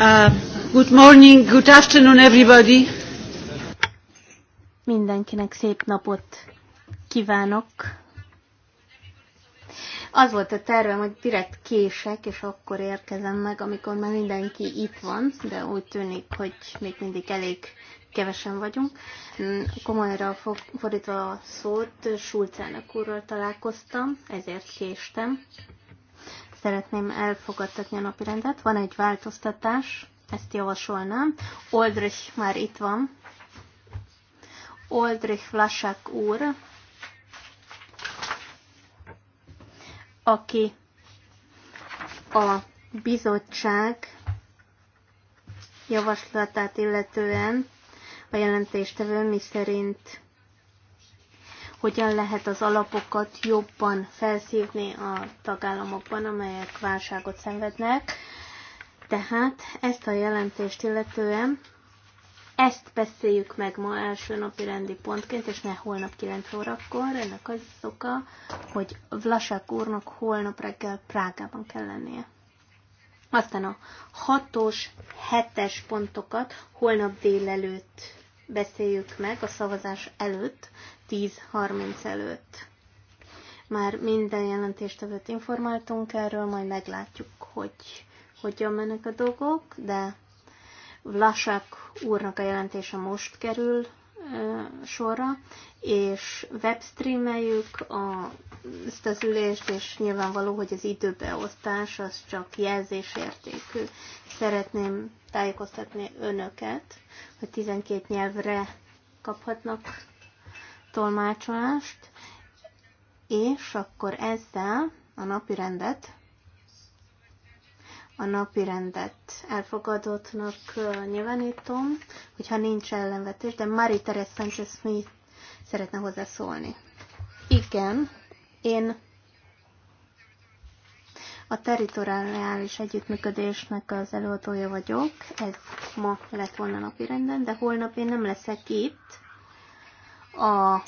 Uh, good morning, good afternoon everybody. Mindenkinek szép napot kívánok. Az volt a tervem, hogy direkt kések, és akkor érkezem meg, amikor már mindenki itt van, de úgy tűnik, hogy még mindig elég kevesen vagyunk. Mm, komolyra fordítva a szót, Sulcának úrral találkoztam, ezért késtem szeretném elfogadtatni a napi rendet. Van egy változtatás, ezt javasolnám. Oldrich már itt van. Oldrich Vlasák úr, aki a bizottság javaslatát illetően a jelentéstevő mi szerint hogyan lehet az alapokat jobban felszívni a tagállamokban, amelyek válságot szenvednek. Tehát ezt a jelentést illetően ezt beszéljük meg ma első napi rendi pontként, és ne holnap 9 órakor. Ennek az oka, hogy Vlasák úrnak holnap reggel Prágában kell lennie. Aztán a hatos hetes pontokat holnap délelőtt beszéljük meg a szavazás előtt, 10.30 előtt. Már minden jelentést előtt informáltunk erről, majd meglátjuk, hogy hogyan mennek a dolgok, de Vlasák úrnak a jelentése most kerül sorra, és webstreameljük a, ezt az ülést, és nyilvánvaló, hogy az időbeosztás az csak jelzésértékű. Szeretném tájékoztatni önöket, hogy 12 nyelvre kaphatnak tolmácsolást, és akkor ezzel a napi rendet a napi rendet elfogadottnak nyilvánítom, hogyha nincs ellenvetés, de Marie Teres Sanchez mi szeretne hozzászólni. Igen, én a territoriális együttműködésnek az előadója vagyok. Ez ma lett volna napirenden, de holnap én nem leszek itt a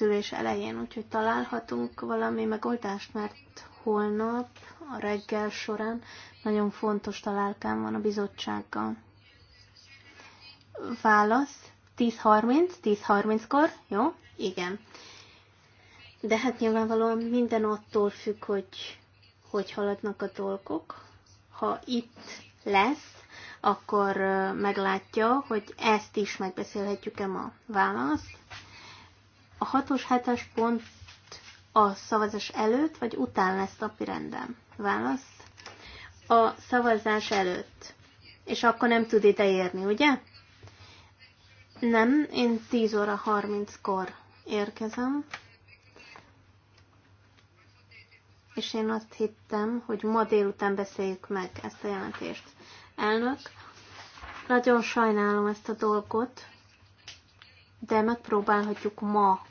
ülés elején, úgyhogy találhatunk valami megoldást, mert holnap a reggel során nagyon fontos találkám van a bizottsággal. Válasz 10.30, 10.30-kor, jó? Igen. De hát nyilvánvalóan minden attól függ, hogy hogy haladnak a dolgok. Ha itt lesz, akkor meglátja, hogy ezt is megbeszélhetjük-e ma. Válasz. A hatos hetes pont a szavazás előtt vagy után lesz napi rendem? Válasz. A szavazás előtt. És akkor nem tud ide érni, ugye? Nem, én 10 óra 30-kor érkezem. és én azt hittem, hogy ma délután beszéljük meg ezt a jelentést. Elnök, nagyon sajnálom ezt a dolgot, de megpróbálhatjuk ma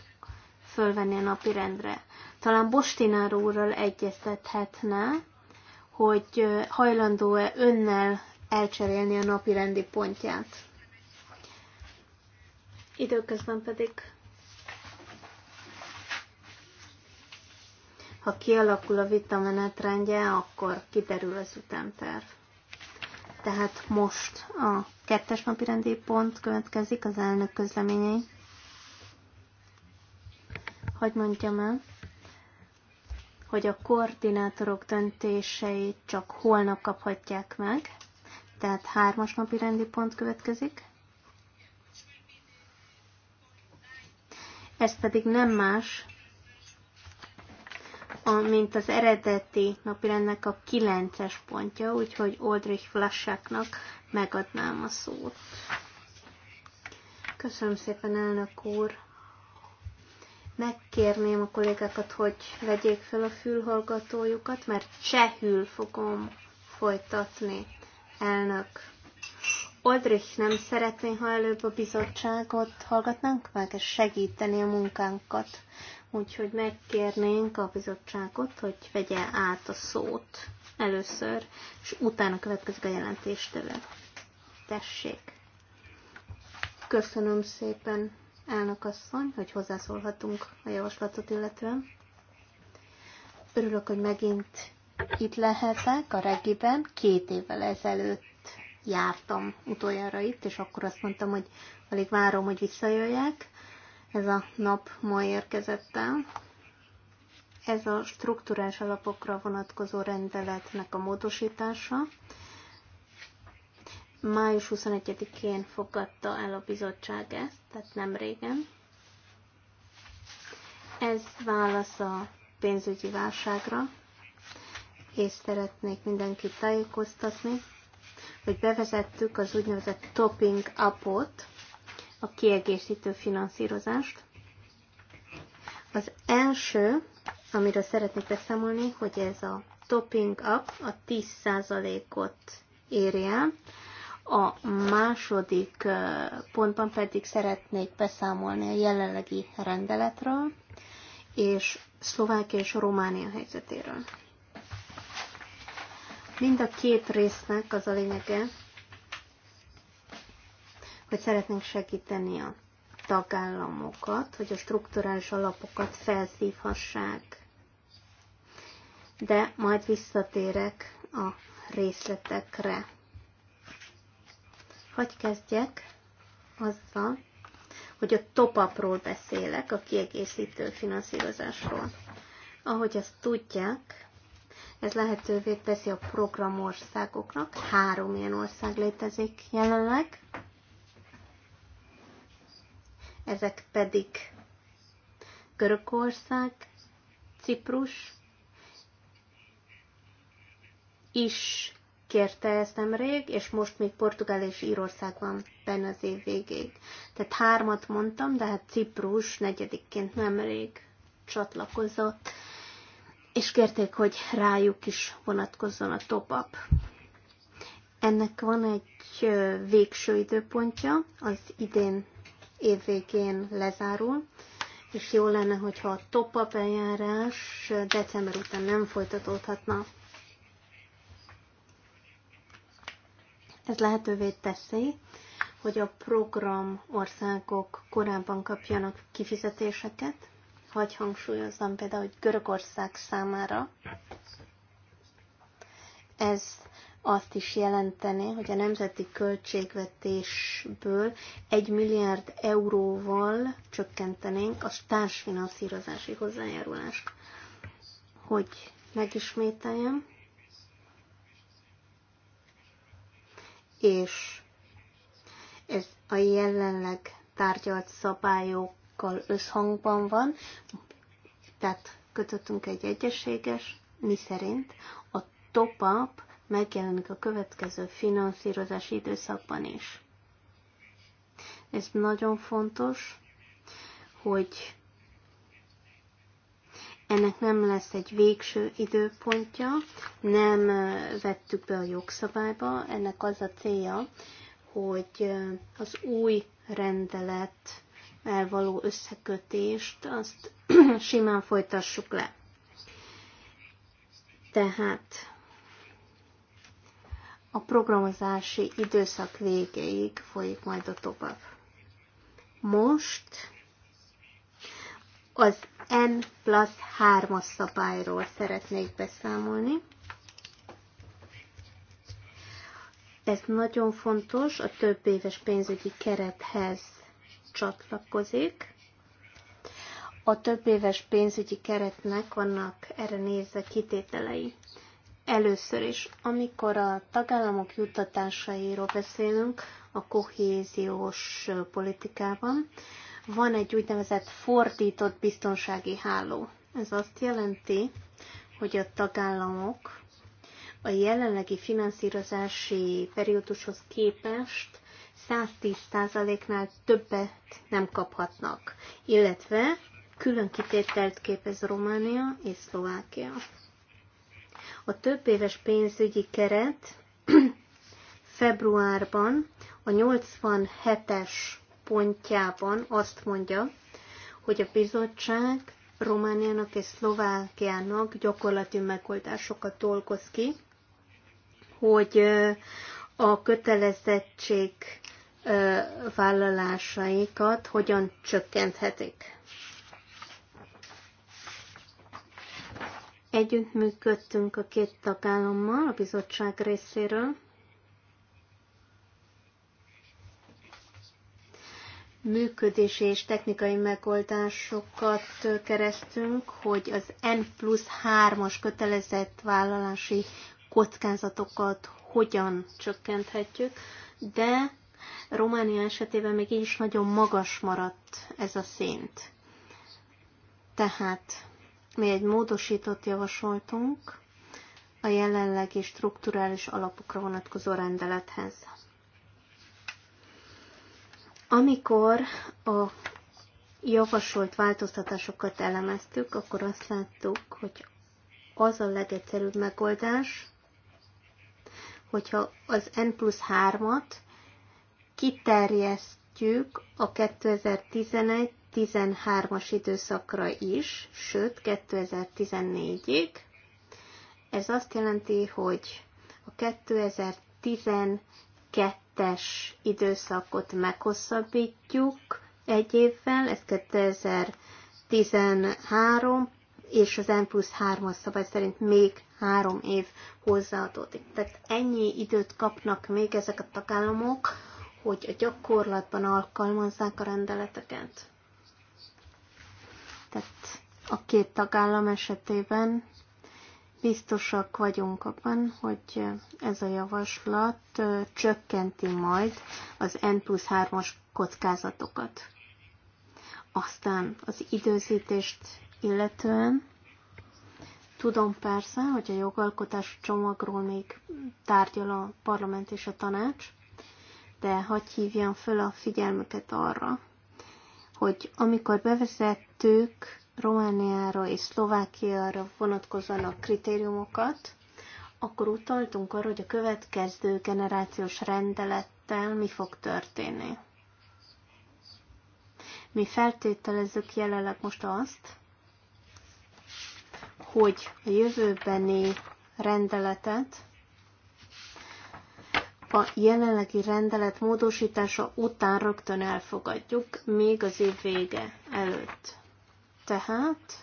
fölvenni a napi rendre. Talán Bostinár úrral egyeztethetne, hogy hajlandó-e önnel elcserélni a napi rendi pontját. Időközben pedig Ha kialakul a vita menetrendje, akkor kiderül az ütemterv. Tehát most a kettes napi rendi pont következik, az elnök közleményei. Hogy mondjam el? hogy a koordinátorok döntéseit csak holnap kaphatják meg, tehát hármas napi rendi pont következik. Ez pedig nem más, mint az eredeti napirendnek a kilences pontja, úgyhogy Oldrich Flassáknak megadnám a szót. Köszönöm szépen, elnök úr! Megkérném a kollégákat, hogy vegyék fel a fülhallgatójukat, mert csehül fogom folytatni, elnök. Oldrich nem szeretné, ha előbb a bizottságot hallgatnánk meg, és segíteni a munkánkat. Úgyhogy megkérnénk a bizottságot, hogy vegye át a szót először, és utána következik a jelentéstevő. Tessék! Köszönöm szépen, elnök asszony, hogy hozzászólhatunk a javaslatot illetően. Örülök, hogy megint itt lehetek a reggiben. Két évvel ezelőtt jártam utoljára itt, és akkor azt mondtam, hogy alig várom, hogy visszajöjjek ez a nap ma érkezett el. Ez a struktúrás alapokra vonatkozó rendeletnek a módosítása. Május 21-én fogadta el a bizottság ezt, tehát nem régen. Ez válasz a pénzügyi válságra, és szeretnék mindenkit tájékoztatni, hogy bevezettük az úgynevezett topping upot, a kiegészítő finanszírozást. Az első, amiről szeretnék beszámolni, hogy ez a topping up a 10%-ot érje el. A második pontban pedig szeretnék beszámolni a jelenlegi rendeletről, és Szlovákia és Románia helyzetéről. Mind a két résznek az a lényege, hogy szeretnénk segíteni a tagállamokat, hogy a strukturális alapokat felszívhassák. De majd visszatérek a részletekre. Hogy kezdjek azzal, hogy a topapról beszélek, a kiegészítő finanszírozásról. Ahogy azt tudják, ez lehetővé teszi a programországoknak, három ilyen ország létezik jelenleg, ezek pedig Görögország, Ciprus is kérte ezt nemrég, és most még Portugál és Írország van benne az év végéig. Tehát hármat mondtam, de hát Ciprus negyedikként nemrég csatlakozott, és kérték, hogy rájuk is vonatkozzon a top-up. Ennek van egy végső időpontja, az idén év végén lezárul, és jó lenne, hogyha a top-up eljárás december után nem folytatódhatna. Ez lehetővé teszi, hogy a program országok korábban kapjanak kifizetéseket, hagy hangsúlyozzam például, hogy Görögország számára ez azt is jelenteni, hogy a nemzeti költségvetésből egy milliárd euróval csökkentenénk a társfinanszírozási hozzájárulást. Hogy megismételjem, és ez a jelenleg tárgyalt szabályokkal összhangban van, tehát kötöttünk egy egyességes, mi szerint a top-up megjelenik a következő finanszírozási időszakban is. Ez nagyon fontos, hogy ennek nem lesz egy végső időpontja, nem vettük be a jogszabályba, ennek az a célja, hogy az új rendelet való összekötést azt simán folytassuk le. Tehát a programozási időszak végéig folyik majd a tovább. Most az N plusz 3-as szabályról szeretnék beszámolni. Ez nagyon fontos, a több éves pénzügyi kerethez csatlakozik. A több éves pénzügyi keretnek vannak erre nézve kitételei. Először is, amikor a tagállamok juttatásairól beszélünk a kohéziós politikában, van egy úgynevezett fordított biztonsági háló. Ez azt jelenti, hogy a tagállamok a jelenlegi finanszírozási periódushoz képest 110%-nál többet nem kaphatnak, illetve külön kitételt képez Románia és Szlovákia. A több éves pénzügyi keret februárban a 87-es pontjában azt mondja, hogy a bizottság Romániának és Szlovákiának gyakorlati megoldásokat dolgoz ki, hogy a kötelezettség vállalásaikat hogyan csökkenthetik. Együttműködtünk a két tagállammal a bizottság részéről. Működési és technikai megoldásokat keresztünk, hogy az N plusz 3-as kötelezett vállalási kockázatokat hogyan csökkenthetjük, de Románia esetében még így is nagyon magas maradt ez a szint. Tehát mi egy módosított javasoltunk a jelenlegi strukturális alapokra vonatkozó rendelethez. Amikor a javasolt változtatásokat elemeztük, akkor azt láttuk, hogy az a legegyszerűbb megoldás, hogyha az N plusz 3-at kiterjesztjük a 2011 2013-as időszakra is, sőt 2014-ig. Ez azt jelenti, hogy a 2012-es időszakot meghosszabbítjuk egy évvel, ez 2013, és az N plusz 3-as szabály szerint még három év hozzáadódik. Tehát ennyi időt kapnak még ezek a tagállamok, hogy a gyakorlatban alkalmazzák a rendeleteket. Tehát a két tagállam esetében biztosak vagyunk abban, hogy ez a javaslat csökkenti majd az N plusz 3-as kockázatokat. Aztán az időzítést illetően tudom persze, hogy a jogalkotás csomagról még tárgyal a parlament és a tanács, de hagyj hívjam föl a figyelmüket arra, hogy amikor bevezettük Romániára és Szlovákiára vonatkozóan a kritériumokat, akkor utaltunk arra, hogy a következő generációs rendelettel mi fog történni. Mi feltételezzük jelenleg most azt, hogy a jövőbeni rendeletet a jelenlegi rendelet módosítása után rögtön elfogadjuk, még az év vége előtt. Tehát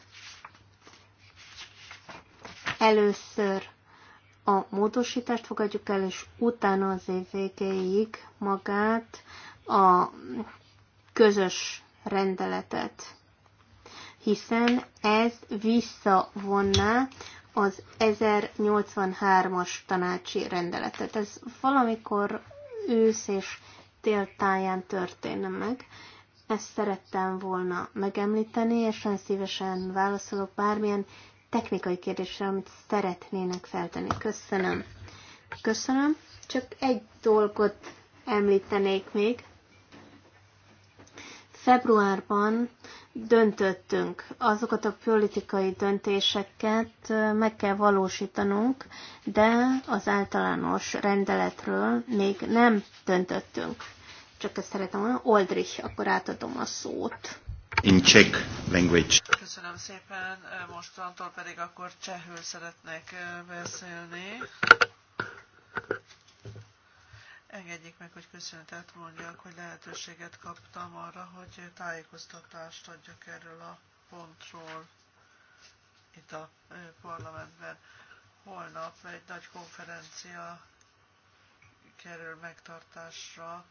először a módosítást fogadjuk el, és utána az év végéig magát a közös rendeletet, hiszen ez visszavonná az 1083-as tanácsi rendeletet. Ez valamikor ősz és tél táján történne meg. Ezt szerettem volna megemlíteni, és nagyon szívesen válaszolok bármilyen technikai kérdésre, amit szeretnének feltenni. Köszönöm. Köszönöm. Csak egy dolgot említenék még. Februárban döntöttünk. Azokat a politikai döntéseket meg kell valósítanunk, de az általános rendeletről még nem döntöttünk. Csak ezt szeretem mondani. Oldrich, akkor átadom a szót. In Czech language. Köszönöm szépen. Mostantól pedig akkor csehül szeretnék beszélni. Engedjék meg, hogy köszönetet mondjak, hogy lehetőséget kaptam arra, hogy tájékoztatást adjak erről a pontról itt a parlamentben. Holnap egy nagy konferencia kerül megtartásra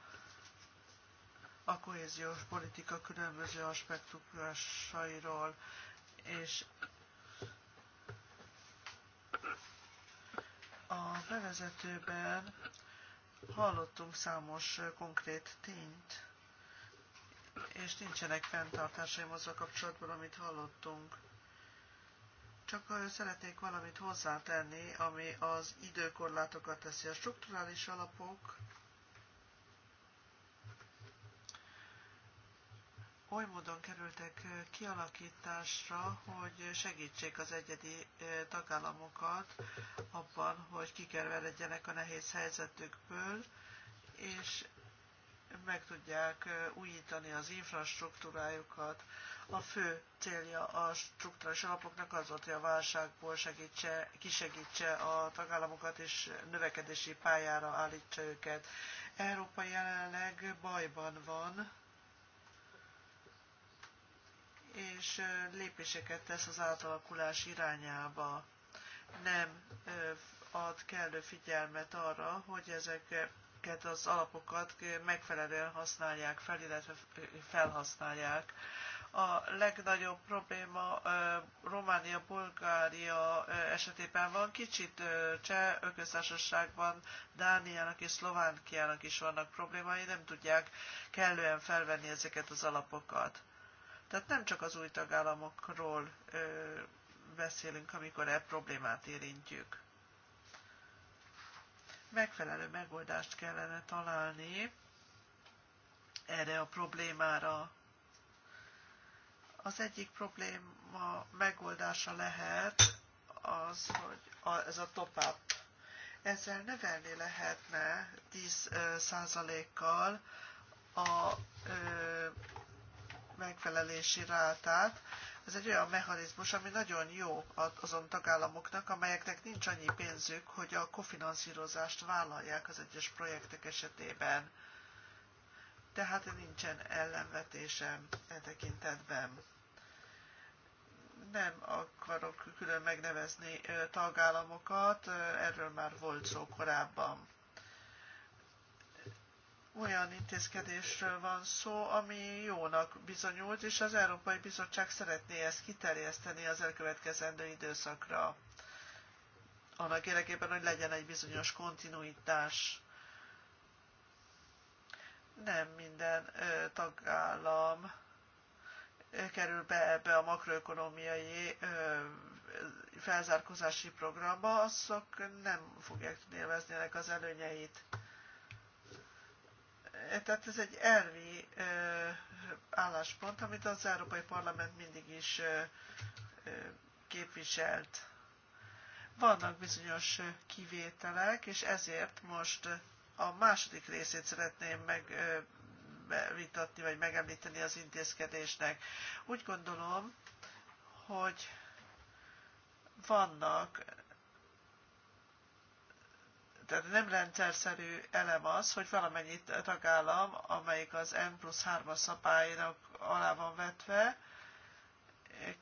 a kohéziós politika különböző aspektusairól, és a bevezetőben Hallottunk számos konkrét tényt, és nincsenek fenntartásaim azzal kapcsolatban, amit hallottunk. Csak szeretnék valamit hozzátenni, ami az időkorlátokat teszi. A strukturális alapok oly módon kerültek kialakításra, hogy segítsék az egyedi tagállamokat abban, hogy kikerveredjenek a nehéz helyzetükből, és meg tudják újítani az infrastruktúrájukat. A fő célja a struktúrás alapoknak az volt, hogy a válságból segítse, kisegítse a tagállamokat és növekedési pályára állítsa őket. Európa jelenleg bajban van, és lépéseket tesz az átalakulás irányába. Nem ad kellő figyelmet arra, hogy ezeket az alapokat megfelelően használják fel, illetve felhasználják. A legnagyobb probléma Románia, Bulgária esetében van, kicsit Cseh ököztársaságban, Dániának és Szlovákiának is vannak problémái, nem tudják kellően felvenni ezeket az alapokat tehát nem csak az új tagállamokról ö, beszélünk, amikor e problémát érintjük. Megfelelő megoldást kellene találni erre a problémára. Az egyik probléma megoldása lehet az, hogy a, ez a top-up. Ezzel növelni lehetne 10%-kal a ö, megfelelési rátát. Ez egy olyan mechanizmus, ami nagyon jó azon tagállamoknak, amelyeknek nincs annyi pénzük, hogy a kofinanszírozást vállalják az egyes projektek esetében. Tehát nincsen ellenvetésem e tekintetben nem akarok külön megnevezni tagállamokat, erről már volt szó korábban olyan intézkedésről van szó, ami jónak bizonyult, és az Európai Bizottság szeretné ezt kiterjeszteni az elkövetkezendő időszakra. Annak érdekében, hogy legyen egy bizonyos kontinuitás. Nem minden ö, tagállam kerül be ebbe a makroökonomiai ö, felzárkózási programba, azok nem fogják tudni élvezni ennek az előnyeit tehát ez egy elvi álláspont, amit az Európai Parlament mindig is képviselt. Vannak bizonyos kivételek, és ezért most a második részét szeretném megvitatni, vagy megemlíteni az intézkedésnek. Úgy gondolom, hogy vannak tehát nem rendszerszerű elem az, hogy valamennyi tagállam, amelyik az N plusz 3 szabálynak alá van vetve,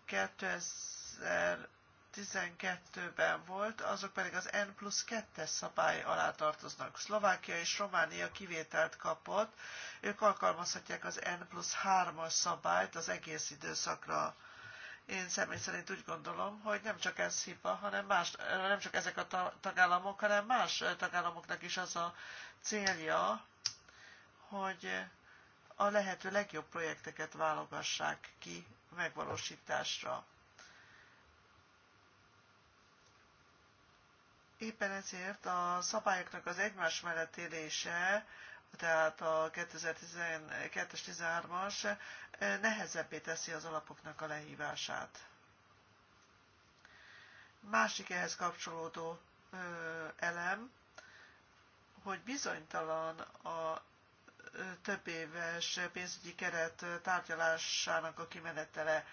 2012-ben volt, azok pedig az N plusz 2-es szabály alá tartoznak. Szlovákia és Románia kivételt kapott, ők alkalmazhatják az N plusz 3-as szabályt az egész időszakra én személy szerint úgy gondolom, hogy nem csak ez hiba, hanem más, nem csak ezek a tagállamok, hanem más tagállamoknak is az a célja, hogy a lehető legjobb projekteket válogassák ki megvalósításra. Éppen ezért a szabályoknak az egymás mellett élése tehát a 2012 13-as eh, nehezebbé teszi az alapoknak a lehívását. Másik ehhez kapcsolódó eh, elem, hogy bizonytalan a eh, több éves pénzügyi keret tárgyalásának a kimenetele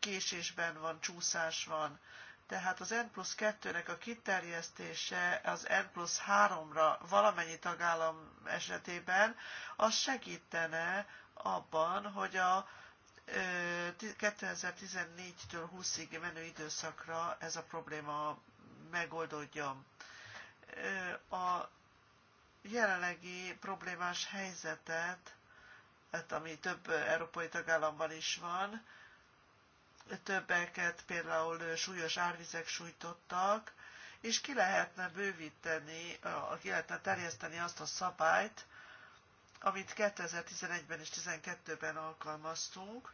késésben van, csúszás van. Tehát az N plusz 2-nek a kiterjesztése az N plusz 3-ra valamennyi tagállam esetében, az segítene abban, hogy a 2014-től 20-ig menő időszakra ez a probléma megoldódjon. A jelenlegi problémás helyzetet, hát ami több európai tagállamban is van, többeket például súlyos árvizek sújtottak, és ki lehetne bővíteni, ki lehetne terjeszteni azt a szabályt, amit 2011-ben és 2012-ben alkalmaztunk,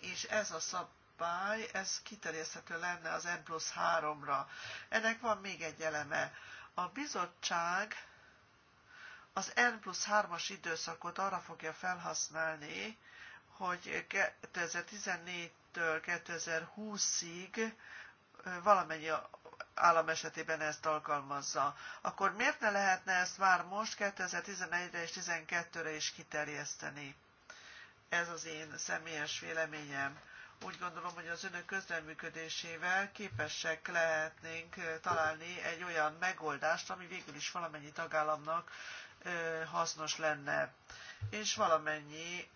és ez a szabály, ez kiterjeszthető lenne az N plusz 3-ra. Ennek van még egy eleme. A bizottság az N plusz 3-as időszakot arra fogja felhasználni, hogy 2014 2017-től 2020-ig valamennyi állam esetében ezt alkalmazza. Akkor miért ne lehetne ezt már most 2011-re és 2012-re is kiterjeszteni? Ez az én személyes véleményem. Úgy gondolom, hogy az önök közreműködésével képesek lehetnénk találni egy olyan megoldást, ami végül is valamennyi tagállamnak hasznos lenne. És valamennyi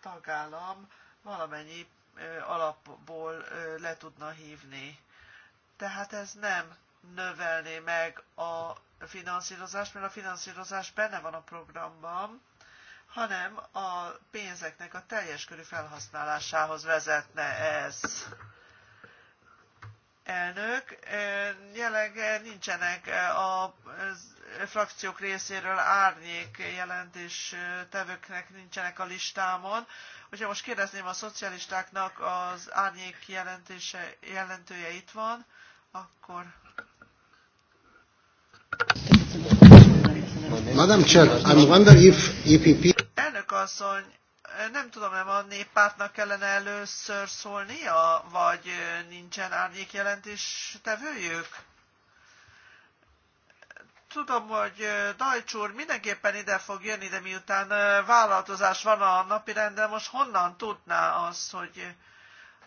tagállam valamennyi alapból le tudna hívni. Tehát ez nem növelné meg a finanszírozást, mert a finanszírozás benne van a programban, hanem a pénzeknek a teljes körű felhasználásához vezetne ez. Elnök, jelenleg nincsenek a frakciók részéről árnyék jelentés tevőknek nincsenek a listámon. Úgyhogy most kérdezném a szocialistáknak az árnyék jelentése, jelentője itt van, akkor... Madam Chair, I wonder if EPP... Elnök asszony, nem tudom, nem a néppártnak kellene először szólnia, vagy nincsen árnyék jelentés tevőjük? Tudom, hogy Dajcs úr mindenképpen ide fog jönni, de miután vállalkozás van a napirenden, most honnan tudná az, hogy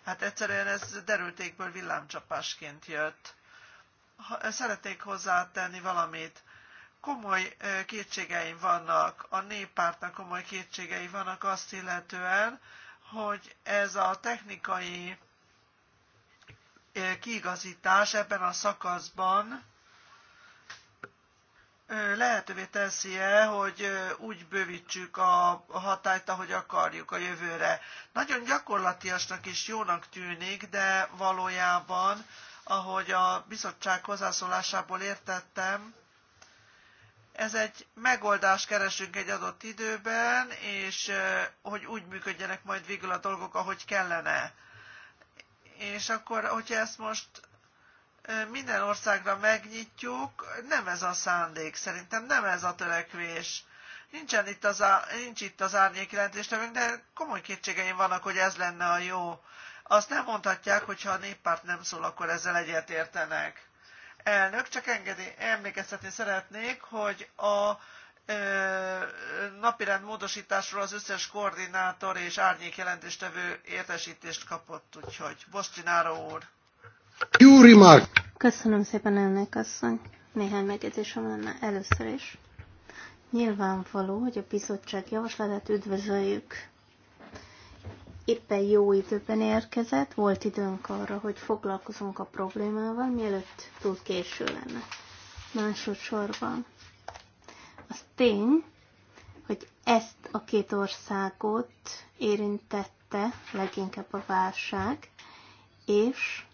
hát egyszerűen ez derültékből villámcsapásként jött. Szeretnék hozzátenni valamit. Komoly kétségeim vannak, a néppártnak komoly kétségei vannak azt illetően, hogy ez a technikai kiigazítás ebben a szakaszban lehetővé teszi-e, hogy úgy bővítsük a hatályt, ahogy akarjuk a jövőre. Nagyon gyakorlatiasnak is jónak tűnik, de valójában, ahogy a bizottság hozzászólásából értettem, ez egy megoldást keresünk egy adott időben, és hogy úgy működjenek majd végül a dolgok, ahogy kellene. És akkor, hogyha ezt most minden országra megnyitjuk, nem ez a szándék, szerintem nem ez a törekvés. Nincsen itt az, á, nincs itt az árnyék jelentéstevőnk, de komoly kétségeim vannak, hogy ez lenne a jó. Azt nem mondhatják, hogy ha a néppárt nem szól, akkor ezzel egyetértenek. Elnök, csak engedi, emlékeztetni szeretnék, hogy a napi napirend módosításról az összes koordinátor és árnyék jelentéstevő értesítést kapott, úgyhogy Bosztináró úr remark! Köszönöm szépen, önnek, asszony. Néhány megjegyzésem lenne először is. Nyilvánvaló, hogy a bizottság javaslatát üdvözöljük. Éppen jó időben érkezett, volt időnk arra, hogy foglalkozunk a problémával, mielőtt túl késő lenne. Másodszorban az tény, hogy ezt a két országot érintette leginkább a válság, és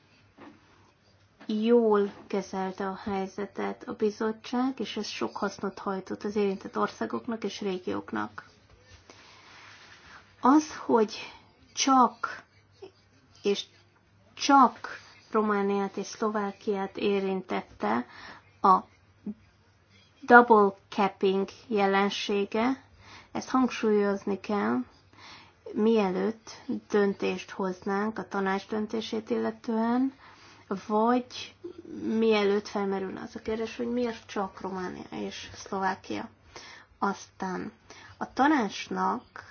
jól kezelte a helyzetet a bizottság, és ez sok hasznot hajtott az érintett országoknak és régióknak. Az, hogy csak és csak Romániát és Szlovákiát érintette a double capping jelensége, ezt hangsúlyozni kell, mielőtt döntést hoznánk a tanács döntését illetően, vagy mielőtt felmerülne az a kérdés, hogy miért csak Románia és Szlovákia. Aztán a tanácsnak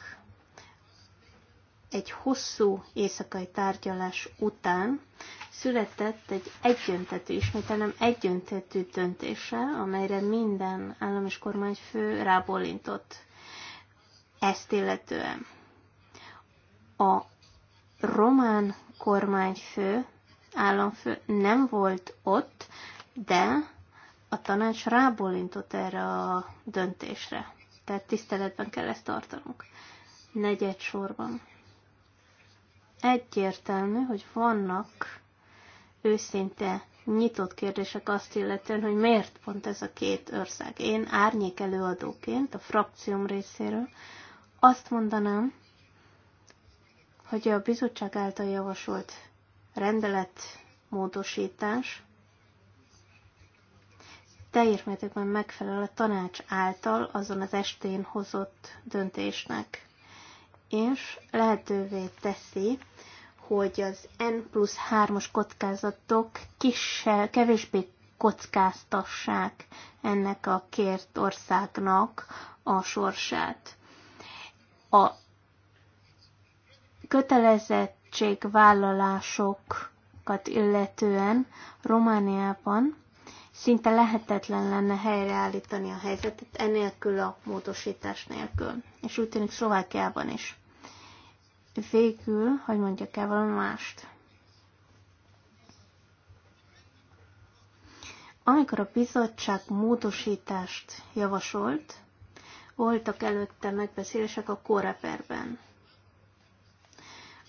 egy hosszú éjszakai tárgyalás után született egy egyöntetű, ismételem egyöntetű döntése, amelyre minden állam és kormányfő rábólintott ezt illetően. A román kormányfő államfő nem volt ott, de a tanács rábólintott erre a döntésre. Tehát tiszteletben kell ezt tartanunk. Negyed sorban. Egyértelmű, hogy vannak őszinte nyitott kérdések azt illetően, hogy miért pont ez a két ország. Én árnyék előadóként a frakcióm részéről azt mondanám, hogy a bizottság által javasolt rendelet módosítás teljes mértékben megfelel a tanács által azon az estén hozott döntésnek, és lehetővé teszi, hogy az N plusz 3-os kockázatok kisebb, kevésbé kockáztassák ennek a kért országnak a sorsát. A kötelezett kötelezettségvállalásokat illetően Romániában szinte lehetetlen lenne helyreállítani a helyzetet enélkül a módosítás nélkül. És úgy tűnik Szlovákiában is. Végül, hogy mondjak el valami mást. Amikor a bizottság módosítást javasolt, voltak előtte megbeszélések a koreperben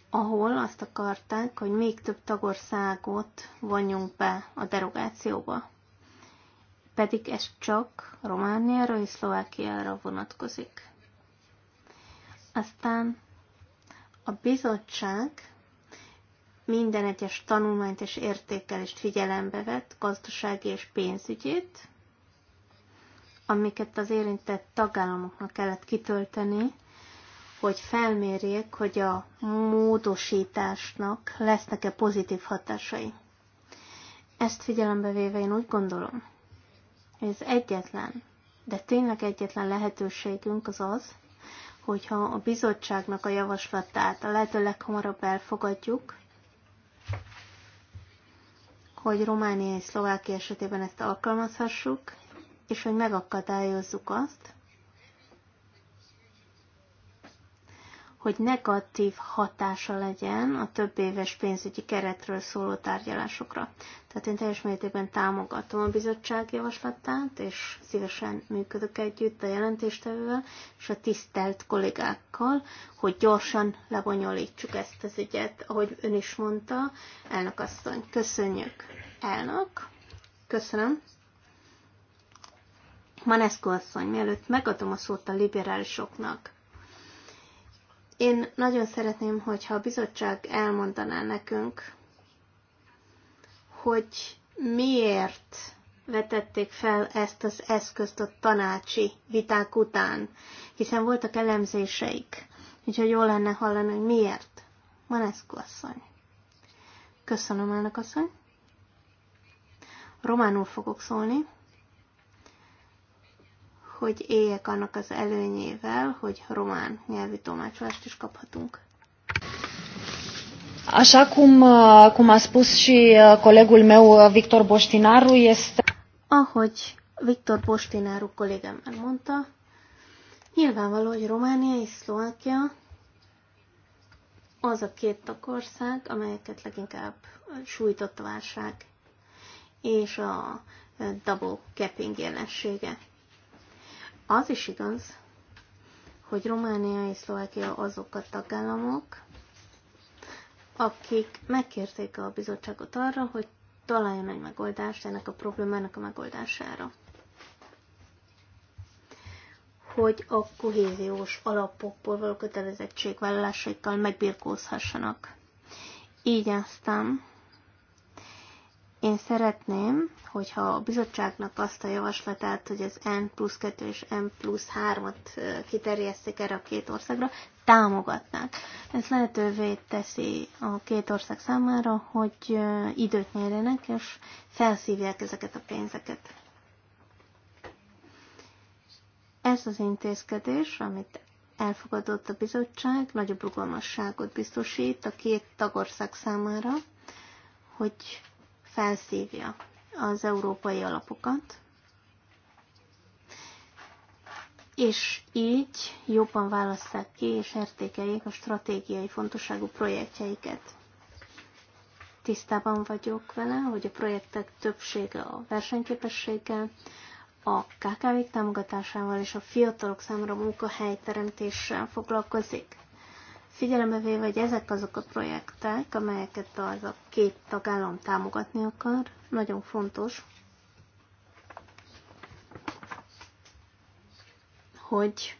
ahol azt akarták, hogy még több tagországot vonjunk be a derogációba. Pedig ez csak Romániára és Szlovákiára vonatkozik. Aztán a bizottság minden egyes tanulmányt és értékelést figyelembe vett, gazdasági és pénzügyét, amiket az érintett tagállamoknak kellett kitölteni, hogy felmérjék, hogy a módosításnak lesznek-e pozitív hatásai. Ezt figyelembe véve én úgy gondolom, hogy ez egyetlen, de tényleg egyetlen lehetőségünk az az, hogyha a bizottságnak a javaslatát a lehető leghamarabb elfogadjuk, hogy Románia és Szlovákia esetében ezt alkalmazhassuk, és hogy megakadályozzuk azt, hogy negatív hatása legyen a több éves pénzügyi keretről szóló tárgyalásokra. Tehát én teljes mértékben támogatom a bizottság javaslatát, és szívesen működök együtt a jelentéstevővel és a tisztelt kollégákkal, hogy gyorsan lebonyolítsuk ezt az ügyet, ahogy ön is mondta, elnök asszony. Köszönjük, elnök. Köszönöm. Manescu asszony, mielőtt megadom a szót a liberálisoknak, én nagyon szeretném, hogyha a bizottság elmondaná nekünk, hogy miért vetették fel ezt az eszközt a tanácsi viták után, hiszen voltak elemzéseik, úgyhogy jó lenne hallani, hogy miért. Maneszko asszony. Köszönöm, elnök asszony. Románul fogok szólni hogy éljek annak az előnyével, hogy román nyelvi tolmácsolást is kaphatunk. Așa cum, uh, cum a spus și uh, colegul meu uh, Victor Boștinaru este... Ahogy Victor Boștinaru kollégám már mondta, nyilvánvaló, hogy Románia és Szlovákia az a két tagország, amelyeket leginkább sújtott a válság és a double capping jelensége. Az is igaz, hogy Románia és Szlovákia azok a tagállamok, akik megkérték a bizottságot arra, hogy találjon egy megoldást ennek a problémának a megoldására. Hogy a kohéziós alapokból való kötelezettségvállalásaikkal megbirkózhassanak. Így aztán én szeretném, hogyha a bizottságnak azt a javaslatát, hogy az N plusz 2 és N plusz 3-at kiterjesszék erre a két országra, támogatnák. Ez lehetővé teszi a két ország számára, hogy időt nyerjenek, és felszívják ezeket a pénzeket. Ez az intézkedés, amit elfogadott a bizottság, nagyobb rugalmasságot biztosít a két tagország számára, hogy felszívja az európai alapokat, és így jobban válasszák ki és értékeljék a stratégiai fontosságú projektjeiket. Tisztában vagyok vele, hogy a projektek többsége a versenyképességgel, a kkv támogatásával és a fiatalok számára munkahelyteremtéssel foglalkozik figyelembe véve, hogy ezek azok a projektek, amelyeket az a két tagállam támogatni akar, nagyon fontos, hogy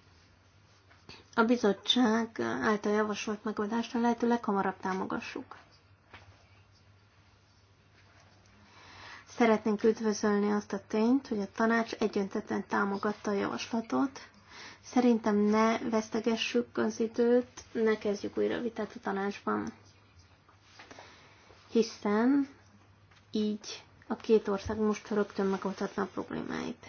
a bizottság által javasolt megoldást a lehető leghamarabb támogassuk. Szeretnénk üdvözölni azt a tényt, hogy a tanács egyöntetlen támogatta a javaslatot, Szerintem ne vesztegessük az időt, ne kezdjük újra vitát a tanácsban. Hiszen így a két ország most rögtön megoldhatna a problémáit.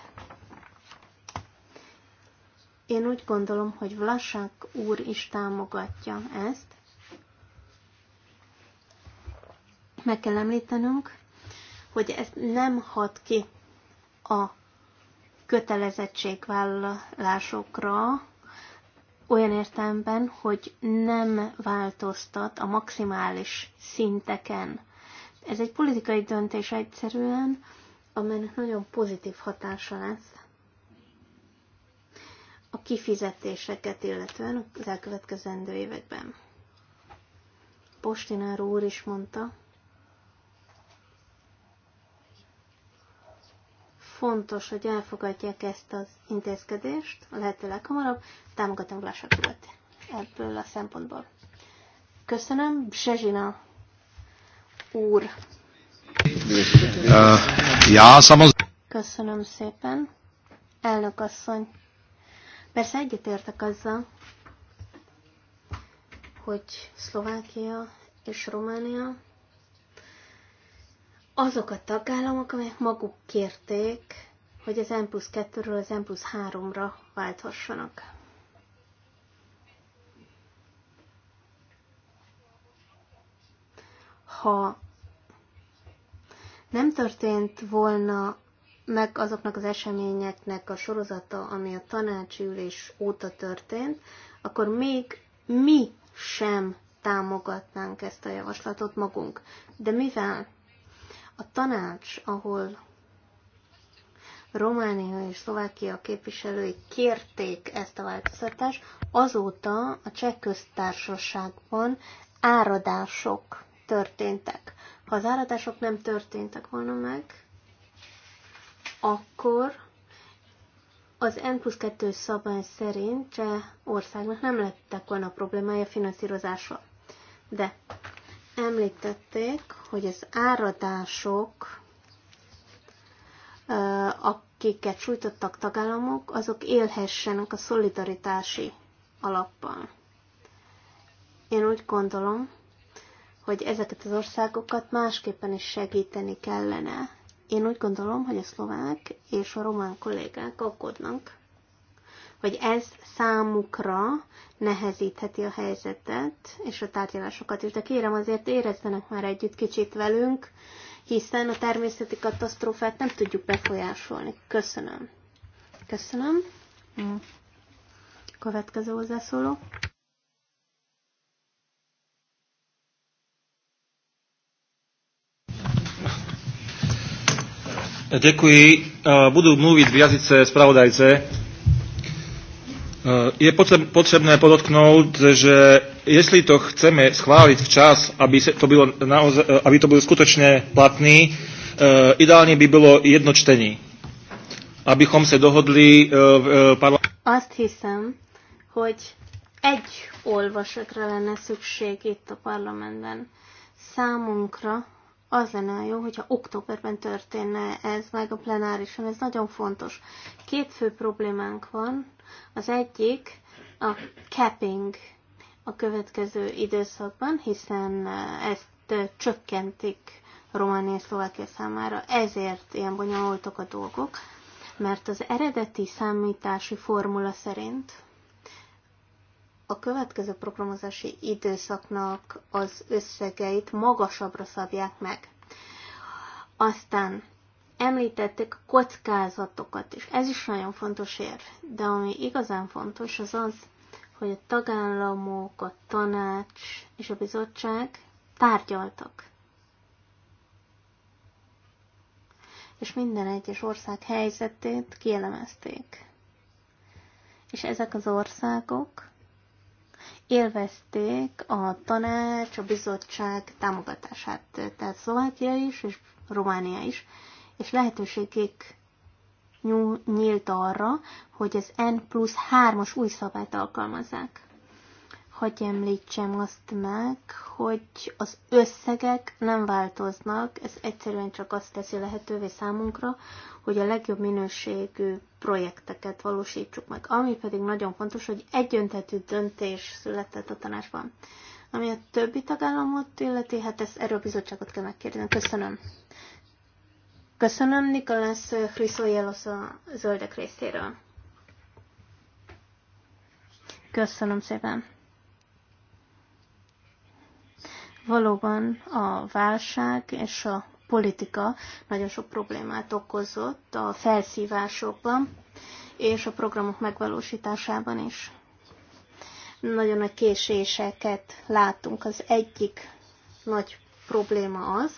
Én úgy gondolom, hogy Vlasák úr is támogatja ezt. Meg kell említenünk, hogy ez nem hat ki a kötelezettségvállalásokra, olyan értelemben, hogy nem változtat a maximális szinteken. Ez egy politikai döntés egyszerűen, amelynek nagyon pozitív hatása lesz a kifizetéseket, illetően az elkövetkezendő években. Postinár úr is mondta, Fontos, hogy elfogadják ezt az intézkedést, a lehető leghamarabb, támogatom Glasakulat ebből a szempontból. Köszönöm, Zsezsina úr. Uh, ja, Köszönöm szépen, elnök asszony. Persze egyetértek azzal, hogy Szlovákia és Románia azok a tagállamok, amelyek maguk kérték, hogy az M plusz 2-ről az M plusz 3-ra válthassanak. Ha nem történt volna meg azoknak az eseményeknek a sorozata, ami a tanácsülés óta történt, akkor még mi sem támogatnánk ezt a javaslatot magunk. De mivel a tanács, ahol Románia és Szlovákia képviselői kérték ezt a változtatást, azóta a cseh köztársaságban áradások történtek. Ha az áradások nem történtek volna meg, akkor az N plusz 2 szabály szerint Cseh országnak nem lettek volna problémája finanszírozással. De említették, hogy az áradások, akiket sújtottak tagállamok, azok élhessenek a szolidaritási alappal. Én úgy gondolom, hogy ezeket az országokat másképpen is segíteni kellene. Én úgy gondolom, hogy a szlovák és a román kollégák aggódnak, hogy ez számukra nehezítheti a helyzetet és a tárgyalásokat is. De kérem, azért érezzenek már együtt kicsit velünk, hiszen a természeti katasztrófát nem tudjuk befolyásolni. Köszönöm. Köszönöm. Mm. Következő hozzászóló. Děkuji. Budu mluvit v jazyce spravodajce. E, je potrebné podotknúť, že jestli to chceme schváliť včas, aby to, bylo naozaj, e, aby to bylo skutočne platný, e, ideálne by bylo jedno čtení. Abychom se dohodli v parlamentu. Azt hiszem, hogy egy olvasatra lenne szükség itt a parlamentben. Számunkra az lenne jó, hogyha októberben történne ez, meg a plenárison, ez nagyon fontos. Két fő problémánk van, az egyik a capping a következő időszakban, hiszen eh, ezt eh, csökkentik Románia Szlovákia számára. Ezért ilyen bonyolultak a dolgok, mert az eredeti számítási formula szerint a következő programozási időszaknak az összegeit magasabbra szabják meg. Aztán Említettek a kockázatokat is, ez is nagyon fontos érv, de ami igazán fontos az az, hogy a tagállamok, a tanács és a bizottság tárgyaltak. És minden egyes ország helyzetét kielemezték. És ezek az országok élvezték a tanács, a bizottság támogatását, tehát Szlovákia is, és Románia is és lehetőségek nyílt arra, hogy az N plusz 3-as új szabályt alkalmazzák. Hogy említsem azt meg, hogy az összegek nem változnak, ez egyszerűen csak azt teszi lehetővé számunkra, hogy a legjobb minőségű projekteket valósítsuk meg. Ami pedig nagyon fontos, hogy egyöntetű döntés született a tanácsban. Ami a többi tagállamot illeti, hát ezt erről bizottságot kell megkérni. Köszönöm. Köszönöm, Nikolász Hriszoljelosz a zöldek részéről. Köszönöm szépen. Valóban a válság és a politika nagyon sok problémát okozott a felszívásokban és a programok megvalósításában is. Nagyon nagy késéseket látunk. Az egyik nagy probléma az,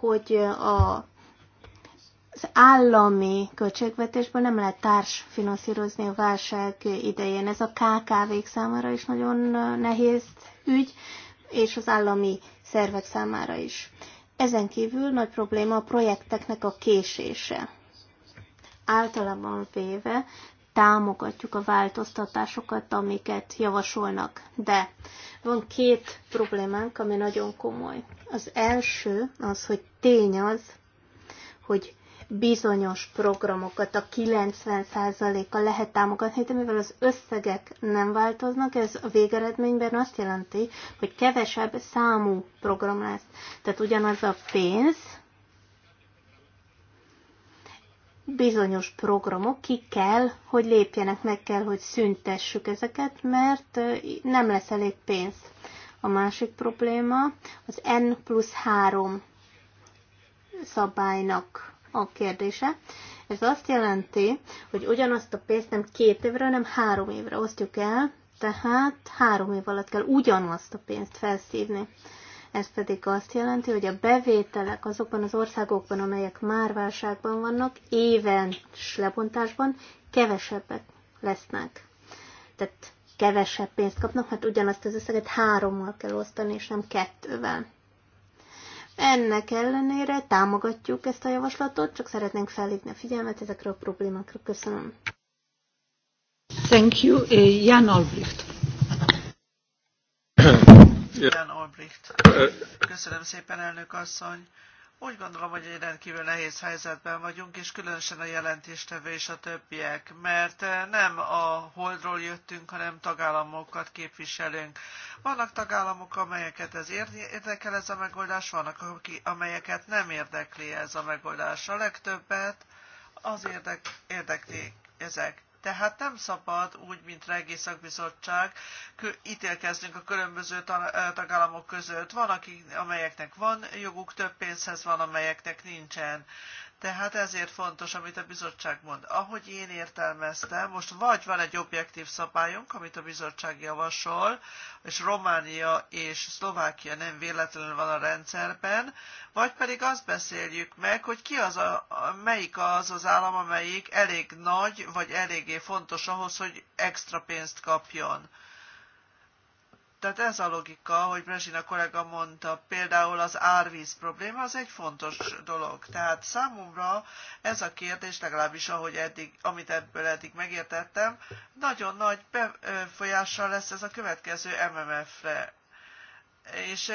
hogy a az állami költségvetésből nem lehet társfinanszírozni a válság idején. Ez a KKV-k számára is nagyon nehéz ügy, és az állami szervek számára is. Ezen kívül nagy probléma a projekteknek a késése. Általában véve támogatjuk a változtatásokat, amiket javasolnak, de van két problémánk, ami nagyon komoly. Az első az, hogy tény az, hogy bizonyos programokat a 90%-a lehet támogatni, de mivel az összegek nem változnak, ez a végeredményben azt jelenti, hogy kevesebb számú program lesz. Tehát ugyanaz a pénz, bizonyos programok ki kell, hogy lépjenek, meg kell, hogy szüntessük ezeket, mert nem lesz elég pénz. A másik probléma az N plusz 3 szabálynak a kérdése. Ez azt jelenti, hogy ugyanazt a pénzt nem két évre, hanem három évre osztjuk el, tehát három év alatt kell ugyanazt a pénzt felszívni. Ez pedig azt jelenti, hogy a bevételek azokban az országokban, amelyek már válságban vannak, éves lebontásban kevesebbek lesznek. Tehát kevesebb pénzt kapnak, mert ugyanazt az összeget hárommal kell osztani, és nem kettővel. Ennek ellenére támogatjuk ezt a javaslatot, csak szeretnénk felhívni a figyelmet ezekre a problémákra. Köszönöm. Thank you. Eh, Jan Albrecht. Jan Albrecht. Köszönöm szépen, elnök asszony. Úgy gondolom, hogy egy rendkívül nehéz helyzetben vagyunk, és különösen a jelentéstevő és a többiek, mert eh, nem a holdról jöttünk, hanem tagállamokat képviselünk. Vannak tagállamok, amelyeket ez érdekel ez a megoldás, vannak, amelyeket nem érdekli ez a megoldás. A legtöbbet az érdek, érdekli ezek. Tehát nem szabad úgy, mint regi szakbizottság, ítélkeznünk a különböző tagállamok között. Van, akik, amelyeknek van joguk több pénzhez, van, amelyeknek nincsen. Tehát ezért fontos, amit a bizottság mond. Ahogy én értelmeztem, most vagy van egy objektív szabályunk, amit a bizottság javasol, és Románia és Szlovákia nem véletlenül van a rendszerben, vagy pedig azt beszéljük meg, hogy ki az a, melyik az az állam, amelyik elég nagy, vagy eléggé fontos ahhoz, hogy extra pénzt kapjon tehát ez a logika, hogy Brezsina kollega mondta, például az árvíz probléma, az egy fontos dolog. Tehát számomra ez a kérdés, legalábbis ahogy eddig, amit ebből eddig megértettem, nagyon nagy befolyással lesz ez a következő MMF-re és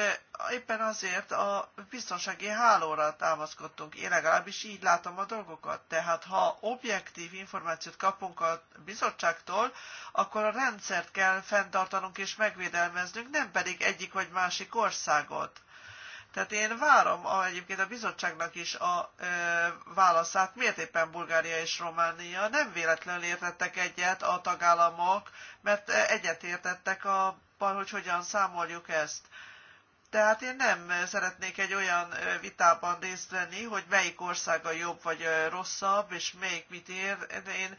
éppen azért a biztonsági hálóra támaszkodtunk. Én legalábbis így látom a dolgokat. Tehát ha objektív információt kapunk a bizottságtól, akkor a rendszert kell fenntartanunk és megvédelmeznünk, nem pedig egyik vagy másik országot. Tehát én várom a, egyébként a bizottságnak is a ö, válaszát, miért éppen Bulgária és Románia nem véletlenül értettek egyet a tagállamok, mert egyetértettek abban, hogy hogyan számoljuk ezt. Tehát én nem szeretnék egy olyan vitában részt venni, hogy melyik ország a jobb vagy rosszabb, és melyik mit ér. Én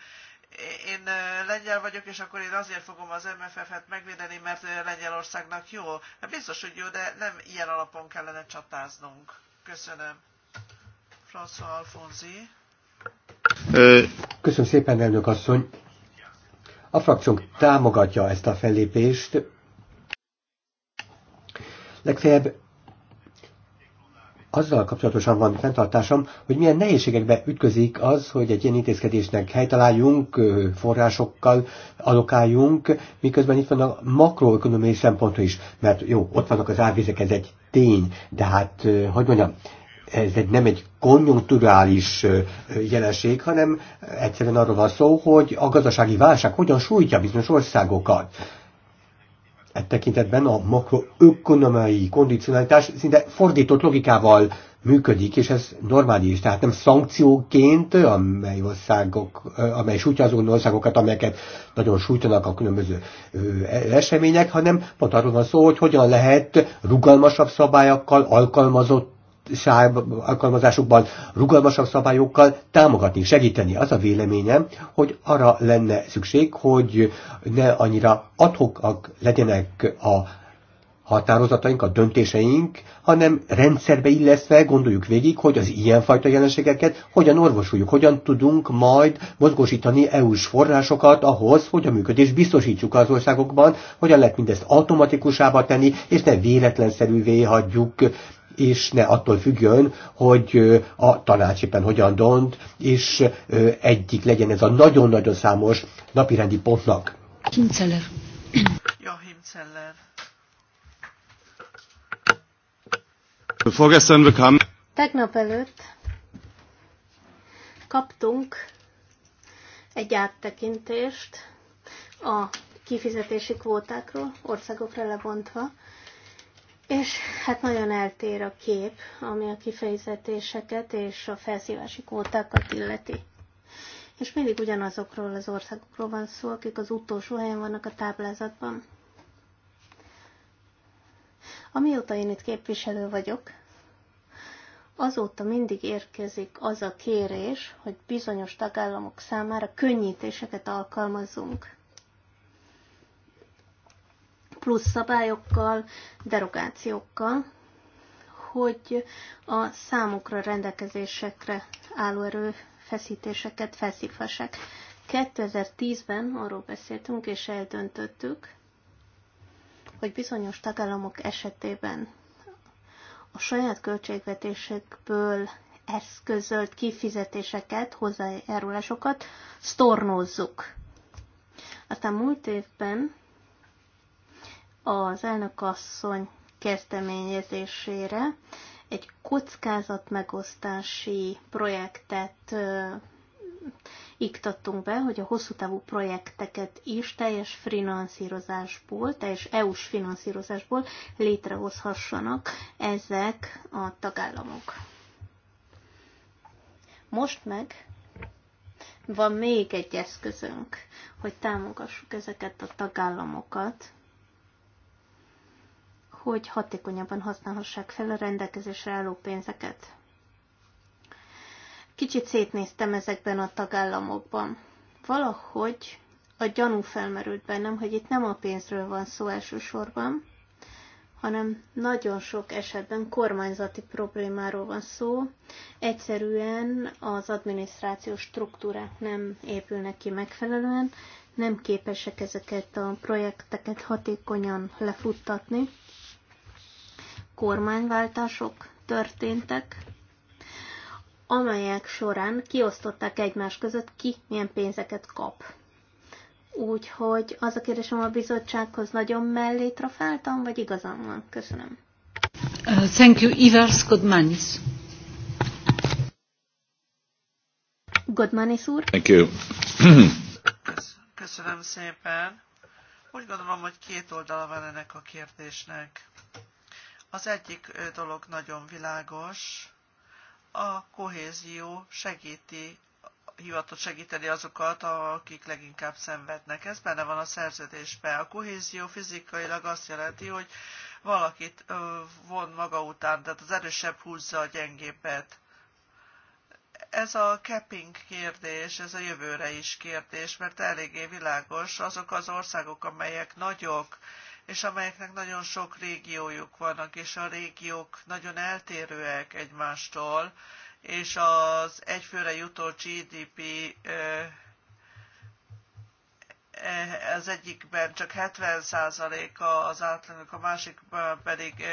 én lengyel vagyok, és akkor én azért fogom az MFF-et megvédeni, mert Lengyelországnak jó. Hát biztos, hogy jó, de nem ilyen alapon kellene csatáznunk. Köszönöm. François Alfonzi. Köszönöm szépen, elnök asszony. A frakciónk támogatja ezt a fellépést. Legfeljebb azzal kapcsolatosan van fenntartásom, hogy milyen nehézségekbe ütközik az, hogy egy ilyen intézkedésnek helytaláljunk, forrásokkal alokáljunk, miközben itt van a makroökonomiai szempontra is, mert jó, ott vannak az árvizek, ez egy tény, de hát, hogy mondjam, ez egy, nem egy konjunkturális jelenség, hanem egyszerűen arról van szó, hogy a gazdasági válság hogyan sújtja bizonyos országokat. E tekintetben a makroökonomiai kondicionalitás szinte fordított logikával működik, és ez normális. Tehát nem szankcióként, amely országok, amely sújtja azon országokat, amelyeket nagyon sújtanak a különböző események, hanem pont arról van szó, hogy hogyan lehet rugalmasabb szabályokkal, alkalmazott alkalmazásukban rugalmasabb szabályokkal támogatni, segíteni. Az a véleményem, hogy arra lenne szükség, hogy ne annyira adhokak legyenek a határozataink, a döntéseink, hanem rendszerbe illeszve gondoljuk végig, hogy az ilyenfajta jelenségeket hogyan orvosoljuk, hogyan tudunk majd mozgósítani EU-s forrásokat ahhoz, hogy a működést biztosítsuk az országokban, hogyan lehet mindezt automatikusába tenni, és ne véletlenszerűvé hagyjuk és ne attól függjön, hogy a tanács éppen hogyan dönt, és egyik legyen ez a nagyon-nagyon számos napirendi pontnak. Himceller. Ja, Himceller. bekam. Tegnap előtt kaptunk egy áttekintést a kifizetési kvótákról, országokra lebontva, és hát nagyon eltér a kép, ami a kifejezéseket és a felszívási kótákat illeti. És mindig ugyanazokról az országokról van szó, akik az utolsó helyen vannak a táblázatban. Amióta én itt képviselő vagyok, azóta mindig érkezik az a kérés, hogy bizonyos tagállamok számára könnyítéseket alkalmazzunk plusz szabályokkal, derogációkkal, hogy a számukra rendelkezésekre álló erőfeszítéseket feszíthessek. 2010-ben arról beszéltünk és eldöntöttük, hogy bizonyos tagállamok esetében a saját költségvetésekből eszközölt kifizetéseket, hozzájárulásokat sztornozzuk. Aztán múlt évben az elnökasszony kezdeményezésére egy kockázatmegosztási projektet iktattunk be, hogy a hosszú távú projekteket is teljes finanszírozásból, teljes EU-s finanszírozásból létrehozhassanak ezek a tagállamok. Most meg van még egy eszközünk, hogy támogassuk ezeket a tagállamokat, hogy hatékonyabban használhassák fel a rendelkezésre álló pénzeket. Kicsit szétnéztem ezekben a tagállamokban. Valahogy a gyanú felmerült bennem, hogy itt nem a pénzről van szó elsősorban, hanem nagyon sok esetben kormányzati problémáról van szó. Egyszerűen az adminisztrációs struktúrák nem épülnek ki megfelelően, nem képesek ezeket a projekteket hatékonyan lefuttatni, kormányváltások történtek, amelyek során kiosztották egymás között, ki milyen pénzeket kap. Úgyhogy az a kérdésem a bizottsághoz nagyon mellé trafáltam, vagy igazam van? Köszönöm. Uh, thank you, Ivers Godmanis. Godmanis úr. Thank you. Köszönöm szépen. Úgy gondolom, hogy két oldala van ennek a kérdésnek. Az egyik dolog nagyon világos, a kohézió segíti, hivatott segíteni azokat, akik leginkább szenvednek. Ez benne van a szerződésben. A kohézió fizikailag azt jelenti, hogy valakit von maga után, tehát az erősebb húzza a gyengébbet ez a capping kérdés, ez a jövőre is kérdés, mert eléggé világos, azok az országok, amelyek nagyok, és amelyeknek nagyon sok régiójuk vannak, és a régiók nagyon eltérőek egymástól, és az egyfőre jutó GDP az egyikben csak 70%-a az átlagnak, a másikban pedig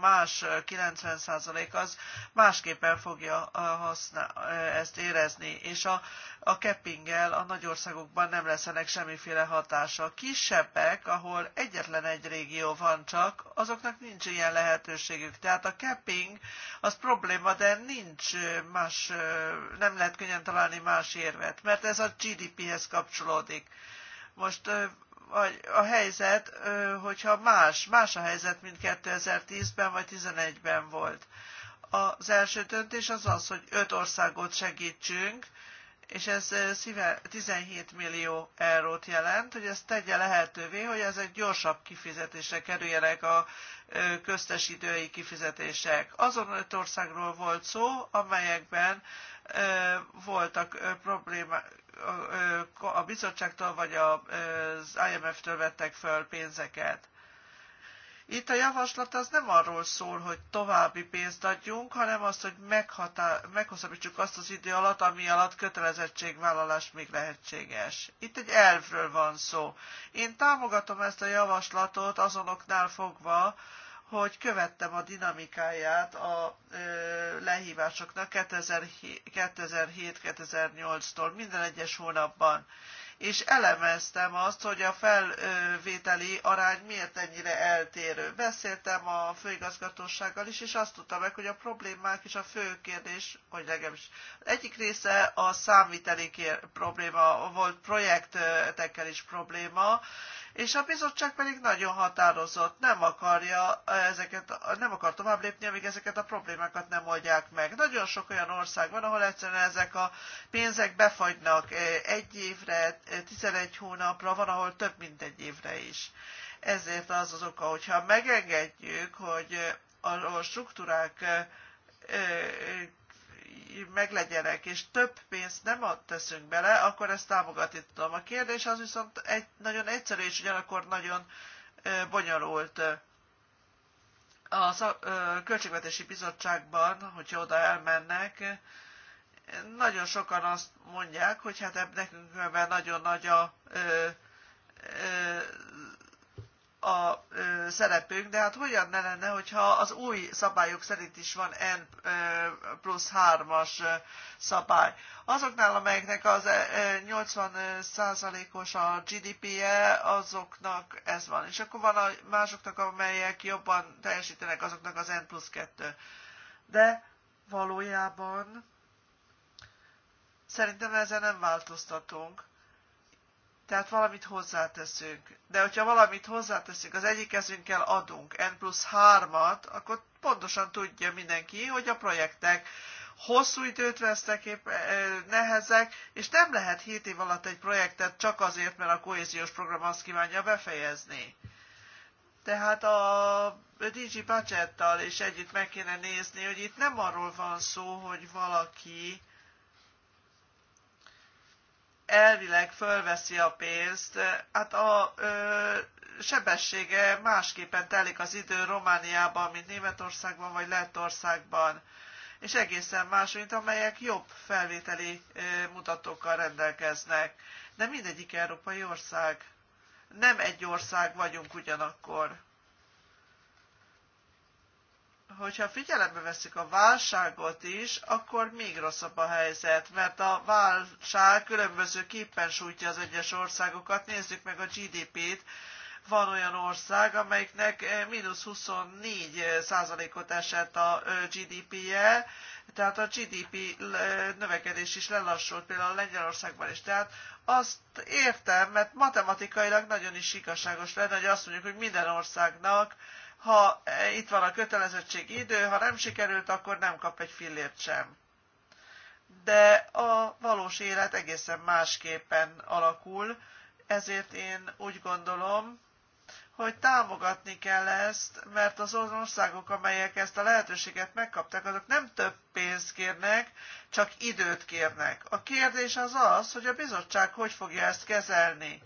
más 90% az másképpen fogja használ, ezt érezni. És a a keppinggel a nagy országokban nem leszenek semmiféle hatása. Kisebbek, ahol egyetlen egy régió van csak, azoknak nincs ilyen lehetőségük. Tehát a capping az probléma, de nincs más, nem lehet könnyen találni más érvet, mert ez a GDP-hez kapcsolódik. Most a helyzet, hogyha más, más a helyzet, mint 2010-ben vagy 2011-ben volt. Az első döntés az az, hogy öt országot segítsünk, és ez 17 millió eurót jelent, hogy ez tegye lehetővé, hogy ezek gyorsabb kifizetésre kerüljenek a köztes idői kifizetések. Azon öt országról volt szó, amelyekben voltak problémák, a bizottságtól vagy az IMF-től vettek föl pénzeket. Itt a javaslat az nem arról szól, hogy további pénzt adjunk, hanem azt, hogy meghatá- meghosszabbítsuk azt az idő alatt, ami alatt kötelezettségvállalás még lehetséges. Itt egy elvről van szó. Én támogatom ezt a javaslatot azonoknál fogva, hogy követtem a dinamikáját a ö, lehívásoknak 2007-2008-tól minden egyes hónapban és elemeztem azt, hogy a felvételi arány miért ennyire eltérő. Beszéltem a főigazgatósággal is, és azt tudtam meg, hogy a problémák és a fő kérdés, hogy is. egyik része a számviteli probléma, volt projektekkel is probléma, és a bizottság pedig nagyon határozott, nem akarja ezeket, nem akar tovább lépni, amíg ezeket a problémákat nem oldják meg. Nagyon sok olyan ország van, ahol egyszerűen ezek a pénzek befagynak egy évre, 11 hónapra, van, ahol több mint egy évre is. Ezért az az oka, hogyha megengedjük, hogy a struktúrák meglegyenek, és több pénzt nem teszünk bele, akkor ezt támogatni tudom. A kérdés az viszont egy, nagyon egyszerű, és ugyanakkor nagyon bonyolult. A Költségvetési Bizottságban, hogyha oda elmennek, nagyon sokan azt mondják, hogy hát nekünk ebben nagyon nagy a ö, ö, a ö, szerepünk, de hát hogyan ne lenne, hogyha az új szabályok szerint is van N ö, plusz 3-as szabály. Azoknál, amelyeknek az ö, 80%-os a GDP-je, azoknak ez van. És akkor van a másoknak, amelyek jobban teljesítenek, azoknak az N plusz 2. De valójában szerintem ezzel nem változtatunk tehát valamit hozzáteszünk. De hogyha valamit hozzáteszünk, az egyik kezünkkel adunk N plusz 3-at, akkor pontosan tudja mindenki, hogy a projektek hosszú időt vesznek, épp, nehezek, és nem lehet 7 év alatt egy projektet csak azért, mert a kohéziós program azt kívánja befejezni. Tehát a DG Budgettal is együtt meg kéne nézni, hogy itt nem arról van szó, hogy valaki elvileg fölveszi a pénzt, hát a ö, sebessége másképpen telik az idő Romániában, mint Németországban vagy Lettországban, és egészen más, mint amelyek jobb felvételi ö, mutatókkal rendelkeznek. De mindegyik európai ország. Nem egy ország vagyunk ugyanakkor hogyha figyelembe veszik a válságot is, akkor még rosszabb a helyzet, mert a válság különbözőképpen sújtja az egyes országokat. Nézzük meg a GDP-t. Van olyan ország, amelyiknek eh, mínusz 24 százalékot esett a GDP-je, tehát a GDP növekedés is lelassult például a Lengyelországban is. Tehát azt értem, mert matematikailag nagyon is igazságos lenne, hogy azt mondjuk, hogy minden országnak ha e, itt van a kötelezettség idő, ha nem sikerült, akkor nem kap egy fillért sem. De a valós élet egészen másképpen alakul, ezért én úgy gondolom, hogy támogatni kell ezt, mert az országok, amelyek ezt a lehetőséget megkapták, azok nem több pénzt kérnek, csak időt kérnek. A kérdés az az, hogy a bizottság hogy fogja ezt kezelni.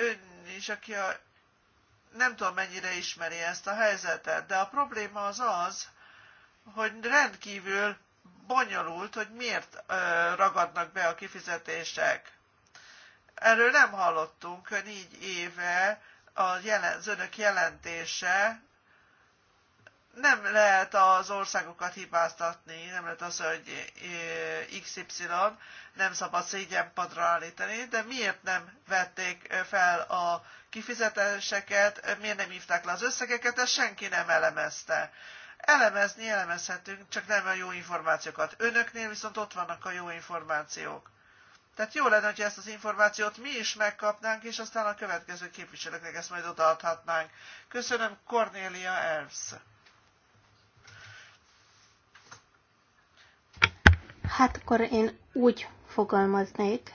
Ön is, aki a nem tudom mennyire ismeri ezt a helyzetet, de a probléma az az, hogy rendkívül bonyolult, hogy miért ragadnak be a kifizetések. Erről nem hallottunk, hogy így éve a jelen, az önök jelentése nem lehet az országokat hibáztatni, nem lehet az, hogy eh, XY nem szabad szégyenpadra állítani, de miért nem vették fel a kifizetéseket, miért nem hívták le az összegeket, ezt senki nem elemezte. Elemezni elemezhetünk, csak nem a jó információkat. Önöknél viszont ott vannak a jó információk. Tehát jó lenne, hogy ezt az információt mi is megkapnánk, és aztán a következő képviselőknek ezt majd odaadhatnánk. Köszönöm, Cornélia Elvsz. Hát akkor én úgy fogalmaznék,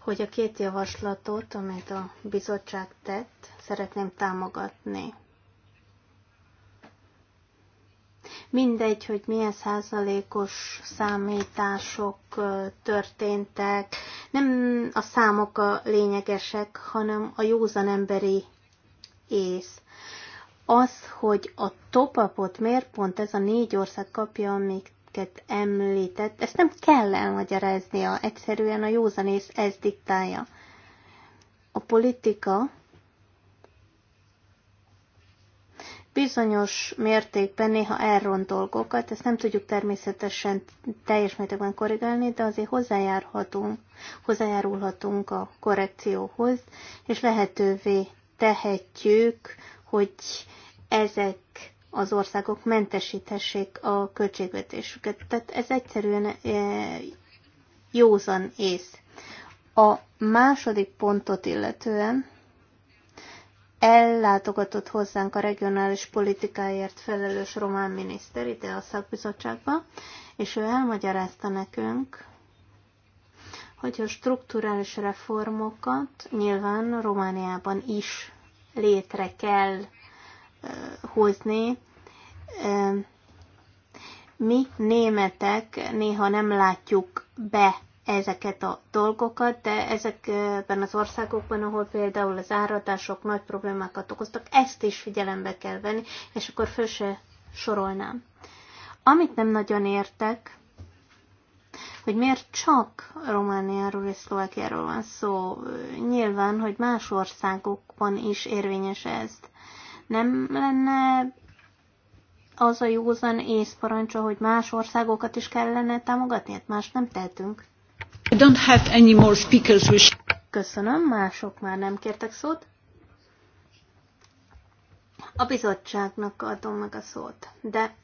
hogy a két javaslatot, amit a bizottság tett, szeretném támogatni. Mindegy, hogy milyen százalékos számítások történtek, nem a számok a lényegesek, hanem a józan emberi ész. Az, hogy a topapot miért pont ez a négy ország kapja, amíg amiket említett, ezt nem kell elmagyaráznia, egyszerűen a józanész ez diktálja. A politika bizonyos mértékben néha elront dolgokat, ezt nem tudjuk természetesen teljes mértékben korrigálni, de azért hozzájárhatunk, hozzájárulhatunk a korrekcióhoz, és lehetővé tehetjük, hogy ezek az országok mentesíthessék a költségvetésüket. Tehát ez egyszerűen e, józan ész. A második pontot illetően ellátogatott hozzánk a regionális politikáért felelős román miniszter ide a szakbizottságba, és ő elmagyarázta nekünk, hogy a strukturális reformokat nyilván Romániában is létre kell hozni. Mi németek néha nem látjuk be ezeket a dolgokat, de ezekben az országokban, ahol például az áradások nagy problémákat okoztak, ezt is figyelembe kell venni, és akkor föl se sorolnám. Amit nem nagyon értek, hogy miért csak Romániáról és Szlovákiáról van szó. Nyilván, hogy más országokban is érvényes ez. Nem lenne az a józan ész parancsa, hogy más országokat is kellene támogatni, hát más nem tehetünk. I don't have any more speakers which... Köszönöm, mások már nem kértek szót. A bizottságnak adom meg a szót, de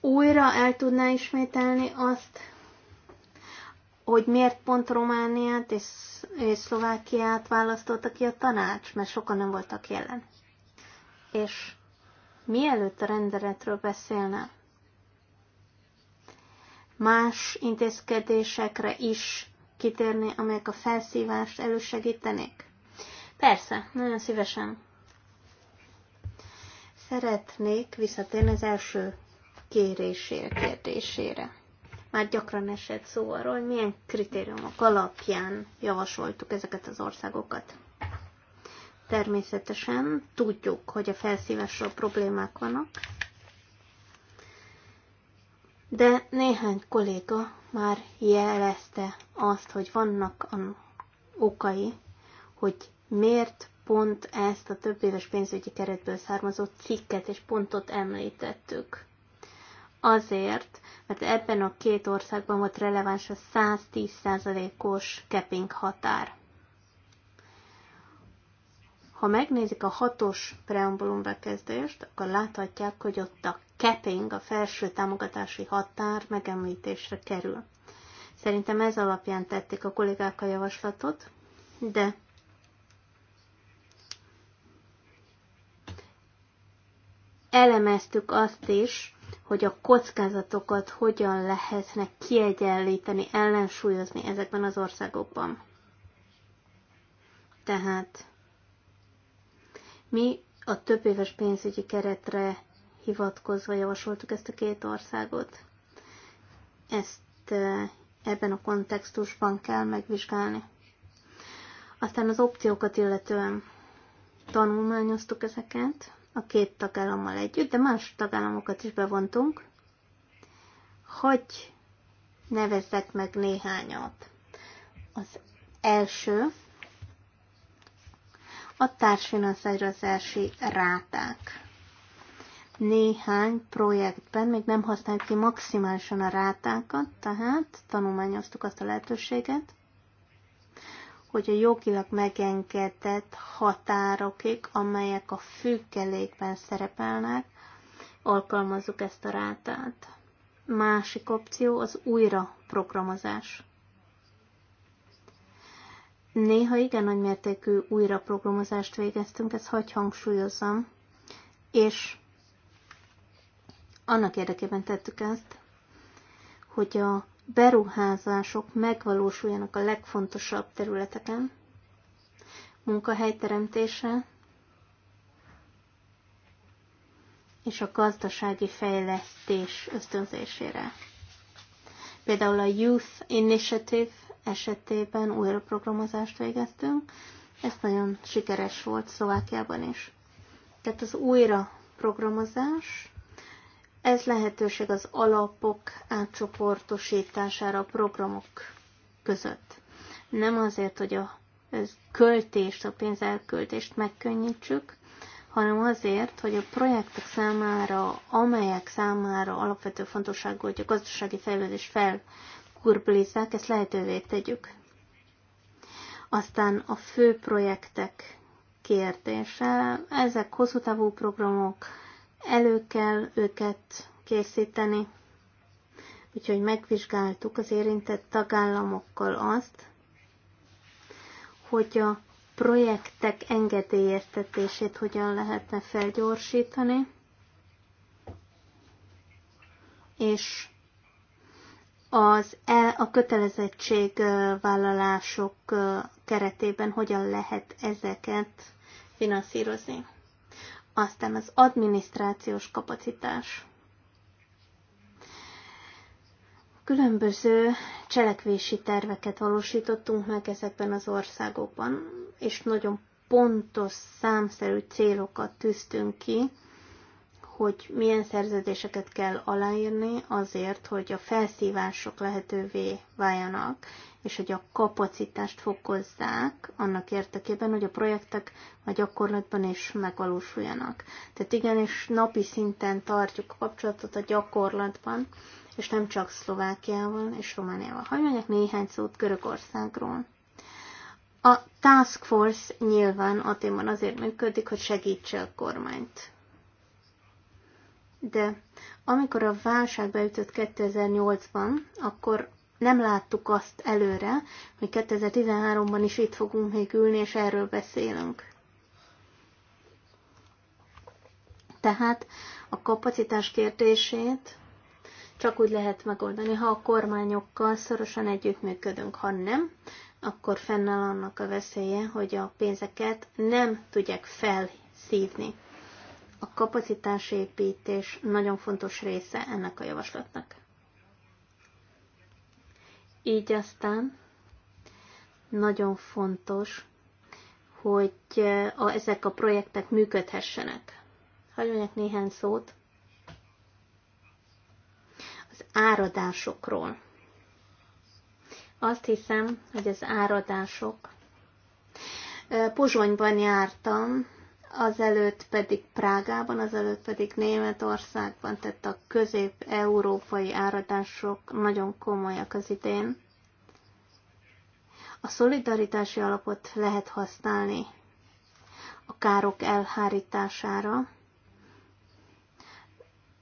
újra el tudná ismételni azt, hogy miért pont Romániát és, és Szlovákiát választotta ki a tanács, mert sokan nem voltak jelen. És mielőtt a rendeletről beszélne, más intézkedésekre is kitérni, amelyek a felszívást elősegítenék? Persze, nagyon szívesen. Szeretnék visszatérni az első kérésére, kérdésére. Már gyakran esett szó arról, hogy milyen kritériumok alapján javasoltuk ezeket az országokat. Természetesen tudjuk, hogy a felszívásról problémák vannak, de néhány kolléga már jelezte azt, hogy vannak okai, hogy miért pont ezt a több éves pénzügyi keretből származó cikket és pontot említettük azért, mert ebben a két országban volt releváns a 110%-os Keping határ. Ha megnézik a hatos preambulum bekezdést, akkor láthatják, hogy ott a capping, a felső támogatási határ megemlítésre kerül. Szerintem ez alapján tették a kollégák a javaslatot, de elemeztük azt is, hogy a kockázatokat hogyan lehetne kiegyenlíteni, ellensúlyozni ezekben az országokban. Tehát mi a több éves pénzügyi keretre hivatkozva javasoltuk ezt a két országot. Ezt eh, ebben a kontextusban kell megvizsgálni. Aztán az opciókat illetően tanulmányoztuk ezeket, a két tagállammal együtt, de más tagállamokat is bevontunk, hogy nevezzek meg néhányat. Az első a társfinanszírozási ráták. Néhány projektben még nem használjuk ki maximálisan a rátákat, tehát tanulmányoztuk azt a lehetőséget, hogy a jogilag megengedett határokig, amelyek a függelékben szerepelnek, alkalmazzuk ezt a rátát. Másik opció az újraprogramozás. Néha igen nagymértékű újraprogramozást végeztünk, ezt hagy hangsúlyozzam, és annak érdekében tettük ezt, hogy a beruházások megvalósuljanak a legfontosabb területeken, munkahelyteremtése és a gazdasági fejlesztés ösztönzésére. Például a Youth Initiative esetében újra programozást végeztünk, ez nagyon sikeres volt Szlovákiában is. Tehát az újra programozás ez lehetőség az alapok átcsoportosítására a programok között. Nem azért, hogy a költést, a pénzelköltést megkönnyítsük, hanem azért, hogy a projektek számára, amelyek számára alapvető fontosságú, hogy a gazdasági fejlődés felkurbilizzák, ezt lehetővé tegyük. Aztán a fő projektek kérdése, ezek hosszú távú programok, elő kell őket készíteni. Úgyhogy megvizsgáltuk az érintett tagállamokkal azt, hogy a projektek engedélyeztetését hogyan lehetne felgyorsítani, és az el, a kötelezettségvállalások keretében hogyan lehet ezeket finanszírozni. Aztán az adminisztrációs kapacitás. Különböző cselekvési terveket valósítottunk meg ezekben az országokban, és nagyon pontos számszerű célokat tűztünk ki, hogy milyen szerződéseket kell aláírni azért, hogy a felszívások lehetővé váljanak, és hogy a kapacitást fokozzák annak érdekében, hogy a projektek a gyakorlatban is megvalósuljanak. Tehát igenis napi szinten tartjuk a kapcsolatot a gyakorlatban, és nem csak Szlovákiával és Romániával. Hagyj mondjak néhány szót Görögországról. A Task Force nyilván a témán azért működik, hogy segítse a kormányt de amikor a válság beütött 2008-ban, akkor nem láttuk azt előre, hogy 2013-ban is itt fogunk még ülni, és erről beszélünk. Tehát a kapacitás kérdését csak úgy lehet megoldani, ha a kormányokkal szorosan együttműködünk. Ha nem, akkor fennáll annak a veszélye, hogy a pénzeket nem tudják felszívni a kapacitásépítés nagyon fontos része ennek a javaslatnak. Így aztán nagyon fontos, hogy a, ezek a projektek működhessenek. Hagyjunk néhány szót az áradásokról. Azt hiszem, hogy az áradások. Eh, Pozsonyban jártam, azelőtt pedig Prágában, azelőtt pedig Németországban, tehát a közép-európai áradások nagyon komolyak az idén. A szolidaritási alapot lehet használni a károk elhárítására,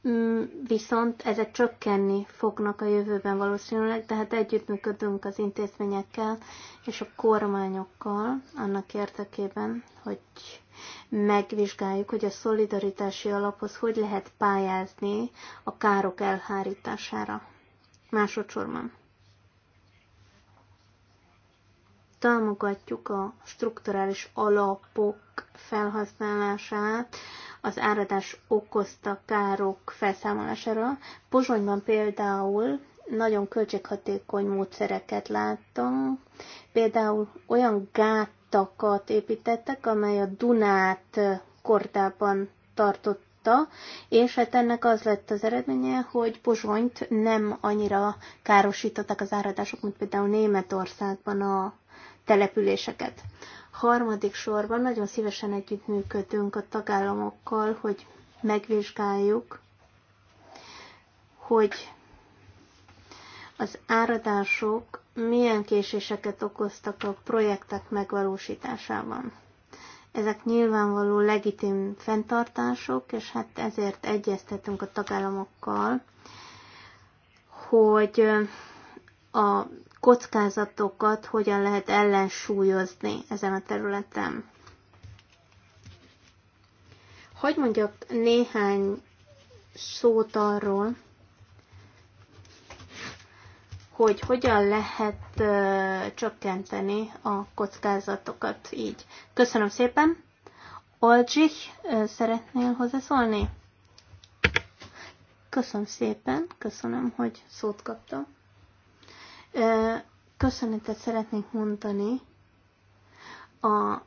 mm, viszont ezek csökkenni fognak a jövőben valószínűleg, tehát együttműködünk az intézményekkel és a kormányokkal annak érdekében, hogy megvizsgáljuk, hogy a szolidaritási alaphoz hogy lehet pályázni a károk elhárítására. Másodszorban. Támogatjuk a strukturális alapok felhasználását az áradás okozta károk felszámolására. Pozsonyban például nagyon költséghatékony módszereket láttam. Például olyan gát takat építettek, amely a Dunát kordában tartotta, és hát ennek az lett az eredménye, hogy Pozsonyt nem annyira károsították az áradások, mint például Németországban a településeket. Harmadik sorban nagyon szívesen együttműködünk a tagállamokkal, hogy megvizsgáljuk, hogy az áradások milyen késéseket okoztak a projektek megvalósításában. Ezek nyilvánvaló legitim fenntartások, és hát ezért egyeztetünk a tagállamokkal, hogy a kockázatokat hogyan lehet ellensúlyozni ezen a területen. Hogy mondjak néhány szót arról, hogy hogyan lehet csökkenteni a kockázatokat így. Köszönöm szépen. Olcsik, szeretnél hozzászólni? Köszönöm szépen, köszönöm, hogy szót kaptam. Köszönetet szeretnék mondani a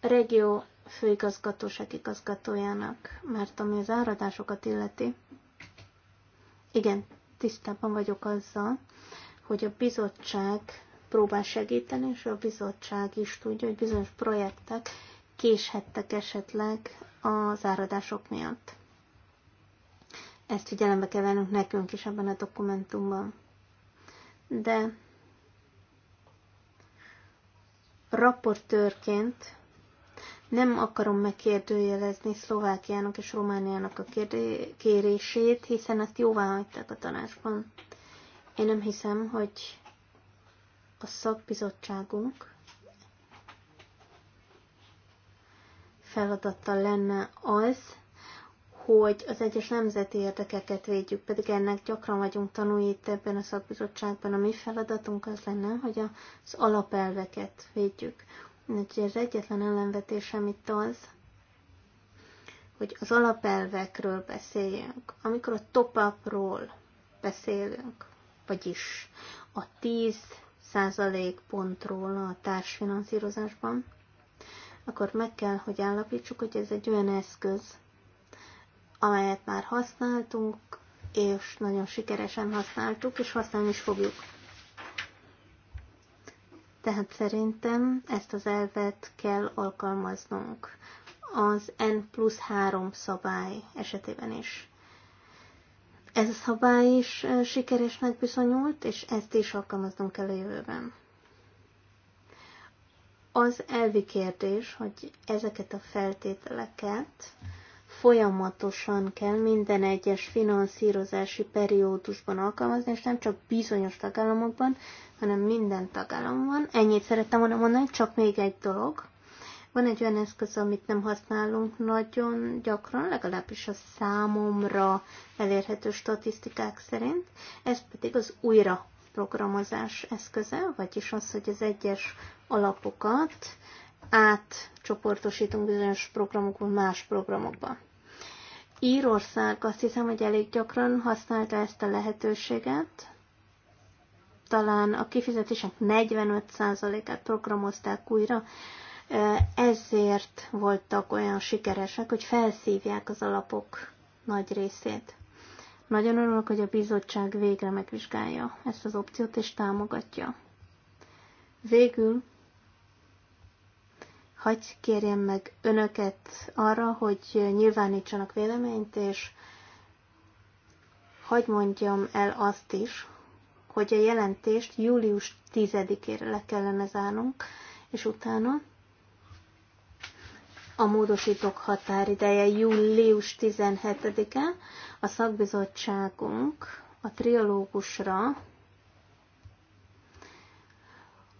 regió főigazgatóság igazgatójának, mert ami az áradásokat illeti, igen, tisztában vagyok azzal, hogy a bizottság próbál segíteni, és a bizottság is tudja, hogy bizonyos projektek késhettek esetleg az áradások miatt. Ezt figyelembe kell vennünk nekünk is ebben a dokumentumban. De raportőrként nem akarom megkérdőjelezni Szlovákiának és Romániának a kérését, hiszen azt jóvá hagyták a tanácsban. Én nem hiszem, hogy a szakbizottságunk feladata lenne az, hogy az egyes nemzeti érdekeket védjük, pedig ennek gyakran vagyunk tanulni itt ebben a szakbizottságban. A mi feladatunk az lenne, hogy az alapelveket védjük. Úgyhogy az egyetlen ellenvetésem itt az, hogy az alapelvekről beszéljünk. Amikor a top-upról beszélünk, vagyis a 10 százalék pontról a társfinanszírozásban, akkor meg kell, hogy állapítsuk, hogy ez egy olyan eszköz, amelyet már használtunk, és nagyon sikeresen használtuk, és használni is fogjuk. Tehát szerintem ezt az elvet kell alkalmaznunk az N plusz 3 szabály esetében is. Ez a szabály is sikeresnek bizonyult, és ezt is alkalmaznunk kell a jövőben. Az elvi kérdés, hogy ezeket a feltételeket folyamatosan kell minden egyes finanszírozási periódusban alkalmazni, és nem csak bizonyos tagállamokban, hanem minden tagállamban. Ennyit szerettem volna mondani, csak még egy dolog. Van egy olyan eszköz, amit nem használunk nagyon gyakran, legalábbis a számomra elérhető statisztikák szerint, ez pedig az újra programozás eszköze, vagyis az, hogy az egyes alapokat átcsoportosítunk bizonyos programokból más programokba. Írország azt hiszem, hogy elég gyakran használta ezt a lehetőséget. Talán a kifizetések 45%-át programozták újra, ezért voltak olyan sikeresek, hogy felszívják az alapok nagy részét. Nagyon örülök, hogy a bizottság végre megvizsgálja ezt az opciót és támogatja. Végül hagyj kérjem meg önöket arra, hogy nyilvánítsanak véleményt, és hagy mondjam el azt is, hogy a jelentést július 10-ére le kellene zárnunk, és utána a módosítók határideje július 17-e. A szakbizottságunk a triológusra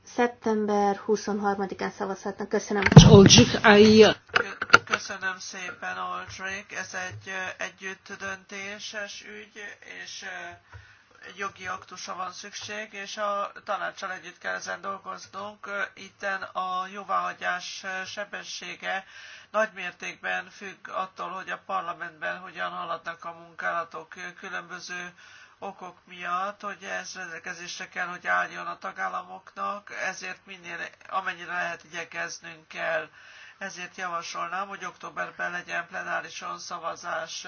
szeptember 23-án szavazhatnak. Köszönöm. Uh, Köszönöm szépen, Aldrich. Ez egy együttdöntéses ügy, és jogi aktusa van szükség, és a tanácsal együtt kell ezen dolgoznunk. Itten a jóváhagyás sebessége nagy mértékben függ attól, hogy a parlamentben hogyan haladnak a munkálatok különböző okok miatt, hogy ez rendelkezésre kell, hogy álljon a tagállamoknak, ezért minél, amennyire lehet igyekeznünk kell. Ezért javasolnám, hogy októberben legyen plenárison szavazás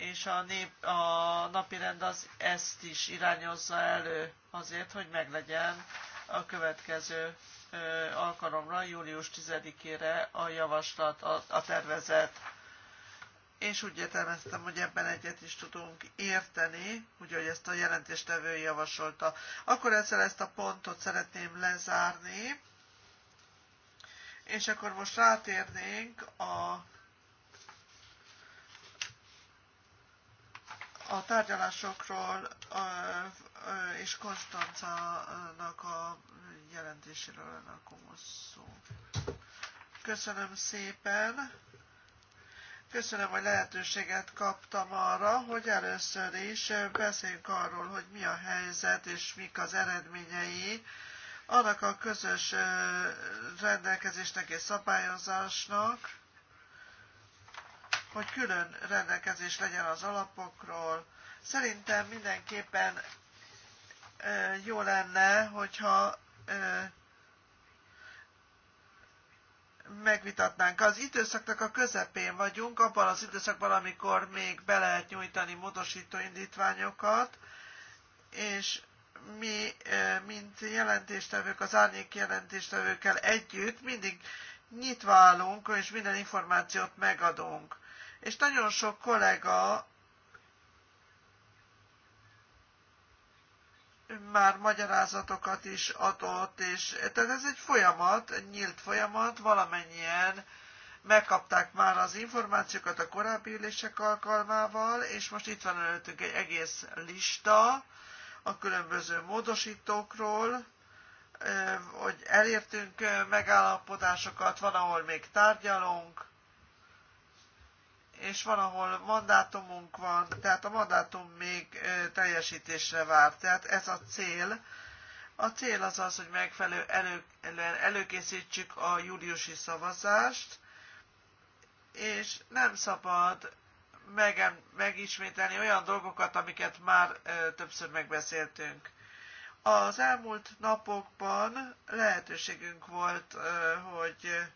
és a, nép, a rend az ezt is irányozza elő azért, hogy meglegyen a következő alkalomra, július 10-ére a javaslat, a, a tervezet. És úgy értelmeztem, hogy ebben egyet is tudunk érteni, úgy, hogy ezt a jelentéstevő javasolta. Akkor ezzel ezt a pontot szeretném lezárni, és akkor most rátérnénk a a tárgyalásokról és Konstancának a jelentéséről lenne akkor szó. Köszönöm szépen! Köszönöm, hogy lehetőséget kaptam arra, hogy először is beszéljünk arról, hogy mi a helyzet és mik az eredményei annak a közös rendelkezésnek és szabályozásnak, hogy külön rendelkezés legyen az alapokról. Szerintem mindenképpen jó lenne, hogyha megvitatnánk. Az időszaknak a közepén vagyunk, abban az időszakban, amikor még be lehet nyújtani módosító indítványokat, és mi, mint jelentéstevők, az árnyék jelentéstevőkkel együtt mindig nyitva állunk, és minden információt megadunk és nagyon sok kollega már magyarázatokat is adott, és tehát ez egy folyamat, egy nyílt folyamat, valamennyien megkapták már az információkat a korábbi ülések alkalmával, és most itt van előttünk egy egész lista a különböző módosítókról, hogy elértünk megállapodásokat, van, ahol még tárgyalunk, és van, ahol mandátumunk van, tehát a mandátum még teljesítésre vár. Tehát ez a cél. A cél az az, hogy megfelelő elő, előkészítsük a júliusi szavazást, és nem szabad meg, megismételni olyan dolgokat, amiket már ö, többször megbeszéltünk. Az elmúlt napokban lehetőségünk volt, ö, hogy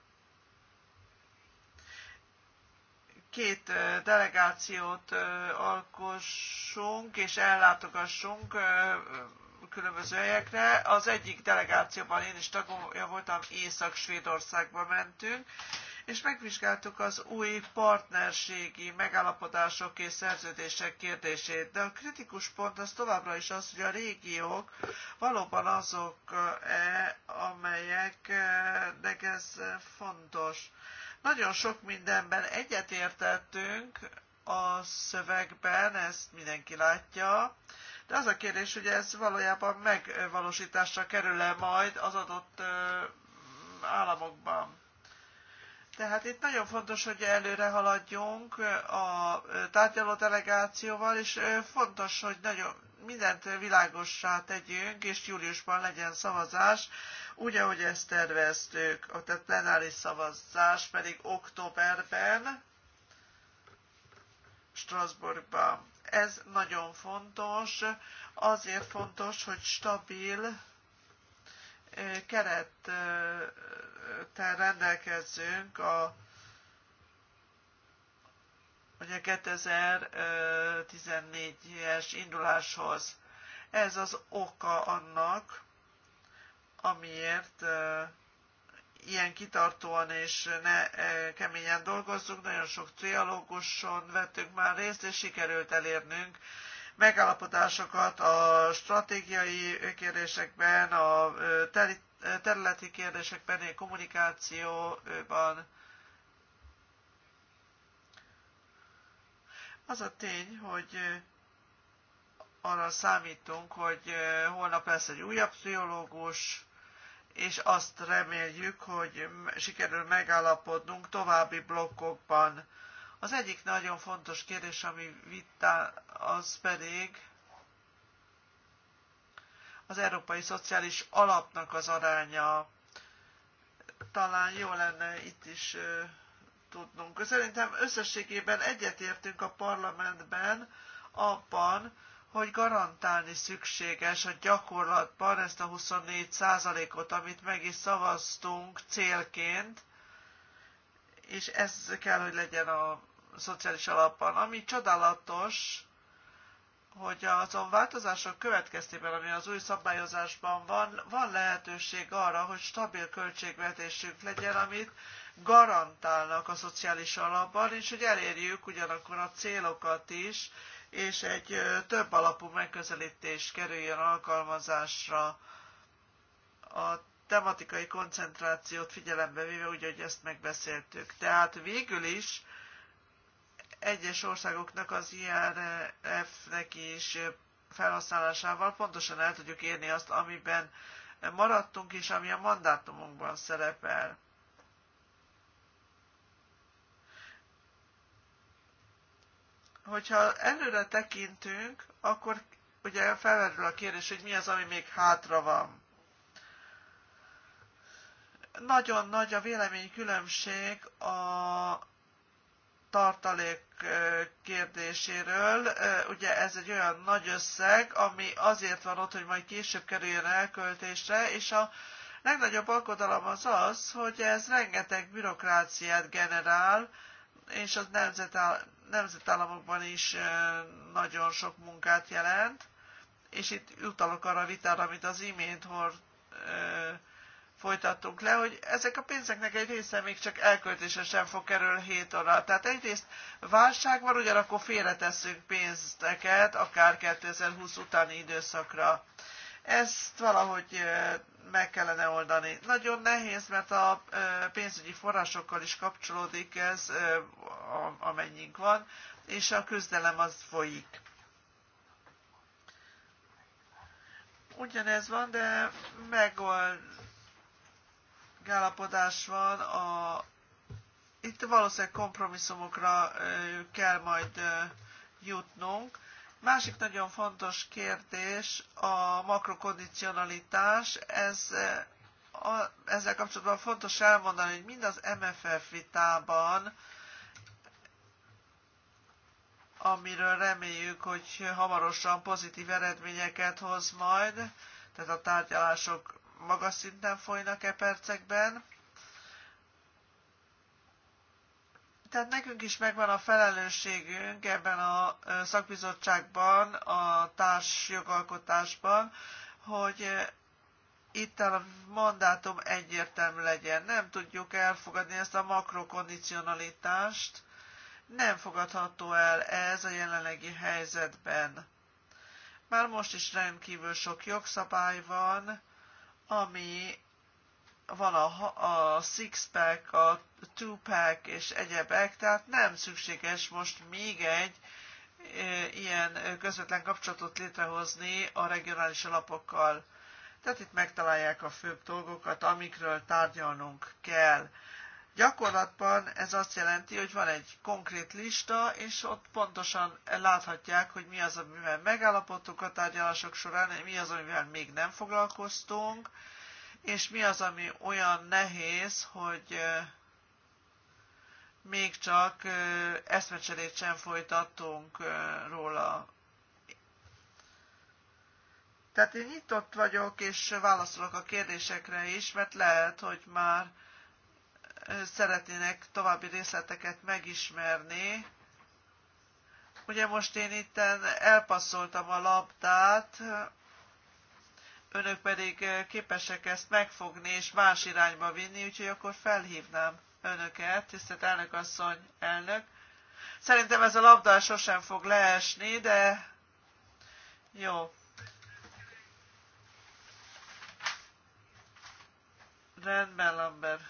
két delegációt alkossunk és ellátogassunk különböző helyekre. Az egyik delegációban én is tagja voltam, Észak-Svédországba mentünk, és megvizsgáltuk az új partnerségi megállapodások és szerződések kérdését. De a kritikus pont az továbbra is az, hogy a régiók valóban azok, -e, amelyeknek ez fontos. Nagyon sok mindenben egyetértettünk a szövegben, ezt mindenki látja, de az a kérdés, hogy ez valójában megvalósításra kerül-e majd az adott államokban. Tehát itt nagyon fontos, hogy előre haladjunk a tárgyaló delegációval, és fontos, hogy nagyon mindent világossá tegyünk, és júliusban legyen szavazás, úgy, ahogy ezt terveztük. A tehát plenáris szavazás pedig októberben Strasbourgban. Ez nagyon fontos, azért fontos, hogy stabil eh, kerettel rendelkezzünk a hogy a 2014-es induláshoz. Ez az oka annak, amiért ilyen kitartóan és ne keményen dolgozzunk, nagyon sok trialóguson vettünk már részt, és sikerült elérnünk megállapodásokat a stratégiai kérdésekben, a területi kérdésekben, a kommunikációban, Az a tény, hogy arra számítunk, hogy holnap lesz egy újabb pszichológus, és azt reméljük, hogy sikerül megállapodnunk további blokkokban. Az egyik nagyon fontos kérdés, ami vitte, az pedig az Európai Szociális Alapnak az aránya. Talán jó lenne itt is tudnunk. Szerintem összességében egyetértünk a parlamentben abban, hogy garantálni szükséges a gyakorlatban ezt a 24%-ot, amit meg is szavaztunk célként, és ez kell, hogy legyen a szociális alapban. Ami csodálatos, hogy azon változások következtében, ami az új szabályozásban van, van lehetőség arra, hogy stabil költségvetésünk legyen, amit garantálnak a szociális alapban, és hogy elérjük ugyanakkor a célokat is, és egy több alapú megközelítés kerüljön alkalmazásra a tematikai koncentrációt figyelembe véve, úgy, hogy ezt megbeszéltük. Tehát végül is egyes országoknak az IRF-nek is felhasználásával pontosan el tudjuk érni azt, amiben maradtunk, és ami a mandátumunkban szerepel. hogyha előre tekintünk, akkor ugye felmerül a kérdés, hogy mi az, ami még hátra van. Nagyon nagy a véleménykülönbség a tartalék kérdéséről. Ugye ez egy olyan nagy összeg, ami azért van ott, hogy majd később kerüljön elköltésre, és a legnagyobb alkodalom az az, hogy ez rengeteg bürokráciát generál, és az nemzetál, nemzetállamokban is nagyon sok munkát jelent, és itt utalok arra a vitára, amit az imént hor, folytattunk le, hogy ezek a pénzeknek egy része még csak elköltése sem fog kerül 7 óra. Tehát egyrészt válság van, ugyanakkor félretesszünk pénzteket, akár 2020 utáni időszakra. Ezt valahogy meg kellene oldani. Nagyon nehéz, mert a pénzügyi forrásokkal is kapcsolódik ez, amennyink van, és a küzdelem az folyik. Ugyanez van, de megállapodás van a itt valószínűleg kompromisszumokra kell majd jutnunk, Másik nagyon fontos kérdés a makrokondicionalitás. Ez, eh, a, ezzel kapcsolatban fontos elmondani, hogy mind az MFF vitában, amiről reméljük, hogy hamarosan pozitív eredményeket hoz majd, tehát a tárgyalások magas szinten folynak e percekben, Tehát nekünk is megvan a felelősségünk ebben a szakbizottságban, a társjogalkotásban, hogy itt a mandátum egyértelmű legyen. Nem tudjuk elfogadni ezt a makrokondicionalitást. Nem fogadható el ez a jelenlegi helyzetben. Már most is rendkívül sok jogszabály van, ami van a, a six-pack, a two-pack és egyebek, tehát nem szükséges most még egy e, ilyen közvetlen kapcsolatot létrehozni a regionális alapokkal. Tehát itt megtalálják a főbb dolgokat, amikről tárgyalnunk kell. Gyakorlatban ez azt jelenti, hogy van egy konkrét lista, és ott pontosan láthatják, hogy mi az, amivel megállapodtunk a tárgyalások során, mi az, amivel még nem foglalkoztunk, és mi az, ami olyan nehéz, hogy még csak eszmecserét sem folytattunk róla. Tehát én nyitott vagyok, és válaszolok a kérdésekre is, mert lehet, hogy már szeretnének további részleteket megismerni. Ugye most én itten elpasszoltam a labdát, önök pedig eh, képesek ezt megfogni és más irányba vinni, úgyhogy akkor felhívnám önöket, tisztelt elnök asszony, elnök. Szerintem ez a labda sosem fog leesni, de jó. Rendben, Lambert.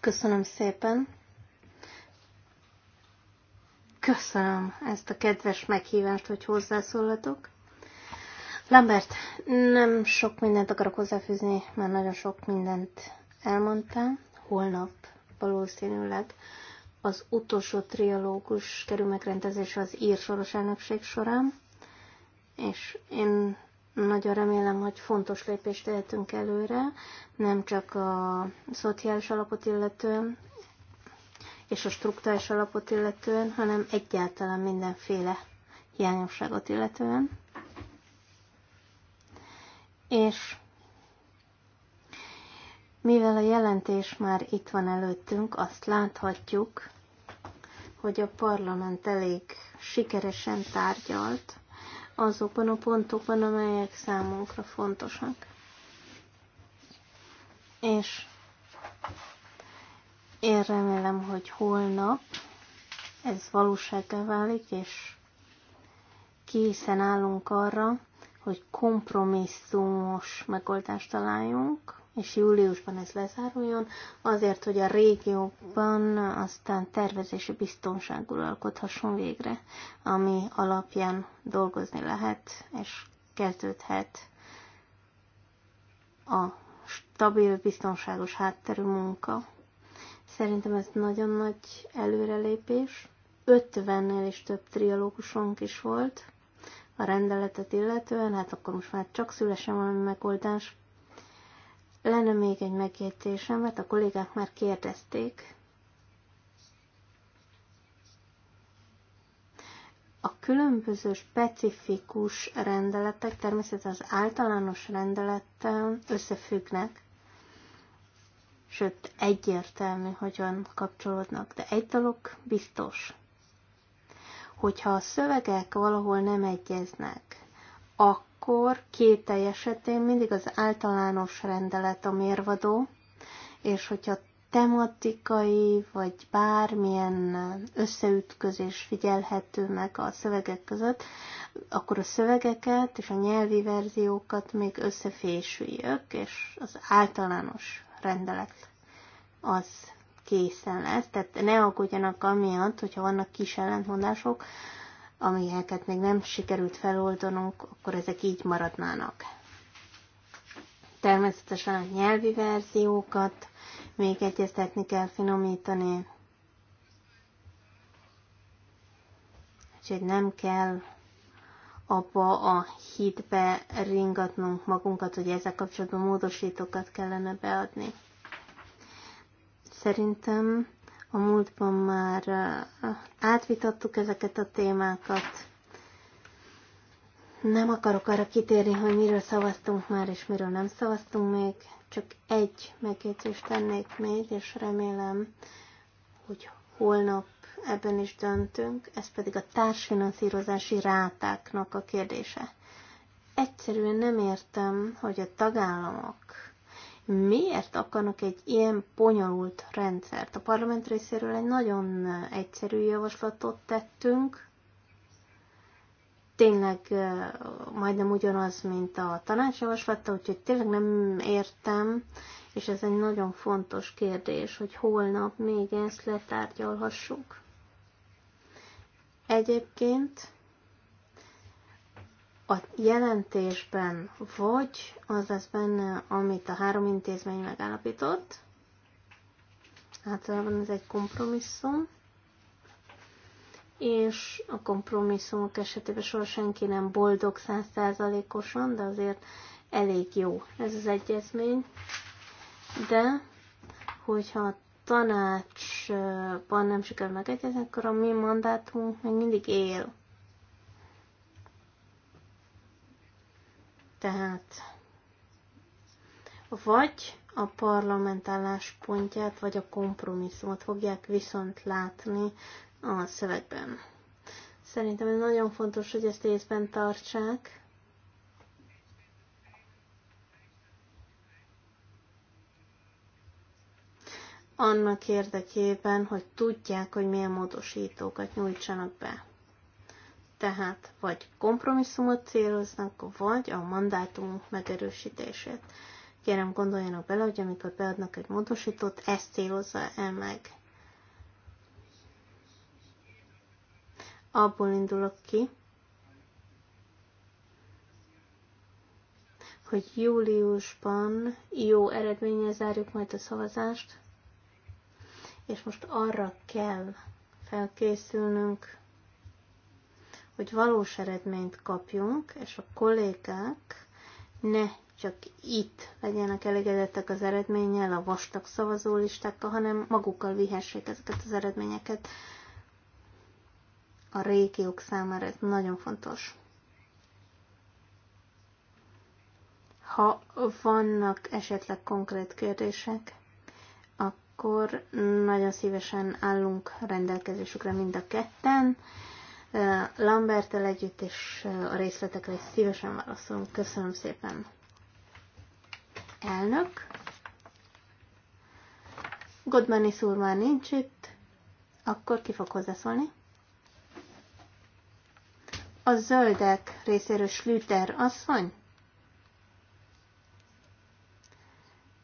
Köszönöm szépen köszönöm ezt a kedves meghívást, hogy hozzászólhatok. Lambert, nem sok mindent akarok hozzáfűzni, mert nagyon sok mindent elmondtál. Holnap valószínűleg az utolsó trialógus kerül megrendezésre az ír soros elnökség során, és én nagyon remélem, hogy fontos lépést tehetünk előre, nem csak a szociális alapot illetően, és a struktúrás alapot illetően, hanem egyáltalán mindenféle hiányosságot illetően. És mivel a jelentés már itt van előttünk, azt láthatjuk, hogy a parlament elég sikeresen tárgyalt azokban a pontokban, amelyek számunkra fontosak. És én remélem, hogy holnap ez valósággá válik, és készen állunk arra, hogy kompromisszumos megoldást találjunk, és júliusban ez lezáruljon, azért, hogy a régióban aztán tervezési biztonságul alkothasson végre, ami alapján dolgozni lehet, és kezdődhet a stabil, biztonságos hátterű munka. Szerintem ez nagyon nagy előrelépés. 50-nél is több trialógusunk is volt a rendeletet illetően, hát akkor most már csak szülesen valami megoldás. Lenne még egy megjegyzésem, mert a kollégák már kérdezték. A különböző specifikus rendeletek természetesen az általános rendelettel összefüggnek, sőt egyértelmű, hogyan kapcsolódnak. De egy dolog biztos, hogyha a szövegek valahol nem egyeznek, akkor két esetén mindig az általános rendelet a mérvadó, és hogyha tematikai vagy bármilyen összeütközés figyelhető meg a szövegek között, akkor a szövegeket és a nyelvi verziókat még összefésüljük, és az általános rendelet az készen lesz. Tehát ne aggódjanak amiatt, hogyha vannak kis ellentmondások, amelyeket még nem sikerült feloldanunk, akkor ezek így maradnának. Természetesen a nyelvi verziókat még egyeztetni kell finomítani, úgyhogy nem kell abba a hitbe ringatnunk magunkat, hogy ezzel kapcsolatban módosítókat kellene beadni. Szerintem a múltban már átvitattuk ezeket a témákat. Nem akarok arra kitérni, hogy miről szavaztunk már, és miről nem szavaztunk még. Csak egy megjegyzést tennék még, és remélem, hogy holnap ebben is döntünk, ez pedig a társfinanszírozási rátáknak a kérdése. Egyszerűen nem értem, hogy a tagállamok miért akarnak egy ilyen bonyolult rendszert. A parlament részéről egy nagyon egyszerű javaslatot tettünk, tényleg majdnem ugyanaz, mint a tanács javaslata, úgyhogy tényleg nem értem, és ez egy nagyon fontos kérdés, hogy holnap még ezt letárgyalhassuk. Egyébként a jelentésben vagy az lesz benne, amit a három intézmény megállapított, általában ez egy kompromisszum, és a kompromisszumok esetében soha senki nem boldog százszázalékosan, de azért elég jó ez az egyezmény. De hogyha a tanácsban nem sikerül megegyezni, akkor a mi mandátumunk még mindig él. Tehát vagy a parlament álláspontját, vagy a kompromisszumot fogják viszont látni a szövegben. Szerintem ez nagyon fontos, hogy ezt észben tartsák, annak érdekében, hogy tudják, hogy milyen módosítókat nyújtsanak be. Tehát vagy kompromisszumot céloznak, vagy a mandátum megerősítését. Kérem, gondoljanak bele, hogy amikor beadnak egy módosítót, ezt célozza el meg. Abból indulok ki, hogy júliusban jó eredménye zárjuk majd a szavazást, és most arra kell felkészülnünk, hogy valós eredményt kapjunk, és a kollégák ne csak itt legyenek elégedettek az eredménnyel, a vastag szavazólistákkal, hanem magukkal vihessék ezeket az eredményeket. A régiók számára ez nagyon fontos. Ha vannak esetleg konkrét kérdések, akkor nagyon szívesen állunk rendelkezésükre mind a ketten. Lambertel együtt, és a részletekre is szívesen válaszolunk. Köszönöm szépen. Elnök. Godmani szúr már nincs itt, akkor ki fog hozzászólni? A zöldek részéről Slüter asszony?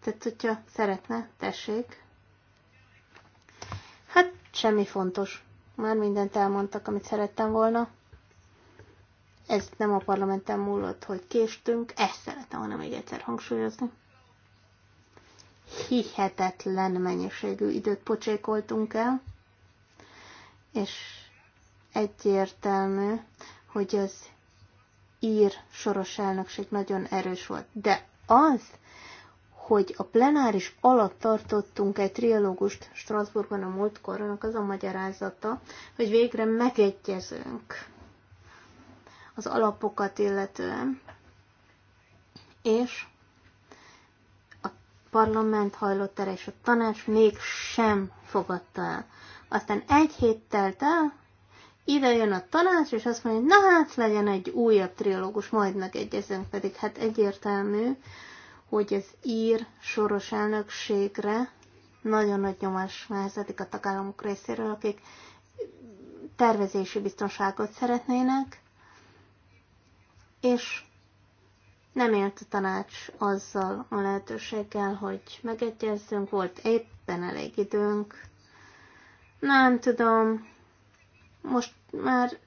Tehát, hogyha szeretne, tessék. Semmi fontos. Már mindent elmondtak, amit szerettem volna. Ez nem a parlamenten múlott, hogy késtünk. Ezt szeretem volna még egyszer hangsúlyozni. Hihetetlen mennyiségű időt pocsékoltunk el, és egyértelmű, hogy az ír soros elnökség nagyon erős volt. De az, hogy a plenáris alatt tartottunk egy trialógust Strasbourgban a múltkor, annak az a magyarázata, hogy végre megegyezünk az alapokat illetően, és a parlament hajlott erre, és a tanács még sem fogadta el. Aztán egy hét telt el, ide jön a tanács, és azt mondja, hogy na hát legyen egy újabb trilógus, majd megegyezünk, pedig hát egyértelmű, hogy az ír soros elnökségre nagyon nagy nyomás nehezedik a tagállamok részéről, akik tervezési biztonságot szeretnének, és nem élt a tanács azzal a lehetőséggel, hogy megegyezzünk, volt éppen elég időnk. Nem tudom, most már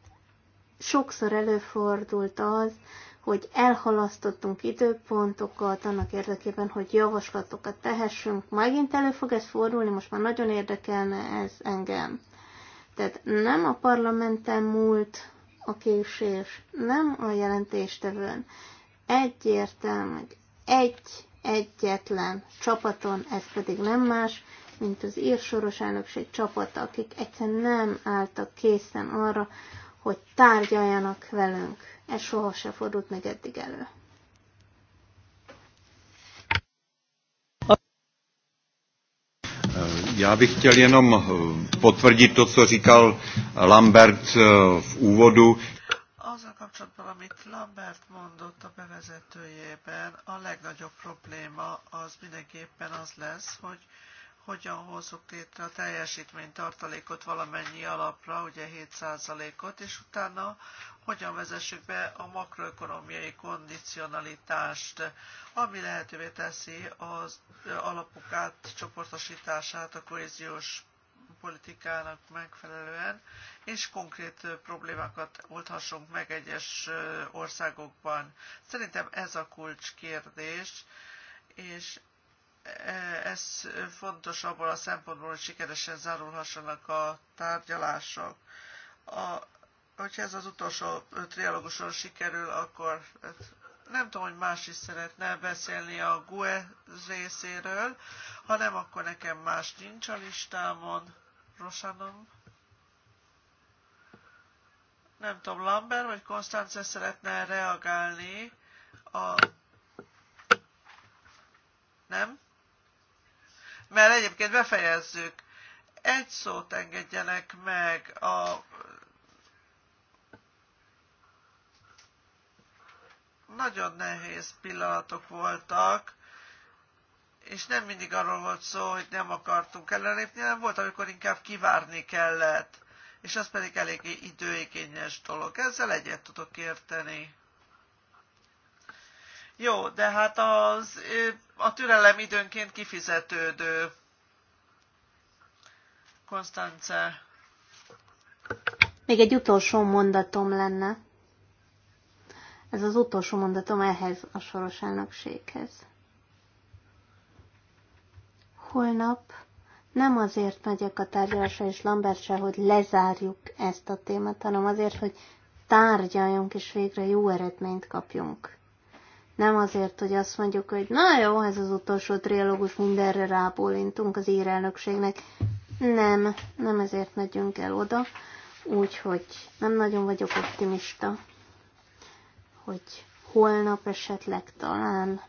sokszor előfordult az, hogy elhalasztottunk időpontokat annak érdekében, hogy javaslatokat tehessünk. Megint elő fog ez fordulni, most már nagyon érdekelne ez engem. Tehát nem a parlamenten múlt a késés, nem a jelentéstevőn. Egyértelmű, egy egyetlen csapaton, ez pedig nem más, mint az írsoros elnökség csapata, akik egyszerűen nem álltak készen arra, hogy tárgyaljanak velünk. Ez soha se fordult meg eddig elő. Já bych chtěl jenom eh, potvrdit to, co říkal Lambert eh, v úvodu. Azzal kapcsolatban, amit Lambert mondott a bevezetőjében, a legnagyobb probléma az mindenképpen az lesz, hogy hogyan hozzuk létre a teljesítménytartalékot valamennyi alapra, ugye 7%-ot, és utána hogyan vezessük be a makroökonomiai kondicionalitást, ami lehetővé teszi az alapok átcsoportosítását a kohéziós politikának megfelelően, és konkrét problémákat oldhassunk meg egyes országokban. Szerintem ez a kulcskérdés, és ez fontos abból a szempontból, hogy sikeresen zárulhassanak a tárgyalások. A, hogyha ez az utolsó trialóguson sikerül, akkor hát nem tudom, hogy más is szeretne beszélni a GUE részéről, ha nem, akkor nekem más nincs a listámon. Rosanom. Nem tudom, Lambert vagy Konstance szeretne reagálni a... Nem? mert egyébként befejezzük. Egy szót engedjenek meg a nagyon nehéz pillanatok voltak, és nem mindig arról volt szó, hogy nem akartunk ellenépni, hanem volt, amikor inkább kivárni kellett, és az pedig eléggé időigényes dolog. Ezzel egyet tudok érteni. Jó, de hát az, a türelem időnként kifizetődő. Konstance. Még egy utolsó mondatom lenne. Ez az utolsó mondatom ehhez a soros elnökséghez. Holnap nem azért megyek a tárgyalásra és se, hogy lezárjuk ezt a témát, hanem azért, hogy tárgyaljunk és végre jó eredményt kapjunk. Nem azért, hogy azt mondjuk, hogy na jó, ez az utolsó trilógus, mindenre rábólintunk az írelnökségnek. Nem, nem ezért megyünk el oda, úgyhogy nem nagyon vagyok optimista, hogy holnap esetleg talán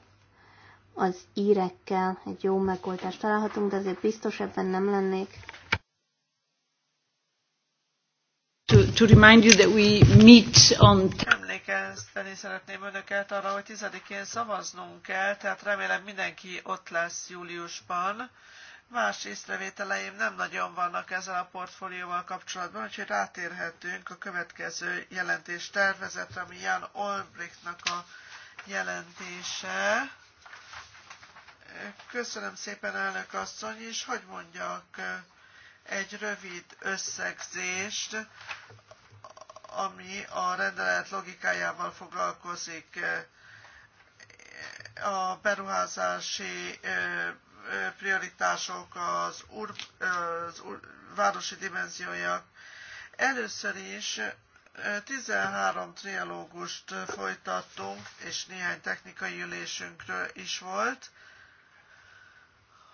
az írekkel egy jó megoldást találhatunk, de azért biztos ebben nem lennék. To, to remind you that we meet on emlékezteni szeretném önöket arra, hogy 10-én szavaznunk kell, tehát remélem mindenki ott lesz júliusban. Más észrevételeim nem nagyon vannak ezzel a portfólióval kapcsolatban, úgyhogy rátérhetünk a következő jelentés tervezetre, ami Jan Olbrichtnak a jelentése. Köszönöm szépen, elnök asszony, és hogy mondjak egy rövid összegzést ami a rendelet logikájával foglalkozik a beruházási prioritások, az, ur, az ur, városi dimenziója. Először is 13 trialógust folytattunk, és néhány technikai ülésünkről is volt.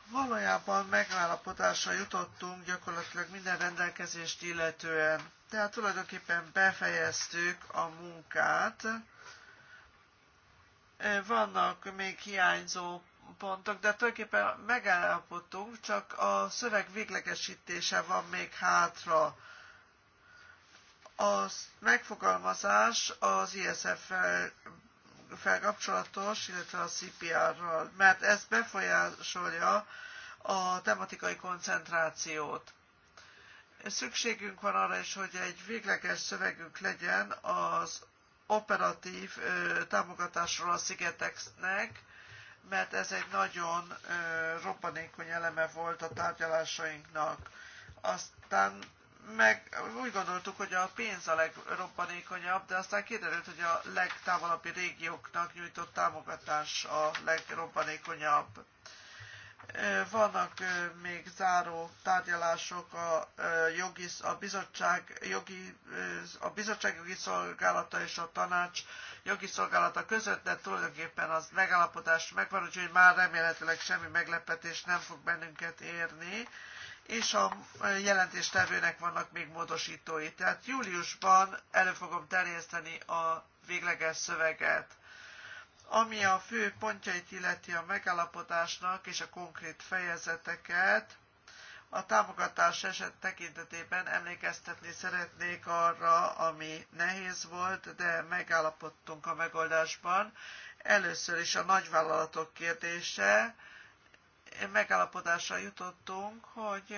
Valójában megállapodásra jutottunk gyakorlatilag minden rendelkezést illetően tehát tulajdonképpen befejeztük a munkát. Vannak még hiányzó pontok, de tulajdonképpen megállapodtunk, csak a szöveg véglegesítése van még hátra. A megfogalmazás az ISF-fel felkapcsolatos, illetve a CPR-ral, mert ez befolyásolja a tematikai koncentrációt. Szükségünk van arra is, hogy egy végleges szövegünk legyen az operatív támogatásról a szigeteknek, mert ez egy nagyon robbanékony eleme volt a tárgyalásainknak. Aztán meg úgy gondoltuk, hogy a pénz a legrobbanékonyabb, de aztán kiderült, hogy a legtávolabbi régióknak nyújtott támogatás a legrobbanékonyabb. Vannak még záró tárgyalások a, jogi, a, bizottság, jogi, a bizottság jogi szolgálata és a tanács jogi szolgálata között, de tulajdonképpen az megállapodás megvan, úgyhogy már remélhetőleg semmi meglepetés nem fog bennünket érni és a jelentéstevőnek vannak még módosítói. Tehát júliusban elő fogom terjeszteni a végleges szöveget. Ami a fő pontjait illeti a megállapodásnak és a konkrét fejezeteket, a támogatás eset tekintetében emlékeztetni szeretnék arra, ami nehéz volt, de megállapodtunk a megoldásban. Először is a nagyvállalatok kérdése. Megállapodásra jutottunk, hogy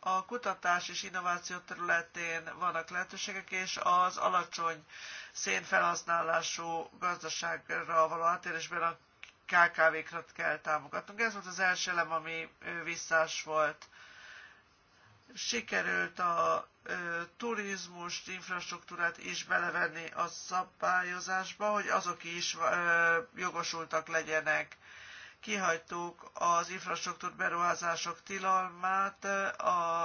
a kutatás és innováció területén vannak lehetőségek, és az alacsony szénfelhasználású gazdaságra való átérésben a kkv krat kell támogatnunk. Ez volt az első elem, ami visszás volt. Sikerült a turizmust, infrastruktúrát is belevenni a szabályozásba, hogy azok is jogosultak legyenek kihagytuk az infrastruktúr beruházások tilalmát a,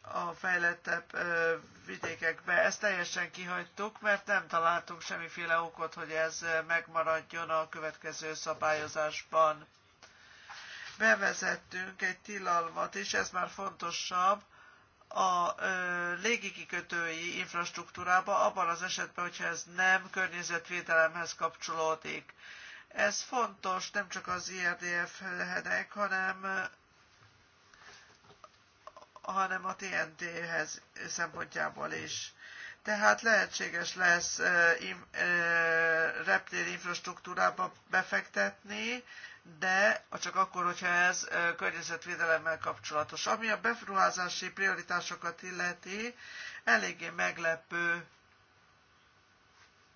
a fejlettebb vidékekbe. Ezt teljesen kihagytuk, mert nem találtunk semmiféle okot, hogy ez megmaradjon a következő szabályozásban. Bevezettünk egy tilalmat, és ez már fontosabb, a légikikötői infrastruktúrába, abban az esetben, hogyha ez nem környezetvédelemhez kapcsolódik. Ez fontos nem csak az IRDF-nek, hanem hanem a TNT-hez szempontjából is. Tehát lehetséges lesz reptér infrastruktúrába befektetni, de csak akkor, hogyha ez környezetvédelemmel kapcsolatos. Ami a befruházási prioritásokat illeti, eléggé meglepő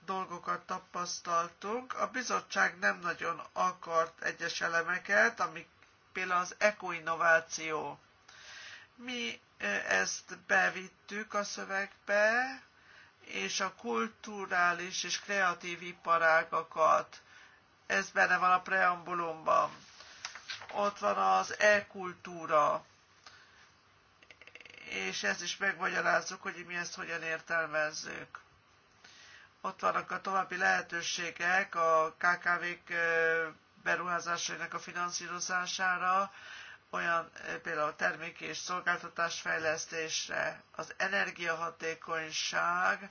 dolgokat tapasztaltunk. A bizottság nem nagyon akart egyes elemeket, amik például az ekoinnováció. Mi ezt bevittük a szövegbe, és a kulturális és kreatív iparágakat. Ez benne van a preambulumban. Ott van az e-kultúra, és ezt is megmagyarázzuk, hogy mi ezt hogyan értelmezzük. Ott vannak a további lehetőségek a KKV-k beruházásainak a finanszírozására, olyan például termék és szolgáltatás fejlesztésre, az energiahatékonyság,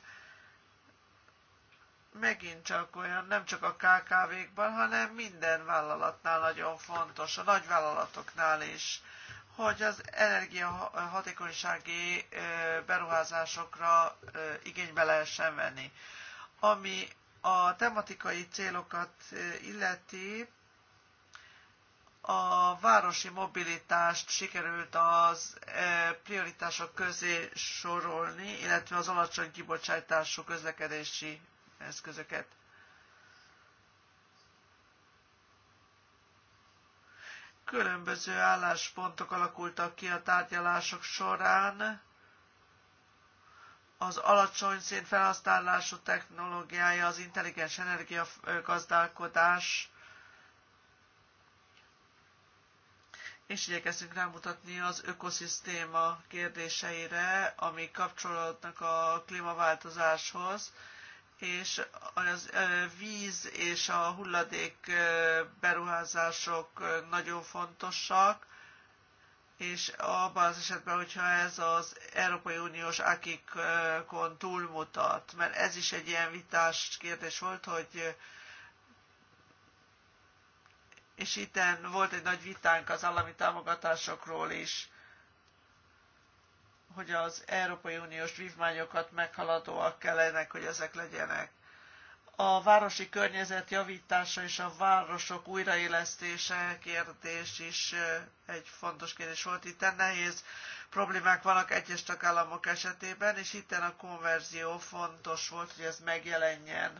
megint csak olyan, nem csak a KKV-kban, hanem minden vállalatnál nagyon fontos, a nagyvállalatoknál is, hogy az energiahatékonysági beruházásokra igénybe lehessen venni. Ami a tematikai célokat eh, illeti, a városi mobilitást sikerült az eh, prioritások közé sorolni, illetve az alacsony kibocsátású közlekedési eszközöket. Különböző álláspontok alakultak ki a tárgyalások során az alacsony szénfelhasználású technológiája, az intelligens energiagazdálkodás, és igyekeztünk rámutatni az ökoszisztéma kérdéseire, ami kapcsolódnak a klímaváltozáshoz, és az víz és a hulladék beruházások nagyon fontosak, és abban az esetben, hogyha ez az Európai Uniós akikon túlmutat, mert ez is egy ilyen vitás kérdés volt, hogy és itten volt egy nagy vitánk az állami támogatásokról is, hogy az Európai Uniós vívmányokat meghaladóak kellenek, hogy ezek legyenek a városi környezet javítása és a városok újraélesztése kérdés is egy fontos kérdés volt. Itt nehéz problémák vannak egyes tagállamok esetében, és itten a konverzió fontos volt, hogy ez megjelenjen.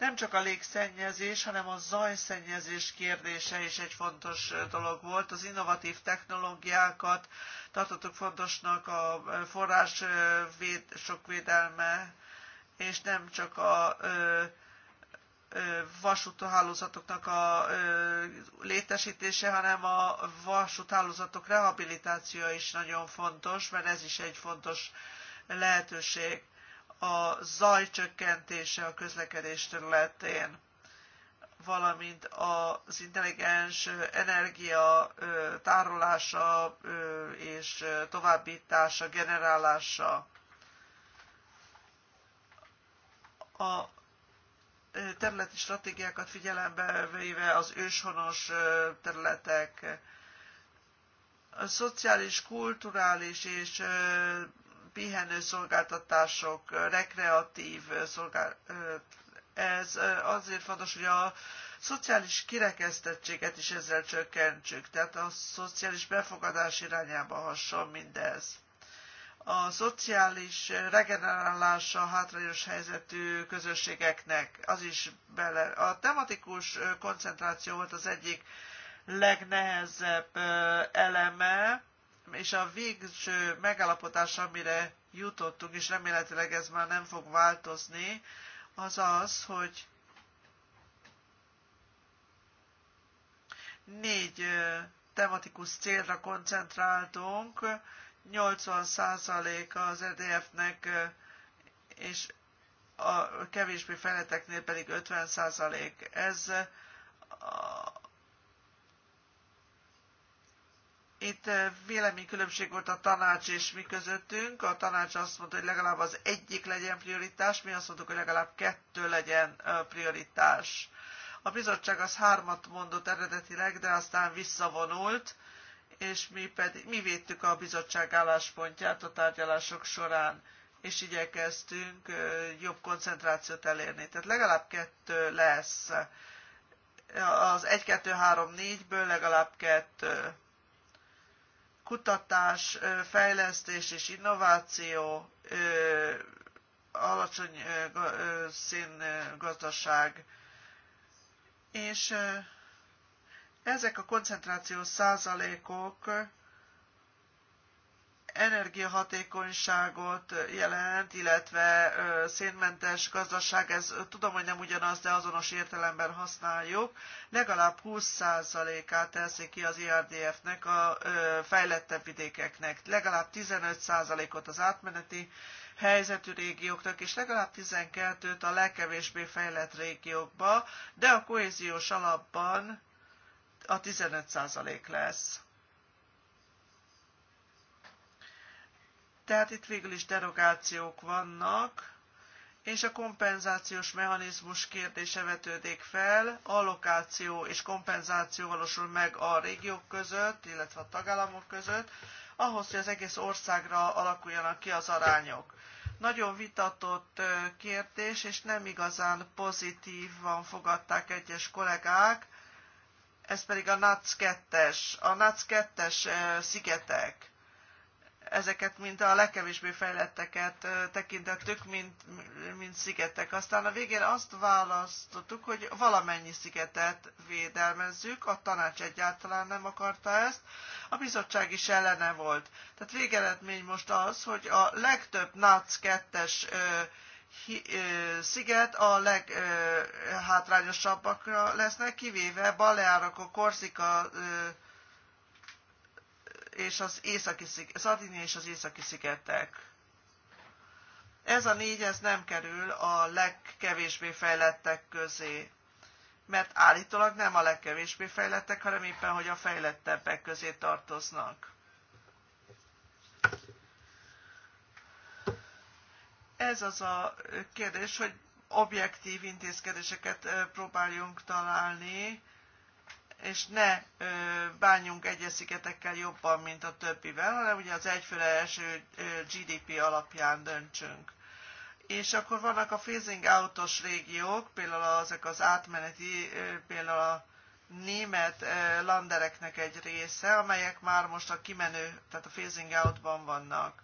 Nem csak a légszennyezés, hanem a zajszennyezés kérdése is egy fontos dolog volt. Az innovatív technológiákat tartottuk fontosnak a forrás véd, sok védelme, és nem csak a vasúthálózatoknak a létesítése, hanem a vasúthálózatok rehabilitációja is nagyon fontos, mert ez is egy fontos lehetőség a zaj csökkentése a közlekedés területén, valamint az intelligens energia tárolása és továbbítása, generálása. A területi stratégiákat figyelembe véve az őshonos területek, a szociális, kulturális és pihenőszolgáltatások, rekreatív szolgáltatások. Ez azért fontos, hogy a szociális kirekesztettséget is ezzel csökkentsük, tehát a szociális befogadás irányába hasson mindez a szociális regenerálása hátrányos helyzetű közösségeknek, az is bele. A tematikus koncentráció volt az egyik legnehezebb eleme, és a végső megállapodás, amire jutottunk, és remélhetőleg ez már nem fog változni, az az, hogy négy tematikus célra koncentráltunk, 80% az EDF-nek, és a kevésbé feleteknél pedig 50%. Ez Itt eh, véleménykülönbség volt a tanács és mi közöttünk. A tanács azt mondta, hogy legalább az egyik legyen prioritás, mi azt mondtuk, hogy legalább kettő legyen eh, prioritás. A bizottság az hármat mondott eredetileg, de aztán visszavonult, és mi pedig mi védtük a bizottság álláspontját a tárgyalások során, és igyekeztünk eh, jobb koncentrációt elérni. Tehát legalább kettő lesz. Az 1, 2, 3, 4-ből legalább kettő kutatás, fejlesztés és innováció, alacsony szín gazdaság és ezek a koncentrációs százalékok energiahatékonyságot jelent, illetve szénmentes gazdaság, ez tudom, hogy nem ugyanaz, de azonos értelemben használjuk, legalább 20%-át teszi ki az IRDF-nek a fejlettebb vidékeknek, legalább 15%-ot az átmeneti helyzetű régióknak, és legalább 12-t a legkevésbé fejlett régiókba, de a kohéziós alapban a 15% lesz Tehát itt végül is derogációk vannak, és a kompenzációs mechanizmus kérdése vetődik fel, allokáció és kompenzáció valósul meg a régiók között, illetve a tagállamok között, ahhoz, hogy az egész országra alakuljanak ki az arányok. Nagyon vitatott kérdés, és nem igazán pozitívan fogadták egyes kollégák, ez pedig a NAC 2-es, a NAC 2-es szigetek ezeket mint a legkevésbé fejletteket tekintettük, mint, mint szigetek. Aztán a végén azt választottuk, hogy valamennyi szigetet védelmezzük, a tanács egyáltalán nem akarta ezt, a bizottság is ellene volt. Tehát végeredmény most az, hogy a legtöbb NAC 2-es sziget a leghátrányosabbakra lesznek, kivéve Baleárok, a Korszika ö, és az északi Szardini és az északi szigetek. Ez a négy, ez nem kerül a legkevésbé fejlettek közé, mert állítólag nem a legkevésbé fejlettek, hanem éppen, hogy a fejlettebbek közé tartoznak. Ez az a kérdés, hogy objektív intézkedéseket próbáljunk találni, és ne ö, bánjunk egyes szigetekkel jobban, mint a többivel, hanem ugye az egyfőre első GDP alapján döntsünk. És akkor vannak a phasing autos régiók, például ezek az átmeneti, például a német landereknek egy része, amelyek már most a kimenő, tehát a phasing outban vannak.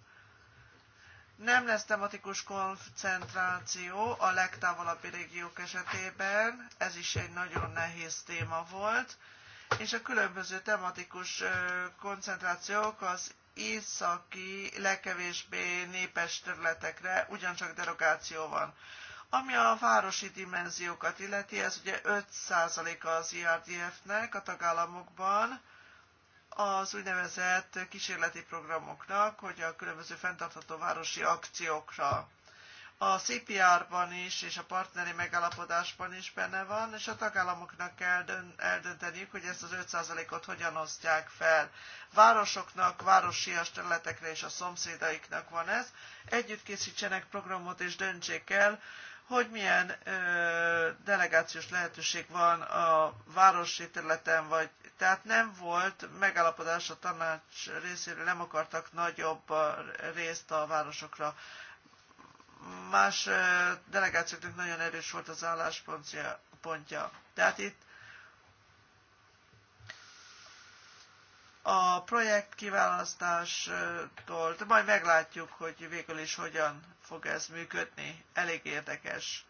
Nem lesz tematikus koncentráció a legtávolabbi régiók esetében, ez is egy nagyon nehéz téma volt, és a különböző tematikus koncentrációk az északi, legkevésbé népes területekre ugyancsak derogáció van. Ami a városi dimenziókat illeti, ez ugye 5 az IRDF-nek a tagállamokban, az úgynevezett kísérleti programoknak, hogy a különböző fenntartható városi akciókra. A CPR-ban is és a partneri megállapodásban is benne van, és a tagállamoknak kell eldönteniük, hogy ezt az 5%-ot hogyan osztják fel. Városoknak, városias területekre és a szomszédaiknak van ez. Együtt készítsenek programot és döntsék el, hogy milyen ö, delegációs lehetőség van a városi területen, vagy tehát nem volt megállapodás a tanács részéről, nem akartak nagyobb részt a városokra. Más ö, delegációknak nagyon erős volt az álláspontja. Tehát itt a projekt kiválasztástól, de majd meglátjuk, hogy végül is hogyan fog ez működni. Elég érdekes.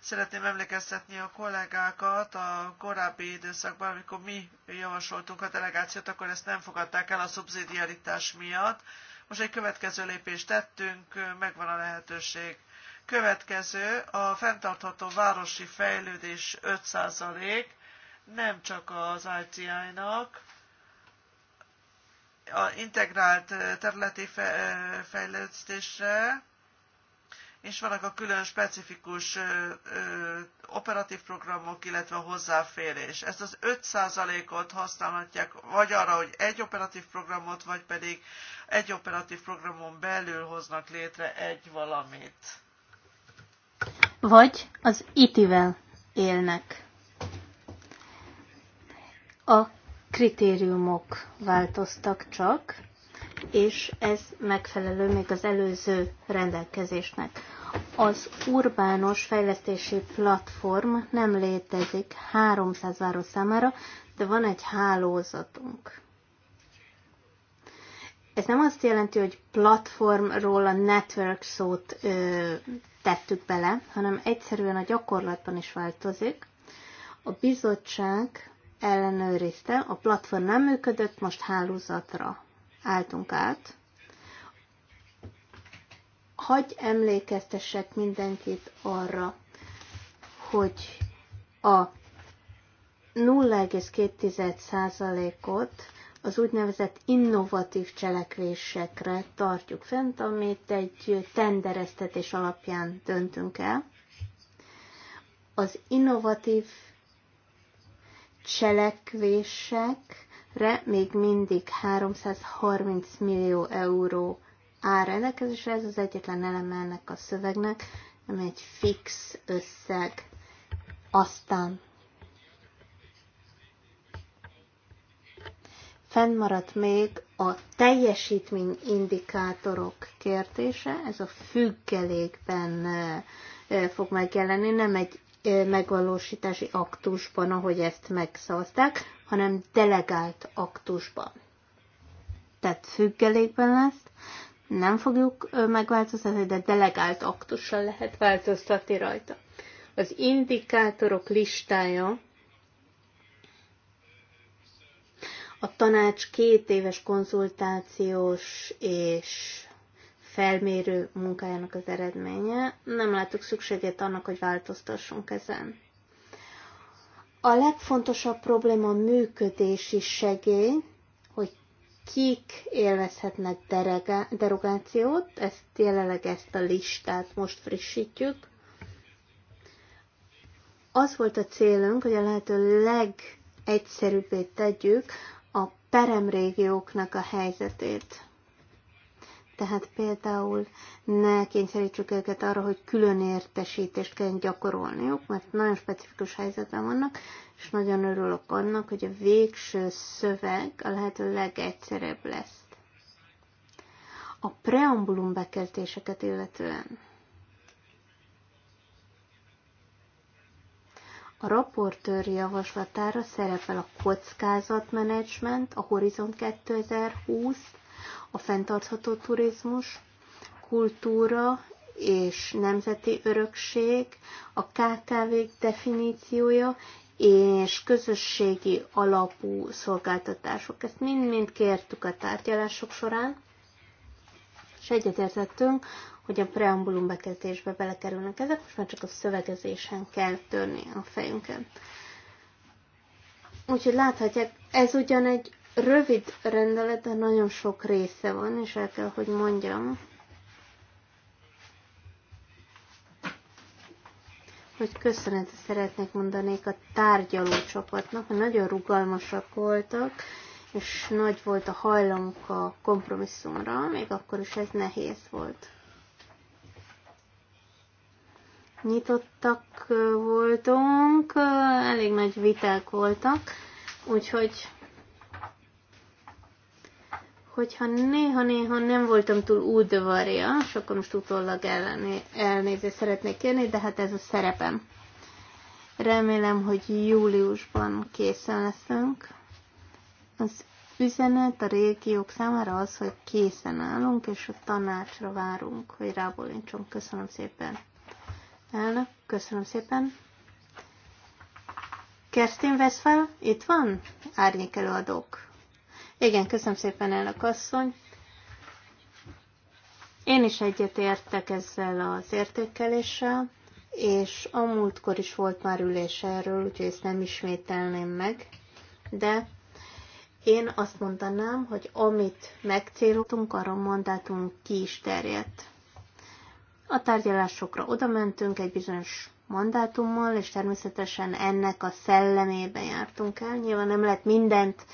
Szeretném emlékeztetni a kollégákat a korábbi időszakban, amikor mi javasoltunk a delegációt, akkor ezt nem fogadták el a szubszidiaritás miatt. Most egy következő lépést tettünk, megvan a lehetőség. Következő, a fenntartható városi fejlődés 5% nem csak az ICI-nak, a integrált területi fejlesztésre, és vannak a külön specifikus ö, ö, operatív programok, illetve hozzáférés. Ezt az 5%-ot használhatják vagy arra, hogy egy operatív programot, vagy pedig egy operatív programon belül hoznak létre egy valamit. Vagy az IT-vel élnek. A kritériumok változtak csak, és ez megfelelő még az előző rendelkezésnek. Az urbános fejlesztési platform nem létezik 300 város számára, de van egy hálózatunk. Ez nem azt jelenti, hogy platformról a network szót ö, tettük bele, hanem egyszerűen a gyakorlatban is változik. A bizottság ellenőrizte, a platform nem működött, most hálózatra álltunk át. Hagy emlékeztessek mindenkit arra, hogy a 0,2%-ot az úgynevezett innovatív cselekvésekre tartjuk fent, amit egy tendereztetés alapján döntünk el. Az innovatív cselekvésekre még mindig 330 millió euró áll rendelkezésre. Ez az egyetlen eleme ennek a szövegnek, ami egy fix összeg. Aztán fennmaradt még a teljesítményindikátorok kérdése, ez a függelékben eh, fog megjelenni, nem egy megvalósítási aktusban, ahogy ezt megszavazták, hanem delegált aktusban. Tehát függelékben lesz, nem fogjuk megváltoztatni, de delegált aktussal lehet változtatni rajta. Az indikátorok listája a tanács két éves konzultációs és felmérő munkájának az eredménye. Nem látok szükségét annak, hogy változtassunk ezen. A legfontosabb probléma a működési segély, hogy kik élvezhetnek derogációt, ezt jelenleg ezt a listát most frissítjük. Az volt a célunk, hogy a lehető legegyszerűbbé tegyük a peremrégióknak a helyzetét. Tehát például ne kényszerítsük őket arra, hogy külön értesítést kell gyakorolniuk, mert nagyon specifikus helyzetben vannak, és nagyon örülök annak, hogy a végső szöveg a lehető legegyszerűbb lesz. A preambulum bekezdéseket illetően. A raportőr javaslatára szerepel a kockázatmenedzsment, a Horizon 2020, a fenntartható turizmus, kultúra és nemzeti örökség, a kkv definíciója és közösségi alapú szolgáltatások. Ezt mind-mind kértük a tárgyalások során, és egyetértettünk, hogy a preambulum bekezdésbe belekerülnek ezek, most már csak a szövegezésen kell törni a fejünket. Úgyhogy láthatják, ez ugyan egy rövid rendelet, de nagyon sok része van, és el kell, hogy mondjam, hogy köszönetet szeretnék mondanék a tárgyaló csapatnak, mert nagyon rugalmasak voltak, és nagy volt a hajlamuk a kompromisszumra, még akkor is ez nehéz volt. Nyitottak voltunk, elég nagy viták voltak, úgyhogy hogyha néha-néha nem voltam túl és akkor most utólag ellené, elnézést szeretnék kérni, de hát ez a szerepem. Remélem, hogy júliusban készen leszünk. Az üzenet a régiók számára az, hogy készen állunk, és a tanácsra várunk, hogy rábólincsunk. Köszönöm szépen. Elnök, köszönöm szépen. Kerstin Westphal, itt van? Árnyék előadók. Igen, köszönöm szépen, elnök asszony. Én is egyetértek ezzel az értékeléssel, és a múltkor is volt már ülés erről, úgyhogy ezt nem ismételném meg, de én azt mondanám, hogy amit megcéloltunk, arra a mandátumunk ki is terjedt. A tárgyalásokra odamentünk egy bizonyos mandátummal, és természetesen ennek a szellemébe jártunk el. Nyilván nem lehet mindent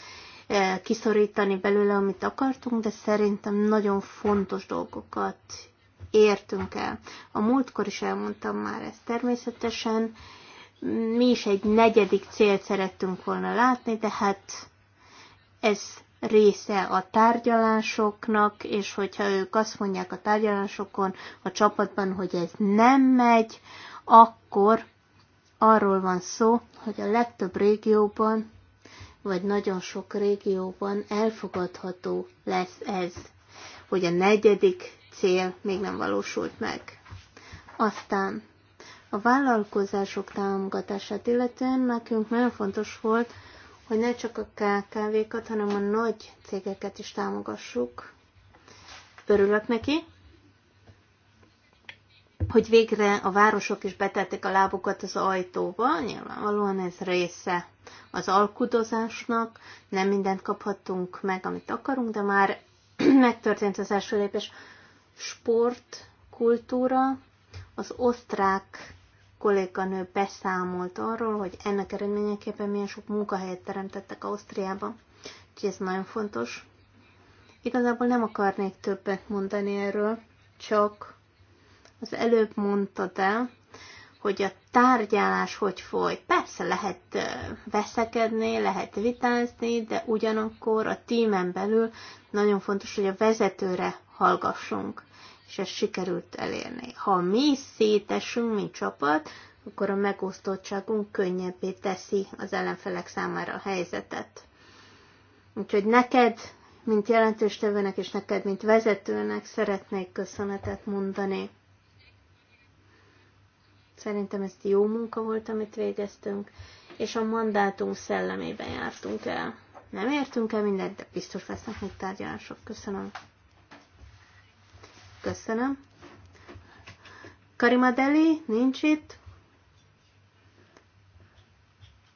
kiszorítani belőle, amit akartunk, de szerintem nagyon fontos dolgokat értünk el. A múltkor is elmondtam már ezt természetesen, mi is egy negyedik célt szerettünk volna látni, de hát ez része a tárgyalásoknak, és hogyha ők azt mondják a tárgyalásokon, a csapatban, hogy ez nem megy, akkor arról van szó, hogy a legtöbb régióban vagy nagyon sok régióban elfogadható lesz ez, hogy a negyedik cél még nem valósult meg. Aztán a vállalkozások támogatását illetően nekünk nagyon fontos volt, hogy ne csak a KKV-kat, hanem a nagy cégeket is támogassuk. Örülök neki, hogy végre a városok is betették a lábukat az ajtóba, nyilvánvalóan ez része az alkudozásnak, nem mindent kaphatunk meg, amit akarunk, de már megtörtént az első lépés. Sport, kultúra, az osztrák kolléganő beszámolt arról, hogy ennek eredményeképpen milyen sok munkahelyet teremtettek Ausztriában. Úgyhogy ez nagyon fontos. Igazából nem akarnék többet mondani erről, csak az előbb mondtad el, hogy a tárgyalás hogy folyt. Persze lehet veszekedni, lehet vitázni, de ugyanakkor a tímen belül nagyon fontos, hogy a vezetőre hallgassunk, és ezt sikerült elérni. Ha mi szétesünk, mint csapat, akkor a megosztottságunk könnyebbé teszi az ellenfelek számára a helyzetet. Úgyhogy neked, mint jelentős tevőnek, és neked, mint vezetőnek szeretnék köszönetet mondani Szerintem ez jó munka volt, amit végeztünk, és a mandátum szellemében jártunk el. Nem értünk el mindent, de biztos lesznek még tárgyalások. Köszönöm. Köszönöm. Karimadeli nincs itt.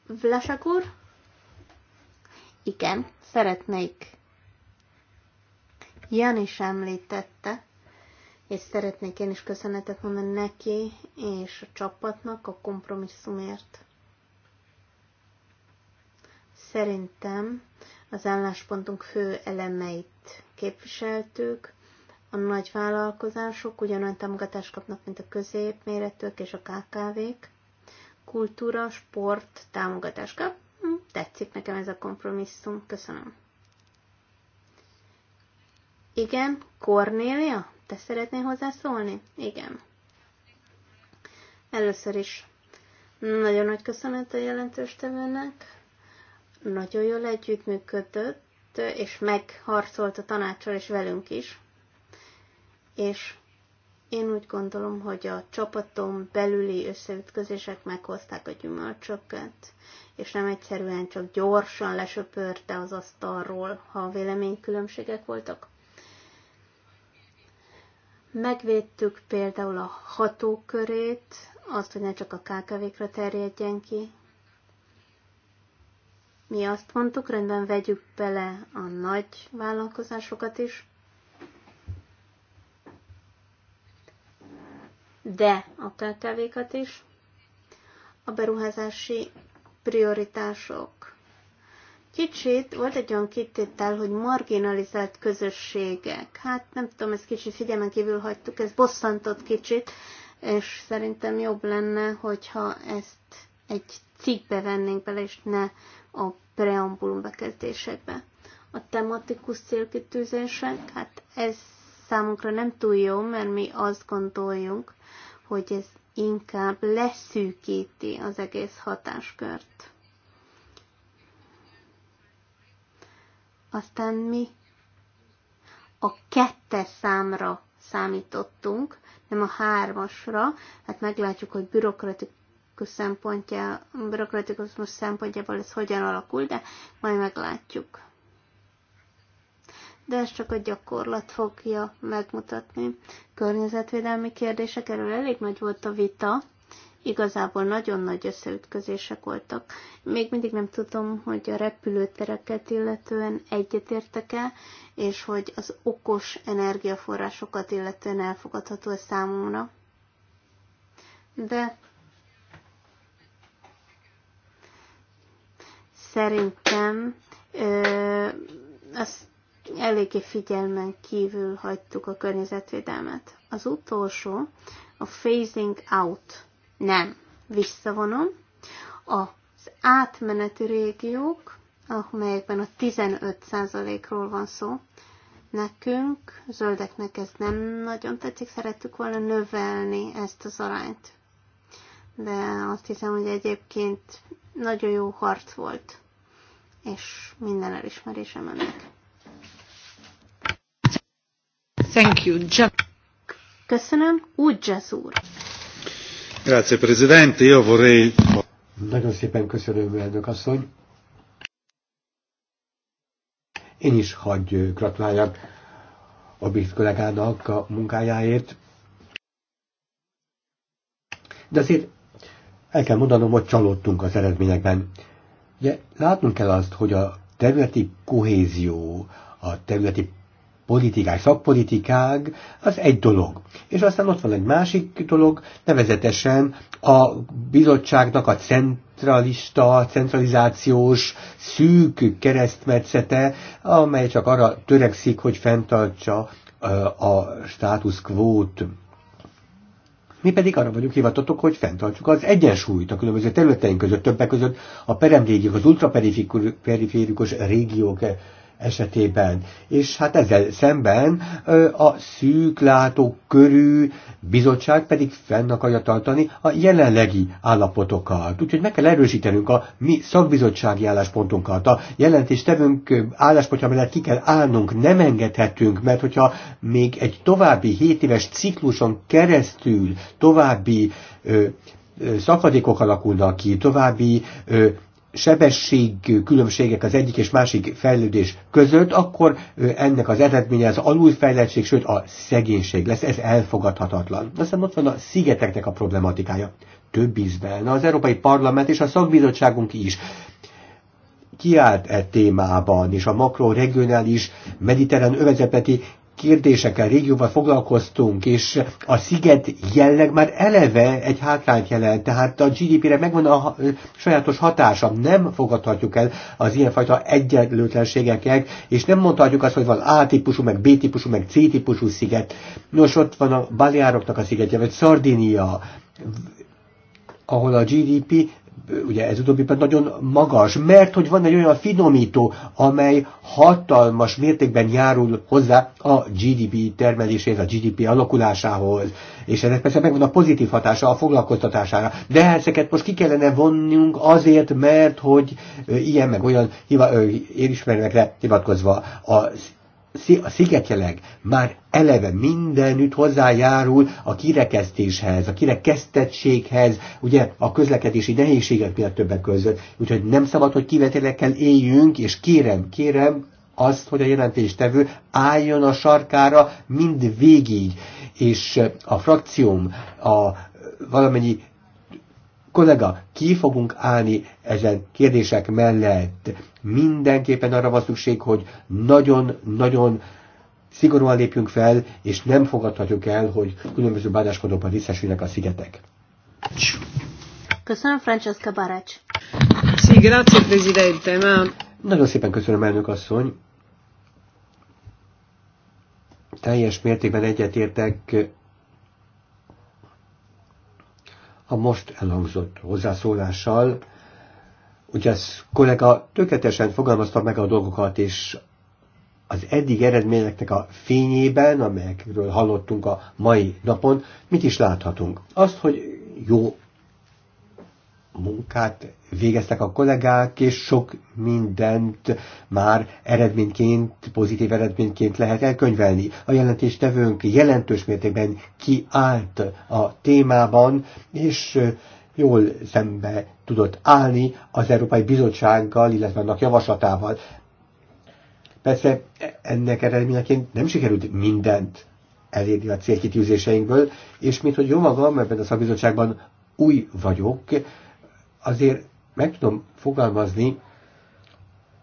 Vlasak úr? Igen, szeretnék. Jan is említette, és szeretnék én is köszönetet mondani neki és a csapatnak a kompromisszumért. Szerintem az álláspontunk fő elemeit képviseltük, a nagy vállalkozások ugyanolyan támogatást kapnak, mint a középméretűek és a KKV-k, kultúra, sport, támogatás kap. Hm, tetszik nekem ez a kompromisszum, köszönöm. Igen, Kornélia. Te szeretnél hozzászólni? Igen. Először is nagyon nagy köszönet a jelentős tevőnek. Nagyon jól együttműködött, és megharcolt a tanácsal és velünk is. És én úgy gondolom, hogy a csapatom belüli összeütközések meghozták a gyümölcsöket, és nem egyszerűen csak gyorsan lesöpörte az asztalról, ha véleménykülönbségek voltak. Megvédtük például a hatókörét, azt, hogy ne csak a KKV-kra terjedjen ki. Mi azt mondtuk, rendben vegyük bele a nagy vállalkozásokat is, de a KKV-kat is. A beruházási prioritások kicsit volt egy olyan kitétel, hogy marginalizált közösségek. Hát nem tudom, ezt kicsit figyelmen kívül hagytuk, ez bosszantott kicsit, és szerintem jobb lenne, hogyha ezt egy cikkbe vennénk bele, és ne a preambulum bekezdésekbe. A tematikus célkitűzések, hát ez számunkra nem túl jó, mert mi azt gondoljunk, hogy ez inkább leszűkíti az egész hatáskört. Aztán mi a kettes számra számítottunk, nem a hármasra, hát meglátjuk, hogy bürokratikus szempontja, bürokratikus szempontjából ez hogyan alakul, de majd meglátjuk. De ez csak a gyakorlat fogja megmutatni. Környezetvédelmi kérdések, erről elég nagy volt a vita, Igazából nagyon nagy összeütközések voltak. Még mindig nem tudom, hogy a repülőtereket illetően egyetértek-e, és hogy az okos energiaforrásokat illetően elfogadható a számomra. De szerintem ö, azt eléggé figyelmen kívül hagytuk a környezetvédelmet. Az utolsó, a phasing out. Nem. Visszavonom. Az átmeneti régiók, amelyekben a 15%-ról van szó, nekünk, zöldeknek ez nem nagyon tetszik, szerettük volna növelni ezt az arányt. De azt hiszem, hogy egyébként nagyon jó harc volt, és minden elismerésem ennek. Thank you. Köszönöm, úgy úr. Grazie Presidente, io vorrei... Nagyon szépen köszönöm, elnök asszony. Én is hagy gratuláljak a brit kollégának a munkájáért. De azért el kell mondanom, hogy csalódtunk az eredményekben. Ugye látnunk kell azt, hogy a területi kohézió, a területi politikák, szakpolitikák, az egy dolog. És aztán ott van egy másik dolog, nevezetesen a bizottságnak a centralista, centralizációs, szűk keresztmetszete, amely csak arra törekszik, hogy fenntartsa a status quo-t. Mi pedig arra vagyunk hivatottok, hogy fenntartsuk az egyensúlyt a különböző területeink között, többek között a peremrégiók, az ultraperiférikus régiók esetében. És hát ezzel szemben a szűk körű bizottság pedig fenn akarja tartani a jelenlegi állapotokat. Úgyhogy meg kell erősítenünk a mi szakbizottsági álláspontunkat. A jelentéstevünk álláspontja mellett ki kell állnunk, nem engedhetünk, mert hogyha még egy további 7 éves cikluson keresztül további ö, szakadékok alakulnak ki, további ö, sebesség különbségek az egyik és másik fejlődés között, akkor ennek az eredménye az alulfejlettség, sőt a szegénység lesz, ez elfogadhatatlan. Aztán ott van a szigeteknek a problematikája. Több ízben, az Európai Parlament és a szakbizottságunk is kiállt e témában, és a makroregionális mediterrán övezeteti kérdésekkel régióban foglalkoztunk, és a sziget jelleg már eleve egy hátrányt jelent, tehát a GDP-re megvan a sajátos hatása, nem fogadhatjuk el az ilyenfajta egyenlőtlenségeket, és nem mondhatjuk azt, hogy van A-típusú, meg B-típusú, meg C-típusú sziget. Nos, ott van a Baleároknak a szigetje, vagy Szardinia, ahol a GDP ugye ez utóbbi pedig nagyon magas, mert hogy van egy olyan finomító, amely hatalmas mértékben járul hozzá a GDP termeléséhez, a GDP alakulásához, és ennek persze megvan a pozitív hatása a foglalkoztatására, de hát ezeket most ki kellene vonnunk azért, mert hogy ilyen meg olyan hiva, érismerőekre hivatkozva az a szigetjeleg már eleve mindenütt hozzájárul a kirekesztéshez, a kirekesztettséghez, ugye a közlekedési nehézségek miatt többek között. Úgyhogy nem szabad, hogy kivetélekkel éljünk, és kérem, kérem azt, hogy a jelentéstevő álljon a sarkára mind végig. És a frakcióm, a valamennyi kollega, ki fogunk állni ezen kérdések mellett. Mindenképpen arra van szükség, hogy nagyon-nagyon szigorúan lépjünk fel, és nem fogadhatjuk el, hogy különböző bánásmódokban részesülnek a szigetek. Köszönöm, Francesca Barács. Sí, grazie, Presidente. Ma... Nagyon szépen köszönöm, elnök asszony. Teljes mértékben egyetértek a most elhangzott hozzászólással. Ugye ez kollega tökéletesen fogalmazta meg a dolgokat, és az eddig eredményeknek a fényében, amelyekről hallottunk a mai napon, mit is láthatunk? Azt, hogy jó munkát végeztek a kollégák, és sok mindent már eredményként, pozitív eredményként lehet elkönyvelni. A jelentéstevőnk jelentős mértékben kiállt a témában, és jól szembe tudott állni az Európai Bizottsággal, illetve annak javaslatával. Persze ennek eredményeként nem sikerült mindent elérni a célkitűzéseinkből, és mint hogy jó magam ebben a szakbizottságban új vagyok, azért meg tudom fogalmazni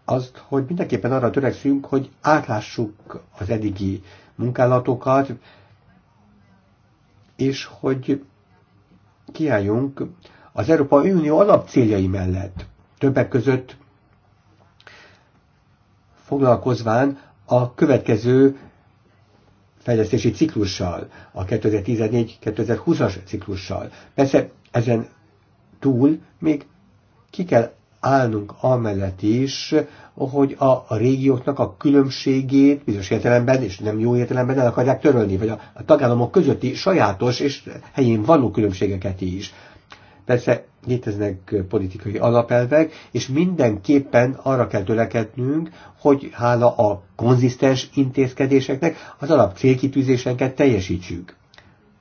azt, hogy mindenképpen arra törekszünk, hogy átlássuk az eddigi munkálatokat, és hogy kiálljunk az Európai Unió alapcéljai mellett, többek között foglalkozván a következő fejlesztési ciklussal, a 2014-2020-as ciklussal. Persze ezen túl még ki kell állnunk amellett is, hogy a, a régióknak a különbségét bizonyos értelemben, és nem jó értelemben el akarják törölni, vagy a, a tagállamok közötti sajátos és helyén való különbségeket is. Persze léteznek politikai alapelvek, és mindenképpen arra kell törekednünk, hogy hála a konzisztens intézkedéseknek az alap célkitűzéseket teljesítsük.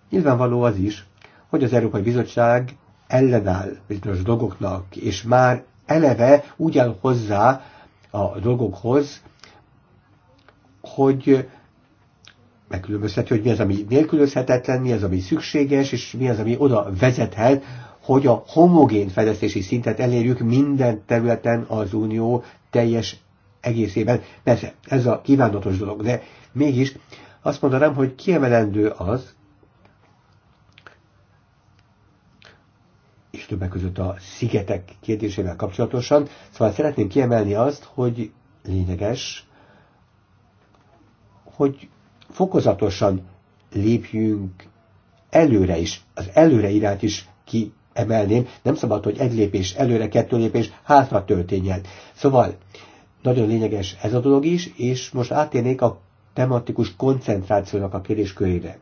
Nyilvánvaló az is, hogy az Európai Bizottság ellenáll bizonyos dolgoknak, és már eleve úgy áll hozzá a dolgokhoz, hogy megkülönbözteti, hogy mi az, ami nélkülözhetetlen, mi az, ami szükséges, és mi az, ami oda vezethet, hogy a homogén fejlesztési szintet elérjük minden területen az unió teljes egészében. Persze, ez a kívánatos dolog, de mégis azt mondanám, hogy kiemelendő az, többek között a szigetek kérdésével kapcsolatosan. Szóval szeretném kiemelni azt, hogy lényeges, hogy fokozatosan lépjünk előre is, az előre irányt is kiemelném, nem szabad, hogy egy lépés előre, kettő lépés hátra történjen. Szóval nagyon lényeges ez a dolog is, és most átérnék a tematikus koncentrációnak a kérdéskörére.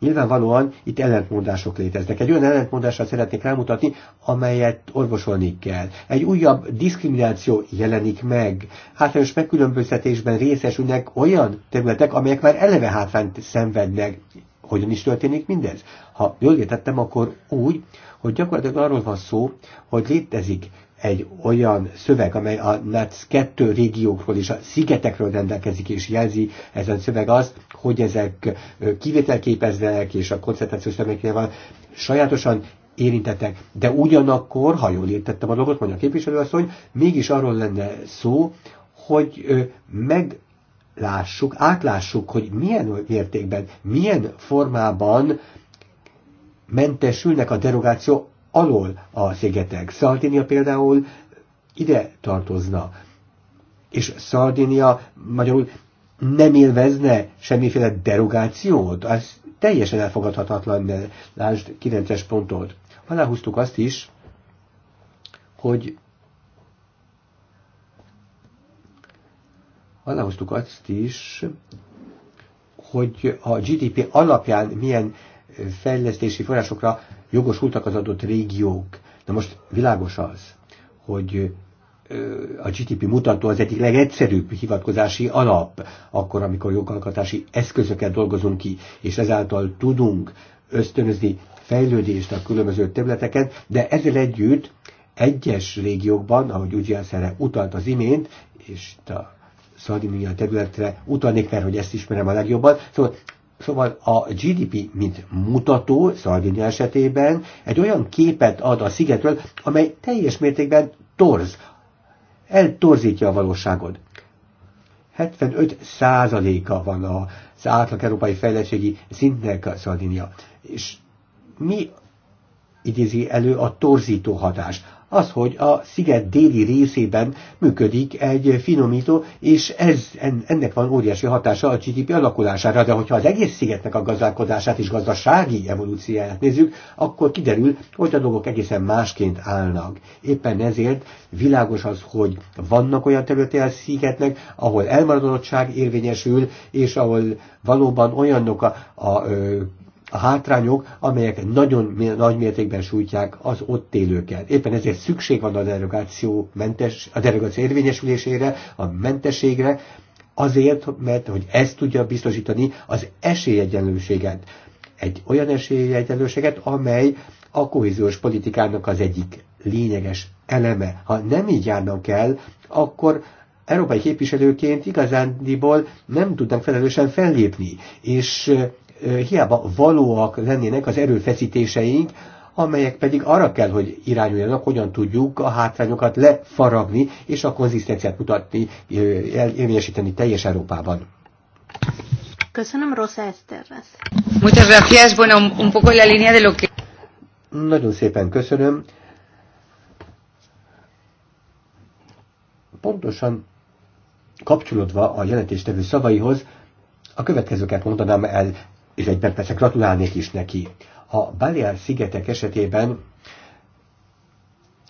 Nyilvánvalóan itt ellentmondások léteznek. Egy olyan ellentmondásra szeretnék rámutatni, amelyet orvosolni kell. Egy újabb diszkrimináció jelenik meg. Hátrányos megkülönböztetésben részesülnek olyan területek, amelyek már eleve hátrányt szenvednek. Hogyan is történik mindez? Ha jól értettem, akkor úgy, hogy gyakorlatilag arról van szó, hogy létezik egy olyan szöveg, amely a NATS kettő régiókról és a szigetekről rendelkezik és jelzi ezen szöveg azt, hogy ezek kivételképeznek és a koncentrációs van sajátosan érintettek. De ugyanakkor, ha jól értettem a dolgot, mondja a képviselőasszony, mégis arról lenne szó, hogy meg lássuk, átlássuk, hogy milyen mértékben, milyen formában mentesülnek a derogáció alól a szigetek. Szardinia például ide tartozna. És Szardinia magyarul nem élvezne semmiféle derogációt, az teljesen elfogadhatatlan, lásd 9-es pontot. Aláhúztuk azt is, hogy aláhoztuk azt is, hogy a GDP alapján milyen fejlesztési forrásokra jogosultak az adott régiók. Na most világos az, hogy a GDP mutató az egyik legegyszerűbb hivatkozási alap, akkor, amikor jogalkotási eszközöket dolgozunk ki, és ezáltal tudunk ösztönözni fejlődést a különböző területeken, de ezzel együtt egyes régiókban, ahogy úgy erre utalt az imént, és itt a Szardinia területre utalnék, fel, hogy ezt ismerem a legjobban, szóval Szóval a GDP, mint mutató Szardinia esetében egy olyan képet ad a szigetről, amely teljes mértékben torz, eltorzítja a valóságot. 75 százaléka van az átlag európai fejlettségi szintnek a Szardinia. És mi idézi elő a torzító hatást? az, hogy a sziget déli részében működik egy finomító, és ez, ennek van óriási hatása a GDP alakulására, de hogyha az egész szigetnek a gazdálkodását és gazdasági evolúciáját nézzük, akkor kiderül, hogy a dolgok egészen másként állnak. Éppen ezért világos az, hogy vannak olyan területek a szigetnek, ahol elmaradottság érvényesül, és ahol valóban olyanok a, a, a a hátrányok, amelyek nagyon nagy mértékben sújtják az ott élőket. Éppen ezért szükség van a derogáció, mentes, a derogáció érvényesülésére, a mentességre, azért, mert hogy ez tudja biztosítani az esélyegyenlőséget. Egy olyan esélyegyenlőséget, amely a kohéziós politikának az egyik lényeges eleme. Ha nem így járnak el, akkor európai képviselőként igazándiból nem tudnak felelősen fellépni, és hiába valóak lennének az erőfeszítéseink, amelyek pedig arra kell, hogy irányuljanak, hogyan tudjuk a hátrányokat lefaragni, és a konzisztenciát mutatni, érvényesíteni teljes Európában. Köszönöm, Rosa Esterres. Muchas gracias. Bueno, un poco la línea de lo que... Nagyon szépen köszönöm. Pontosan kapcsolódva a jelentéstevő szavaihoz, a következőket mondanám el és egyben persze gratulálnék is neki. A Balear szigetek esetében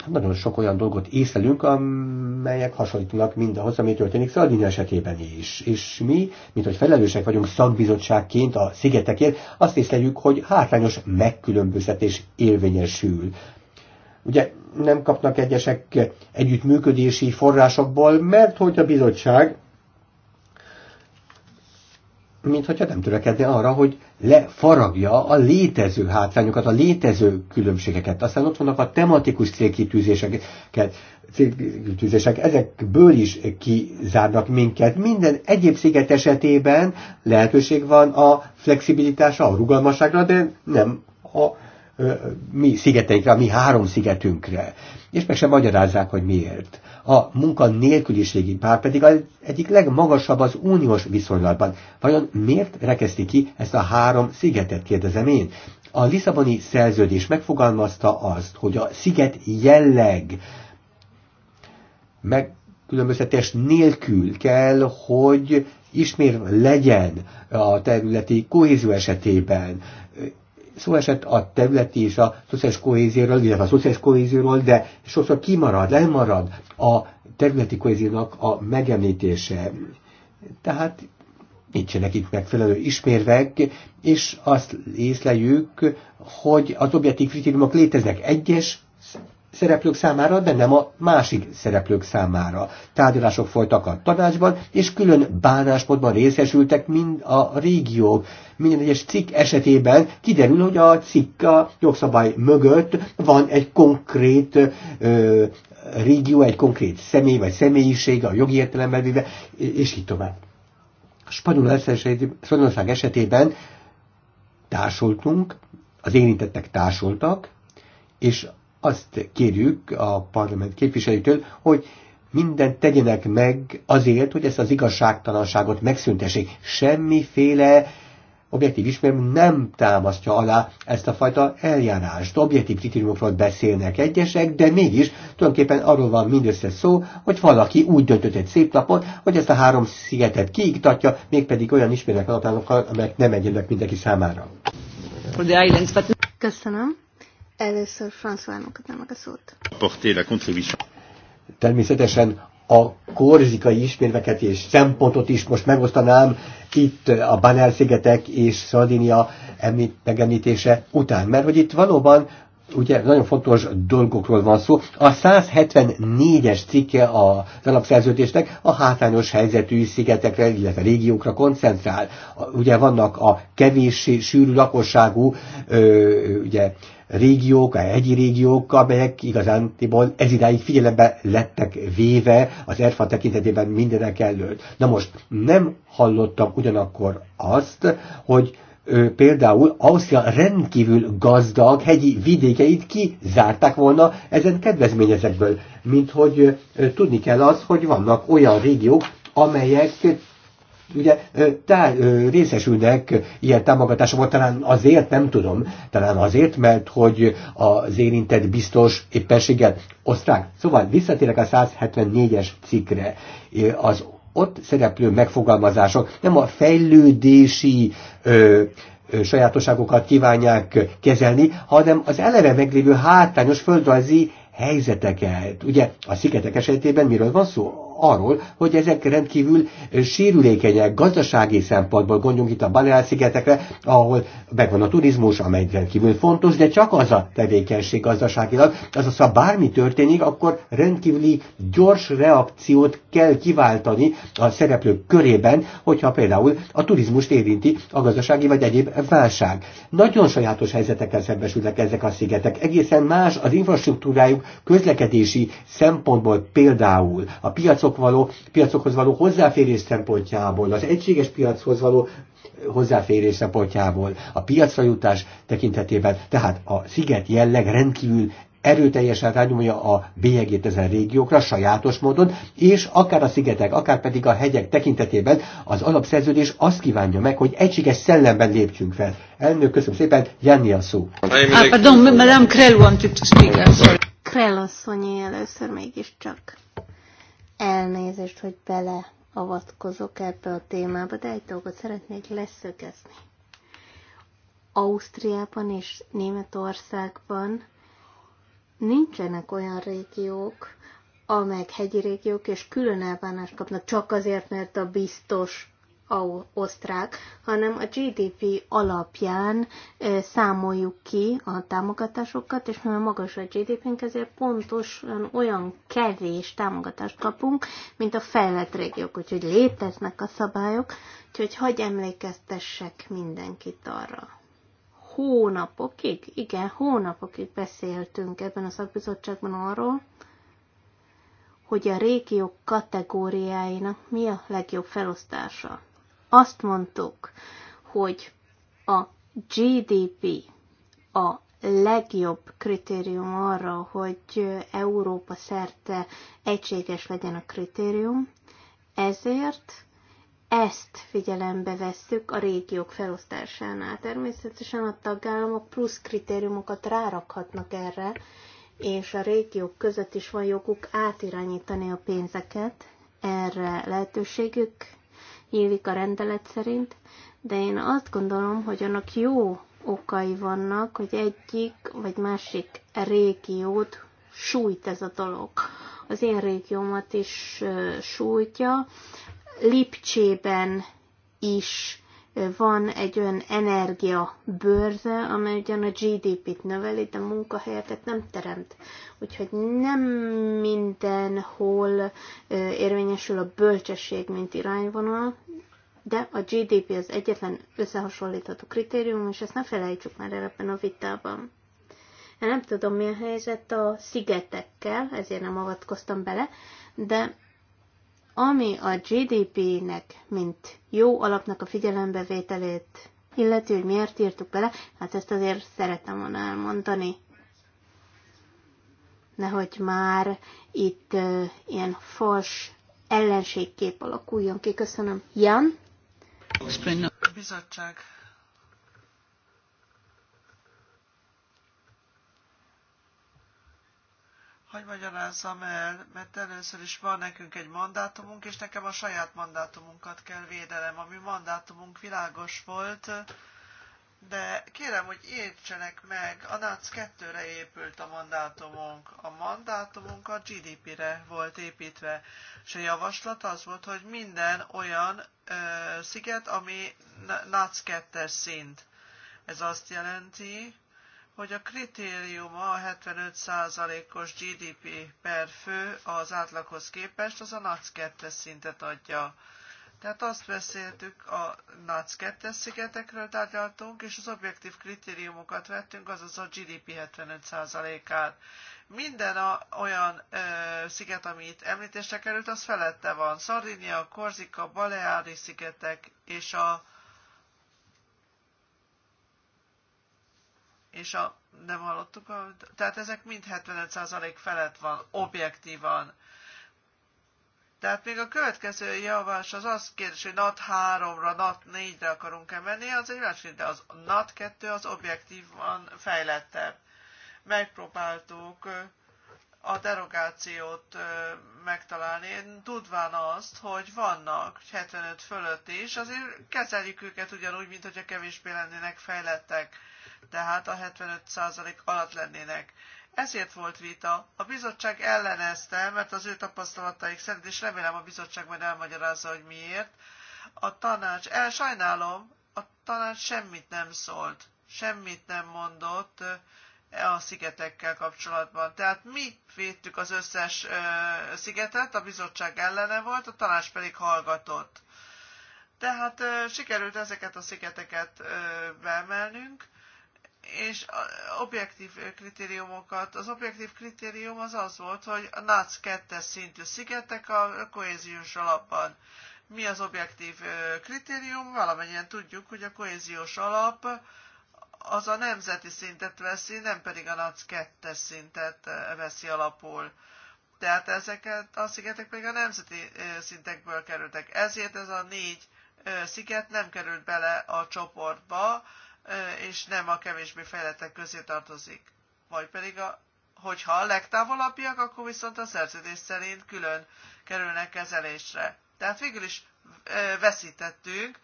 nagyon sok olyan dolgot észlelünk, amelyek hasonlítanak mindahhoz, ami történik Szardina esetében is. És mi, mint hogy felelősek vagyunk szakbizottságként a szigetekért, azt észleljük, hogy hátrányos megkülönböztetés érvényesül. Ugye nem kapnak egyesek együttműködési forrásokból, mert hogy a bizottság mint hogyha nem törekedne arra, hogy lefaragja a létező hátrányokat, a létező különbségeket. Aztán ott vannak a tematikus célkitűzéseket, célkitűzések ezekből is kizárnak minket. Minden egyéb sziget esetében lehetőség van a flexibilitásra, a rugalmasságra, de nem a mi szigeteinkre, a mi három szigetünkre. És meg sem magyarázzák, hogy miért. A munka nélküliségi pár pedig az egyik legmagasabb az uniós viszonylatban. Vajon miért rekeszti ki ezt a három szigetet, kérdezem én? A Lisszaboni szerződés megfogalmazta azt, hogy a sziget jelleg megkülönböztetés nélkül kell, hogy ismér legyen a területi kohézió esetében, szó esett a területi és a szociális kohézióról, illetve a szociális kohézióról, de sokszor kimarad, lemarad a területi kohéziónak a megemlítése. Tehát nincsenek itt megfelelő ismérvek, és azt észleljük, hogy az objektív kritériumok léteznek. Egyes szereplők számára, de nem a másik szereplők számára. Tárgyalások folytak a tanácsban, és külön bánásmódban részesültek mind a régiók. Minden egyes cikk esetében kiderül, hogy a cikk a jogszabály mögött van egy konkrét ö, régió, egy konkrét személy vagy személyiség, a jogi értelemben véve, és így tovább. Spanyolország esetében társultunk, az érintettek társultak, és azt kérjük a parlament képviselőtől, hogy mindent tegyenek meg azért, hogy ezt az igazságtalanságot megszüntessék. Semmiféle objektív ismerem nem támasztja alá ezt a fajta eljárást. Objektív kritériumokról beszélnek egyesek, de mégis tulajdonképpen arról van mindössze szó, hogy valaki úgy döntött egy szép napon, hogy ezt a három szigetet kiiktatja, mégpedig olyan ismerők alapján, amelyek nem egyenlőek mindenki számára. Köszönöm. Először François-nak adnám meg a szót. Természetesen a korzikai ismérveket és szempontot is most megosztanám itt a Banel-szigetek és Szardinia megemlítése után, mert hogy itt valóban ugye nagyon fontos dolgokról van szó. A 174-es cikke a alapszerződésnek a hátrányos helyzetű szigetekre, illetve régiókra koncentrál. Ugye vannak a kevés sűrű lakosságú ö, ugye, régiók, a hegyi régiók, amelyek igazántiból ez idáig figyelembe lettek véve az ERFA tekintetében mindenek előtt. Na most nem hallottam ugyanakkor azt, hogy ő, például Ausztria rendkívül gazdag hegyi vidékeit kizárták volna ezen kedvezményezekből, mint hogy ő, tudni kell az, hogy vannak olyan régiók, amelyek ugye tá, részesülnek ilyen támogatásokban, talán azért, nem tudom, talán azért, mert hogy az érintett biztos éppenséggel osztrák. Szóval visszatérek a 174-es cikkre. Az ott szereplő megfogalmazások nem a fejlődési ö, sajátosságokat kívánják kezelni, hanem az eleve meglévő hátrányos földrajzi helyzeteket. Ugye a szigetek esetében miről van szó? arról, hogy ezek rendkívül sérülékenyek gazdasági szempontból, gondoljunk itt a Balear-szigetekre, ahol megvan a turizmus, amely rendkívül fontos, de csak az a tevékenység gazdaságilag, azaz ha szóval bármi történik, akkor rendkívüli gyors reakciót kell kiváltani a szereplők körében, hogyha például a turizmust érinti a gazdasági vagy egyéb válság. Nagyon sajátos helyzetekkel szembesülnek ezek a szigetek. Egészen más az infrastruktúrájuk közlekedési szempontból például a piacok piacok való, piacokhoz való hozzáférés szempontjából, az egységes piachoz való hozzáférés szempontjából, a piacra jutás tekintetében, tehát a sziget jelleg rendkívül erőteljesen rányomja a bélyegét ezen régiókra sajátos módon, és akár a szigetek, akár pedig a hegyek tekintetében az alapszerződés azt kívánja meg, hogy egységes szellemben lépjünk fel. Elnök, köszönöm szépen, Jenny a szó. Ah, ah pardon, Madame Krell wanted to speak, Krell asszonyé először mégiscsak. Elnézést, hogy beleavatkozok ebbe a témába, de egy dolgot szeretnék leszögezni. Ausztriában és Németországban nincsenek olyan régiók, amelyek hegyi régiók, és külön elbánást kapnak csak azért, mert a biztos osztrák, hanem a GDP alapján számoljuk ki a támogatásokat, és mivel magas a GDP-nk, ezért pontosan olyan kevés támogatást kapunk, mint a fejlett régiók, úgyhogy léteznek a szabályok, úgyhogy hagyj emlékeztessek mindenkit arra. Hónapokig, igen, hónapokig beszéltünk ebben a szakbizottságban arról, hogy a régiók kategóriáinak mi a legjobb felosztása azt mondtuk, hogy a GDP a legjobb kritérium arra, hogy Európa szerte egységes legyen a kritérium, ezért ezt figyelembe vesszük a régiók felosztásánál. Természetesen a tagállamok plusz kritériumokat rárakhatnak erre, és a régiók között is van joguk átirányítani a pénzeket, erre lehetőségük nyílik a rendelet szerint, de én azt gondolom, hogy annak jó okai vannak, hogy egyik vagy másik régiót sújt ez a dolog. Az én régiómat is sújtja. Lipcsében is van egy olyan energia bőrze, amely ugyan a GDP-t növeli, de munkahelyeket nem teremt. Úgyhogy nem mindenhol érvényesül a bölcsesség, mint irányvonal, de a GDP az egyetlen összehasonlítható kritérium, és ezt ne felejtsük már el ebben a vitában. Én nem tudom, mi a helyzet a szigetekkel, ezért nem avatkoztam bele, de ami a GDP-nek, mint jó alapnak a figyelembevételét illeti, hogy miért írtuk bele, hát ezt azért szeretem volna elmondani. Nehogy már itt uh, ilyen fals ellenségkép alakuljon ki. Köszönöm. Jan? A bizottság hogy magyarázzam el, mert először is van nekünk egy mandátumunk, és nekem a saját mandátumunkat kell védelem. Ami mandátumunk világos volt, de kérem, hogy értsenek meg, a NAC 2-re épült a mandátumunk. A mandátumunk a GDP-re volt építve, és a javaslat az volt, hogy minden olyan ö, sziget, ami NAC 2-es szint. Ez azt jelenti, hogy a kritérium a 75%-os GDP per fő az átlaghoz képest, az a NAC 2 szintet adja. Tehát azt beszéltük, a NAC 2 szigetekről tárgyaltunk, és az objektív kritériumokat vettünk, azaz a GDP 75%-át. Minden a, olyan ö, sziget, ami itt említésre került, az felette van. Szardinia, Korzika, Baleári szigetek és a és a, nem hallottuk, a, tehát ezek mind 75% felett van, objektívan. Tehát még a következő javás az az kérdés, hogy NAT 3-ra, NAT 4-re akarunk-e menni, az egy másik, de az NAT 2 az objektívan fejlettebb. Megpróbáltuk a derogációt megtalálni, tudván azt, hogy vannak 75 fölött is, azért kezeljük őket ugyanúgy, mint hogyha kevésbé lennének fejlettek tehát a 75% alatt lennének. Ezért volt vita. A bizottság ellenezte, mert az ő tapasztalataik szerint, és remélem a bizottság majd elmagyarázza, hogy miért, a tanács, el sajnálom, a tanács semmit nem szólt, semmit nem mondott e, a szigetekkel kapcsolatban. Tehát mi védtük az összes ö, szigetet, a bizottság ellene volt, a tanács pedig hallgatott. Tehát ö, sikerült ezeket a szigeteket ö, beemelnünk, és objektív kritériumokat. Az objektív kritérium az az volt, hogy a NAC 2 szintű szigetek a kohéziós alapban. Mi az objektív kritérium? Valamennyien tudjuk, hogy a kohéziós alap az a nemzeti szintet veszi, nem pedig a NAC 2 szintet veszi alapul. Tehát ezeket a szigetek pedig a nemzeti szintekből kerültek. Ezért ez a négy sziget nem került bele a csoportba, és nem a kevésbé fejletek közé tartozik. Vagy pedig, a, hogyha a legtávolabbiak, akkor viszont a szerződés szerint külön kerülnek kezelésre. Tehát végül is veszítettünk,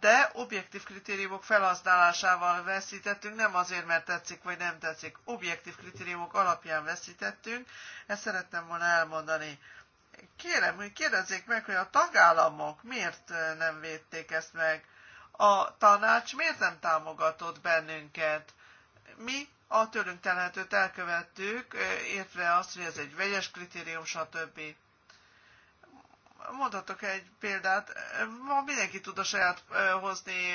de objektív kritériumok felhasználásával veszítettünk, nem azért, mert tetszik vagy nem tetszik. Objektív kritériumok alapján veszítettünk, ezt szerettem volna elmondani. Kérem, hogy kérdezzék meg, hogy a tagállamok miért nem védték ezt meg a tanács miért nem támogatott bennünket? Mi a tőlünk telhetőt elkövettük, értve azt, hogy ez egy vegyes kritérium, stb. Mondhatok egy példát. Ma mindenki tud a saját hozni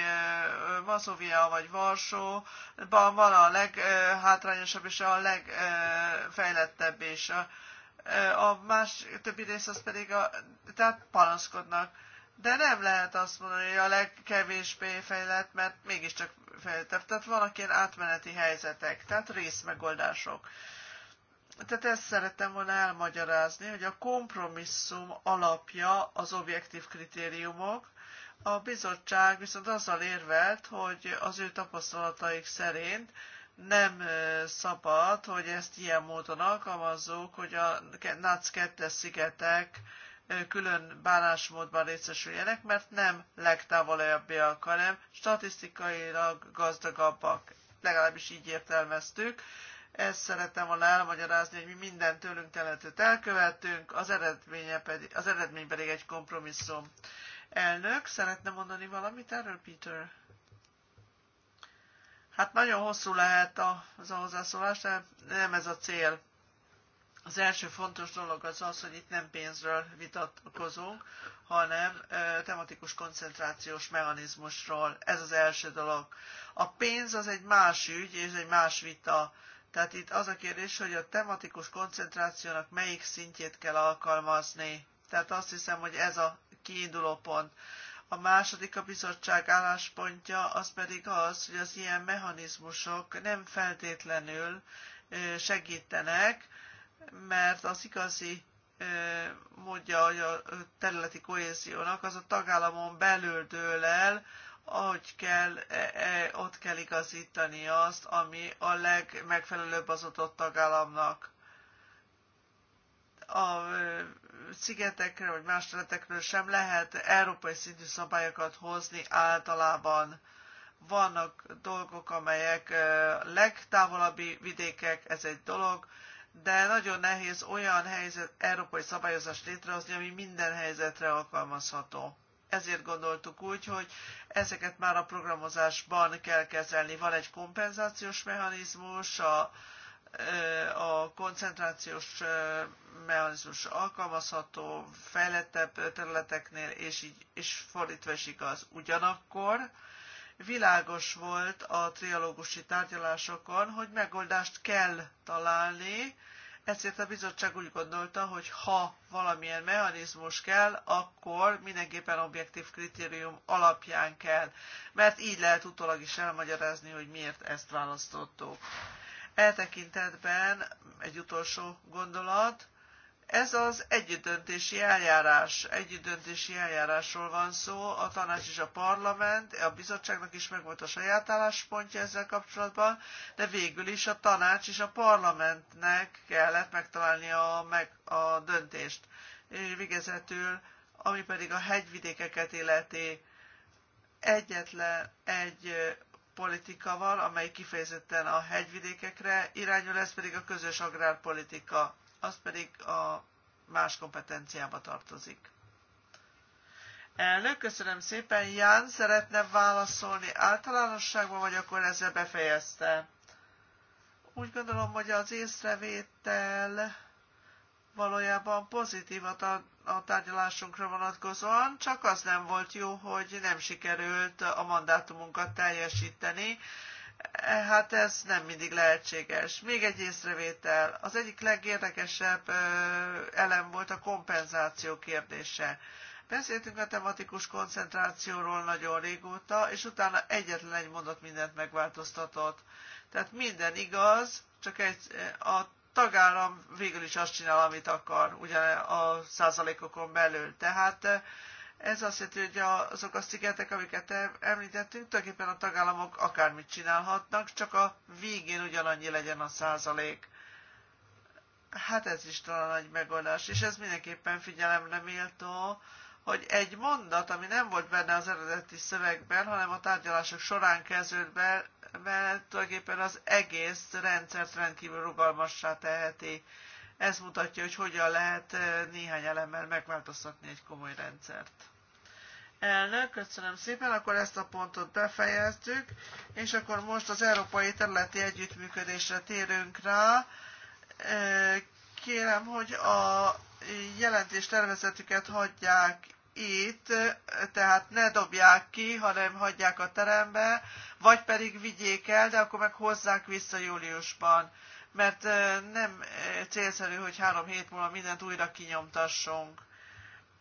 Varsóvia vagy Varsó. van a leghátrányosabb és a legfejlettebb és a, a más többi rész az pedig a, tehát panaszkodnak de nem lehet azt mondani, hogy a legkevésbé fejlett, mert mégiscsak fejlettebb. Tehát vannak ilyen átmeneti helyzetek, tehát részmegoldások. Tehát ezt szerettem volna elmagyarázni, hogy a kompromisszum alapja az objektív kritériumok, a bizottság viszont azzal érvelt, hogy az ő tapasztalataik szerint nem szabad, hogy ezt ilyen módon alkalmazzuk, hogy a NAC 2 szigetek külön bánásmódban részesüljenek, mert nem legtávolabbiak, hanem statisztikailag gazdagabbak. Legalábbis így értelmeztük. Ezt szerettem volna elmagyarázni, hogy mi minden tőlünk telhetőt elkövettünk, az, eredménye pedig, az eredmény pedig egy kompromisszum. Elnök, szeretne mondani valamit erről, Peter? Hát nagyon hosszú lehet az a hozzászólás, de nem ez a cél. Az első fontos dolog az az, hogy itt nem pénzről vitatkozunk, hanem tematikus koncentrációs mechanizmusról. Ez az első dolog. A pénz az egy más ügy és egy más vita. Tehát itt az a kérdés, hogy a tematikus koncentrációnak melyik szintjét kell alkalmazni. Tehát azt hiszem, hogy ez a kiinduló pont. A második a bizottság álláspontja az pedig az, hogy az ilyen mechanizmusok nem feltétlenül segítenek, mert az igazi módja hogy a területi kohéziónak az a tagállamon belül dől el, ahogy kell, e, e, ott kell igazítani azt, ami a legmegfelelőbb az adott tagállamnak. A szigetekre vagy más területekről sem lehet európai szintű szabályokat hozni általában. Vannak dolgok, amelyek legtávolabbi vidékek, ez egy dolog, de nagyon nehéz olyan helyzet, európai szabályozást létrehozni, ami minden helyzetre alkalmazható. Ezért gondoltuk úgy, hogy ezeket már a programozásban kell kezelni. Van egy kompenzációs mechanizmus, a, a koncentrációs mechanizmus alkalmazható fejlettebb területeknél, és, így, és fordítva is igaz. Ugyanakkor világos volt a trialógusi tárgyalásokon, hogy megoldást kell találni, ezért a bizottság úgy gondolta, hogy ha valamilyen mechanizmus kell, akkor mindenképpen objektív kritérium alapján kell, mert így lehet utólag is elmagyarázni, hogy miért ezt választottuk. Eltekintetben egy utolsó gondolat, ez az együttdöntési eljárás, együttdöntési eljárásról van szó, a tanács és a parlament, a bizottságnak is megvolt a saját álláspontja ezzel kapcsolatban, de végül is a tanács és a parlamentnek kellett megtalálni a, meg, a döntést. És végezetül, ami pedig a hegyvidékeket illeti, egyetlen egy politika van, amely kifejezetten a hegyvidékekre irányul, ez pedig a közös agrárpolitika az pedig a más kompetenciába tartozik. Elnök, köszönöm szépen. Ján szeretne válaszolni általánosságban, vagy akkor ezzel befejezte? Úgy gondolom, hogy az észrevétel valójában pozitív a, a tárgyalásunkra vonatkozóan, csak az nem volt jó, hogy nem sikerült a mandátumunkat teljesíteni, hát ez nem mindig lehetséges. Még egy észrevétel. Az egyik legérdekesebb elem volt a kompenzáció kérdése. Beszéltünk a tematikus koncentrációról nagyon régóta, és utána egyetlen egy mondat mindent megváltoztatott. Tehát minden igaz, csak egy, a tagállam végül is azt csinál, amit akar, ugye a százalékokon belül. Tehát ez azt jelenti, hogy azok a szigetek, amiket említettünk, tulajdonképpen a tagállamok akármit csinálhatnak, csak a végén ugyanannyi legyen a százalék. Hát ez is talán nagy megoldás, és ez mindenképpen figyelemre méltó, hogy egy mondat, ami nem volt benne az eredeti szövegben, hanem a tárgyalások során kezdődött be, mert tulajdonképpen az egész rendszert rendkívül rugalmassá teheti. Ez mutatja, hogy hogyan lehet néhány elemmel megváltoztatni egy komoly rendszert. Elnök, köszönöm szépen, akkor ezt a pontot befejeztük, és akkor most az európai területi együttműködésre térünk rá. Kérem, hogy a jelentés tervezetüket hagyják itt, tehát ne dobják ki, hanem hagyják a terembe, vagy pedig vigyék el, de akkor meg hozzák vissza júliusban mert nem célszerű, hogy három hét múlva mindent újra kinyomtassunk.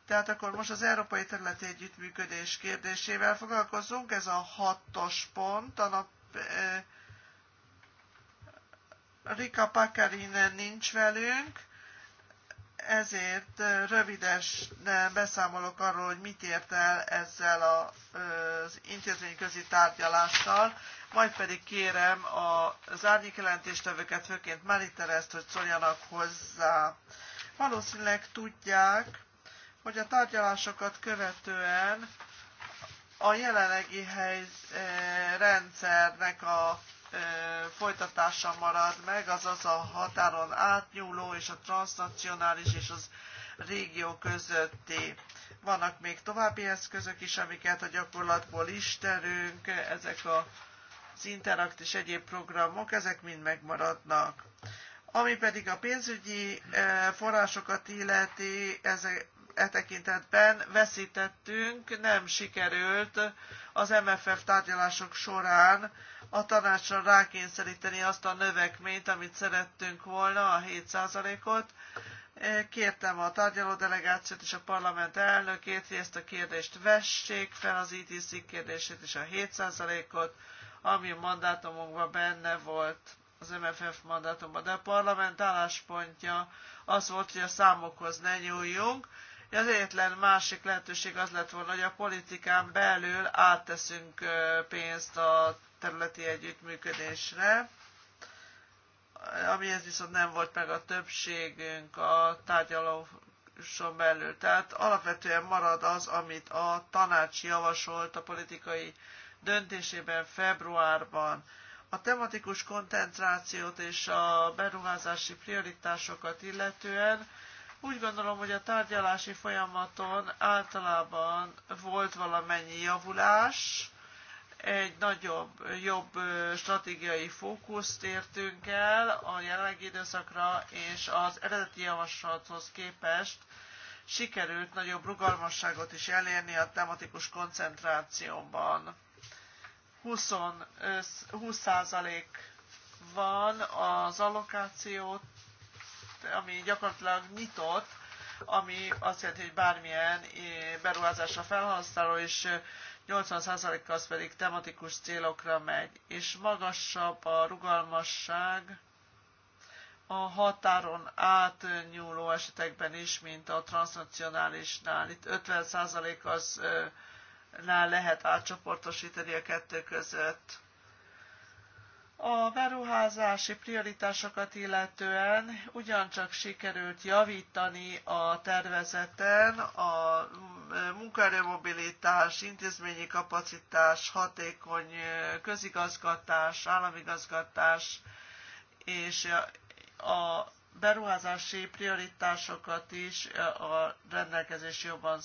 Tehát akkor most az Európai Területi Együttműködés kérdésével foglalkozunk, ez a hatos pont, a nap, eh, Rika Pakarinen nincs velünk, ezért rövides beszámolok arról, hogy mit ért el ezzel az intézményközi tárgyalással, majd pedig kérem az árnyékjelentéstevőket, főként Mári hogy szóljanak hozzá. Valószínűleg tudják, hogy a tárgyalásokat követően a jelenlegi hely rendszernek a folytatása marad meg, azaz a határon átnyúló és a transnacionális és az régió közötti. Vannak még további eszközök is, amiket a gyakorlatból is terünk, ezek az interakt és egyéb programok, ezek mind megmaradnak. Ami pedig a pénzügyi forrásokat illeti, ezek e tekintetben veszítettünk, nem sikerült az MFF tárgyalások során a tanácsra rákényszeríteni azt a növekményt, amit szerettünk volna, a 7%-ot. Kértem a tárgyaló delegációt és a parlament elnökét, hogy ezt a kérdést vessék fel, az ITC kérdését és a 7%-ot, ami a mandátumunkban benne volt az MFF mandátumban, de a parlament álláspontja az volt, hogy a számokhoz ne nyúljunk, az egyetlen másik lehetőség az lett volna, hogy a politikán belül átteszünk pénzt a területi együttműködésre, amihez viszont nem volt meg a többségünk a tárgyaláson belül. Tehát alapvetően marad az, amit a tanács javasolt a politikai döntésében februárban. A tematikus koncentrációt és a beruházási prioritásokat illetően úgy gondolom, hogy a tárgyalási folyamaton általában volt valamennyi javulás, egy nagyobb, jobb stratégiai fókuszt értünk el a jelenlegi időszakra, és az eredeti javaslathoz képest sikerült nagyobb rugalmasságot is elérni a tematikus koncentrációban. 20, 20% van az allokációt ami gyakorlatilag nyitott, ami azt jelenti, hogy bármilyen eh, beruházásra felhasználó, és 80% eh, az pedig tematikus célokra megy, és magasabb a rugalmasság a határon átnyúló esetekben is, mint a transnacionálisnál. Itt 50% az eh, nál lehet átcsoportosítani a kettő között. A beruházási prioritásokat illetően ugyancsak sikerült javítani a tervezeten a munkaerőmobilitás, intézményi kapacitás, hatékony közigazgatás, államigazgatás és a beruházási prioritásokat is a rendelkezés jobban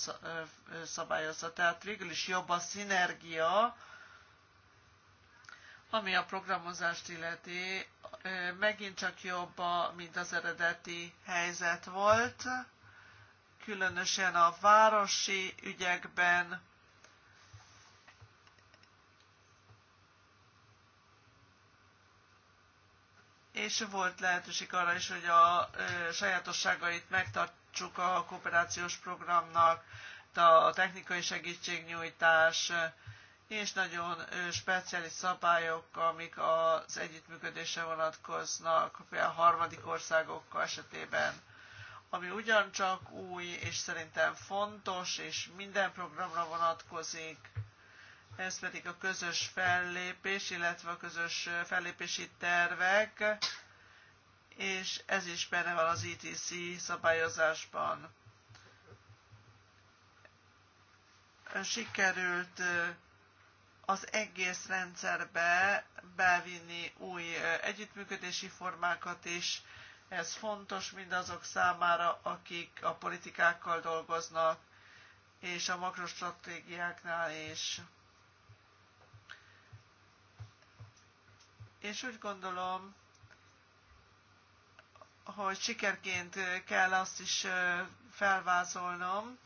szabályozza. Tehát végül is jobb a szinergia, ami a programozást illeti, megint csak jobb, mint az eredeti helyzet volt, különösen a városi ügyekben, és volt lehetőség arra is, hogy a sajátosságait megtartsuk a kooperációs programnak, a technikai segítségnyújtás, és nagyon speciális szabályok, amik az együttműködésre vonatkoznak, például a harmadik országokkal esetében, ami ugyancsak új, és szerintem fontos, és minden programra vonatkozik, ez pedig a közös fellépés, illetve a közös fellépési tervek, és ez is benne van az ETC szabályozásban. Sikerült az egész rendszerbe bevinni új együttműködési formákat is. Ez fontos mindazok számára, akik a politikákkal dolgoznak, és a makrostratégiáknál is. És úgy gondolom, hogy sikerként kell azt is felvázolnom,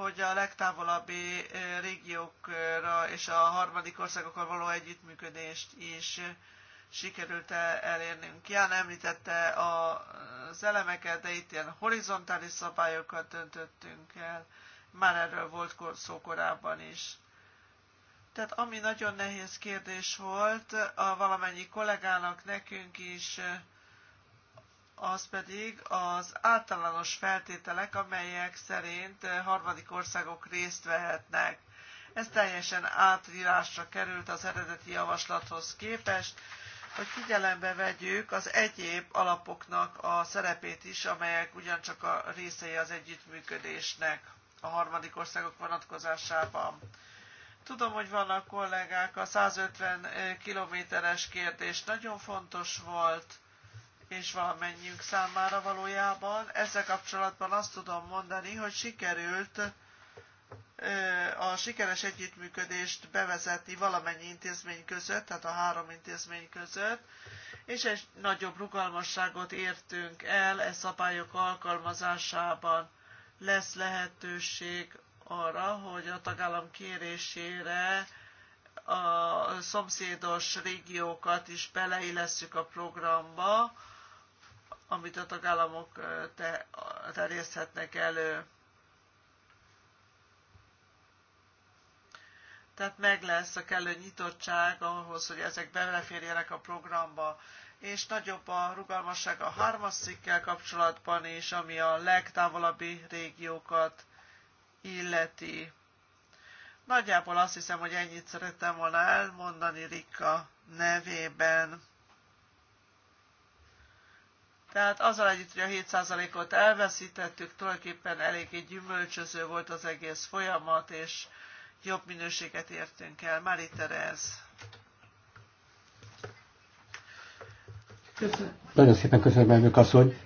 hogy a legtávolabbi eh, régiókra és a harmadik országokkal való együttműködést is sikerült elérnünk. Ján említette az elemeket, de itt ilyen horizontális szabályokat döntöttünk el. Már erről volt szó korábban is. Tehát ami nagyon nehéz kérdés volt, a valamennyi kollégának, nekünk is, az pedig az általános feltételek, amelyek szerint eh, harmadik országok részt vehetnek. Ez teljesen átírásra került az eredeti javaslathoz képest, hogy figyelembe vegyük az egyéb alapoknak a szerepét is, amelyek ugyancsak a részei az együttműködésnek a harmadik országok vonatkozásában. Tudom, hogy vannak kollégák, a 150 kilométeres kérdés nagyon fontos volt, és valamennyiünk számára valójában. Ezzel kapcsolatban azt tudom mondani, hogy sikerült a sikeres együttműködést bevezetni valamennyi intézmény között, tehát a három intézmény között, és egy nagyobb rugalmasságot értünk el e szabályok alkalmazásában. Lesz lehetőség arra, hogy a tagállam kérésére a szomszédos régiókat is beleillesszük a programba, amit a tagállamok terjeszthetnek elő. Tehát meg lesz a kellő nyitottság ahhoz, hogy ezek beleférjenek a programba, és nagyobb a rugalmasság a hármas cikkel kapcsolatban is, ami a legtávolabbi régiókat illeti. Nagyjából azt hiszem, hogy ennyit szerettem volna elmondani Rika nevében. Tehát azzal együtt, hogy a 7%-ot elveszítettük, tulajdonképpen eléggé gyümölcsöző volt az egész folyamat, és jobb minőséget értünk el. Mári Terez. Köszönöm. Nagyon szépen köszönöm, elnök asszony.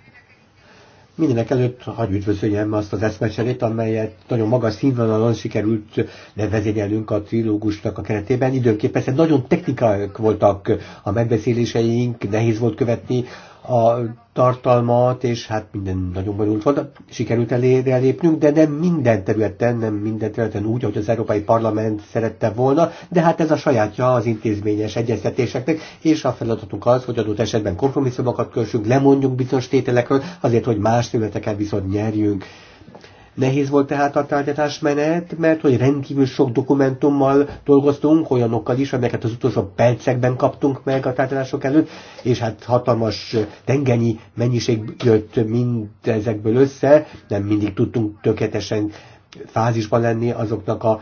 Mindenek előtt hagy üdvözöljem azt az eszmecserét, amelyet nagyon magas színvonalon sikerült levezényelnünk a trilógusnak a keretében. Időnként persze nagyon technikák voltak a megbeszéléseink, nehéz volt követni a tartalmat, és hát minden nagyon bonyolult volt, sikerült elérnünk, de nem minden területen, nem minden területen úgy, ahogy az Európai Parlament szerette volna, de hát ez a sajátja az intézményes egyeztetéseknek, és a feladatunk az, hogy adott esetben kompromisszumokat kössünk, lemondjunk bizonyos tételekről, azért, hogy más területeken viszont nyerjünk. Nehéz volt tehát a menet, mert hogy rendkívül sok dokumentummal dolgoztunk, olyanokkal is, amelyeket az utolsó percekben kaptunk meg a tárgyalások előtt, és hát hatalmas tengenyi mennyiség jött mindezekből össze, nem mindig tudtunk tökéletesen fázisban lenni azoknak a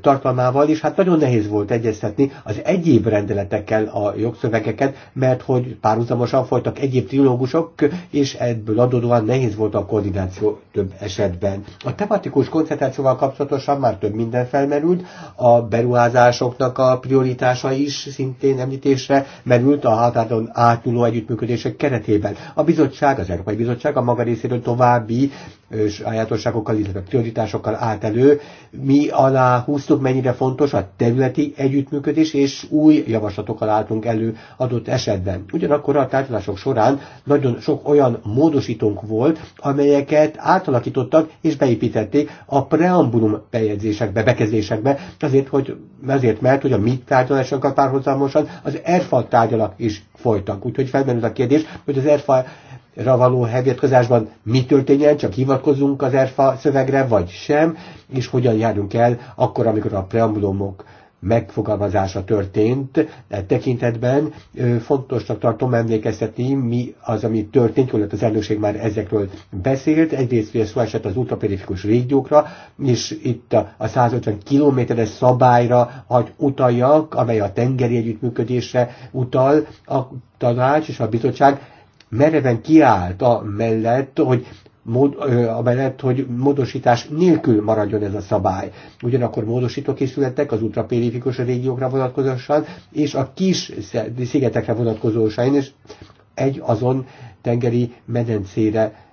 tartalmával, és hát nagyon nehéz volt egyeztetni az egyéb rendeletekkel a jogszövegeket, mert hogy párhuzamosan folytak egyéb trilógusok, és ebből adódóan nehéz volt a koordináció több esetben. A tematikus koncentrációval kapcsolatosan már több minden felmerült, a beruházásoknak a prioritása is szintén említésre merült a határon átnyúló együttműködések keretében. A bizottság, az Európai Bizottság a maga részéről további sajátosságokkal, illetve prioritásokkal állt elő. Mi alá húztuk, mennyire fontos a területi együttműködés, és új javaslatokkal álltunk elő adott esetben. Ugyanakkor a tárgyalások során nagyon sok olyan módosítónk volt, amelyeket átalakítottak és beépítették a preambulum bejegyzésekbe, bekezdésekbe, azért, hogy, azért mert, hogy a mi tárgyalásunkkal párhuzamosan az ERFA tárgyalak is folytak. Úgyhogy felmerült a kérdés, hogy az ERFA való helyzetközásban mi történjen, csak hivatkozunk az ERFA szövegre, vagy sem, és hogyan járunk el akkor, amikor a preambulumok megfogalmazása történt e tekintetben. Fontosnak tartom emlékeztetni, mi az, ami történt, hogy az elnökség már ezekről beszélt. Egyrészt a szó esett az ultraperifikus régiókra, és itt a, a 150 kilométeres szabályra hagy utaljak, amely a tengeri együttműködésre utal a tanács és a bizottság mereven kiállt a mellett, hogy mód, ö, amellett, hogy módosítás nélkül maradjon ez a szabály. Ugyanakkor módosítók is születtek az ultrapérifikus régiókra vonatkozóan, és a kis szigetekre vonatkozóan, és egy azon tengeri medencére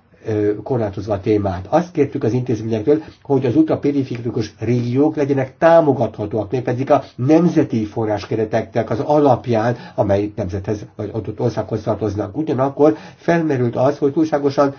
korlátozva a témát. Azt kértük az intézményektől, hogy az ultraperifikus régiók legyenek támogathatóak, mégpedig a nemzeti forráskereteknek az alapján, amely nemzethez vagy adott országhoz tartoznak. Ugyanakkor felmerült az, hogy túlságosan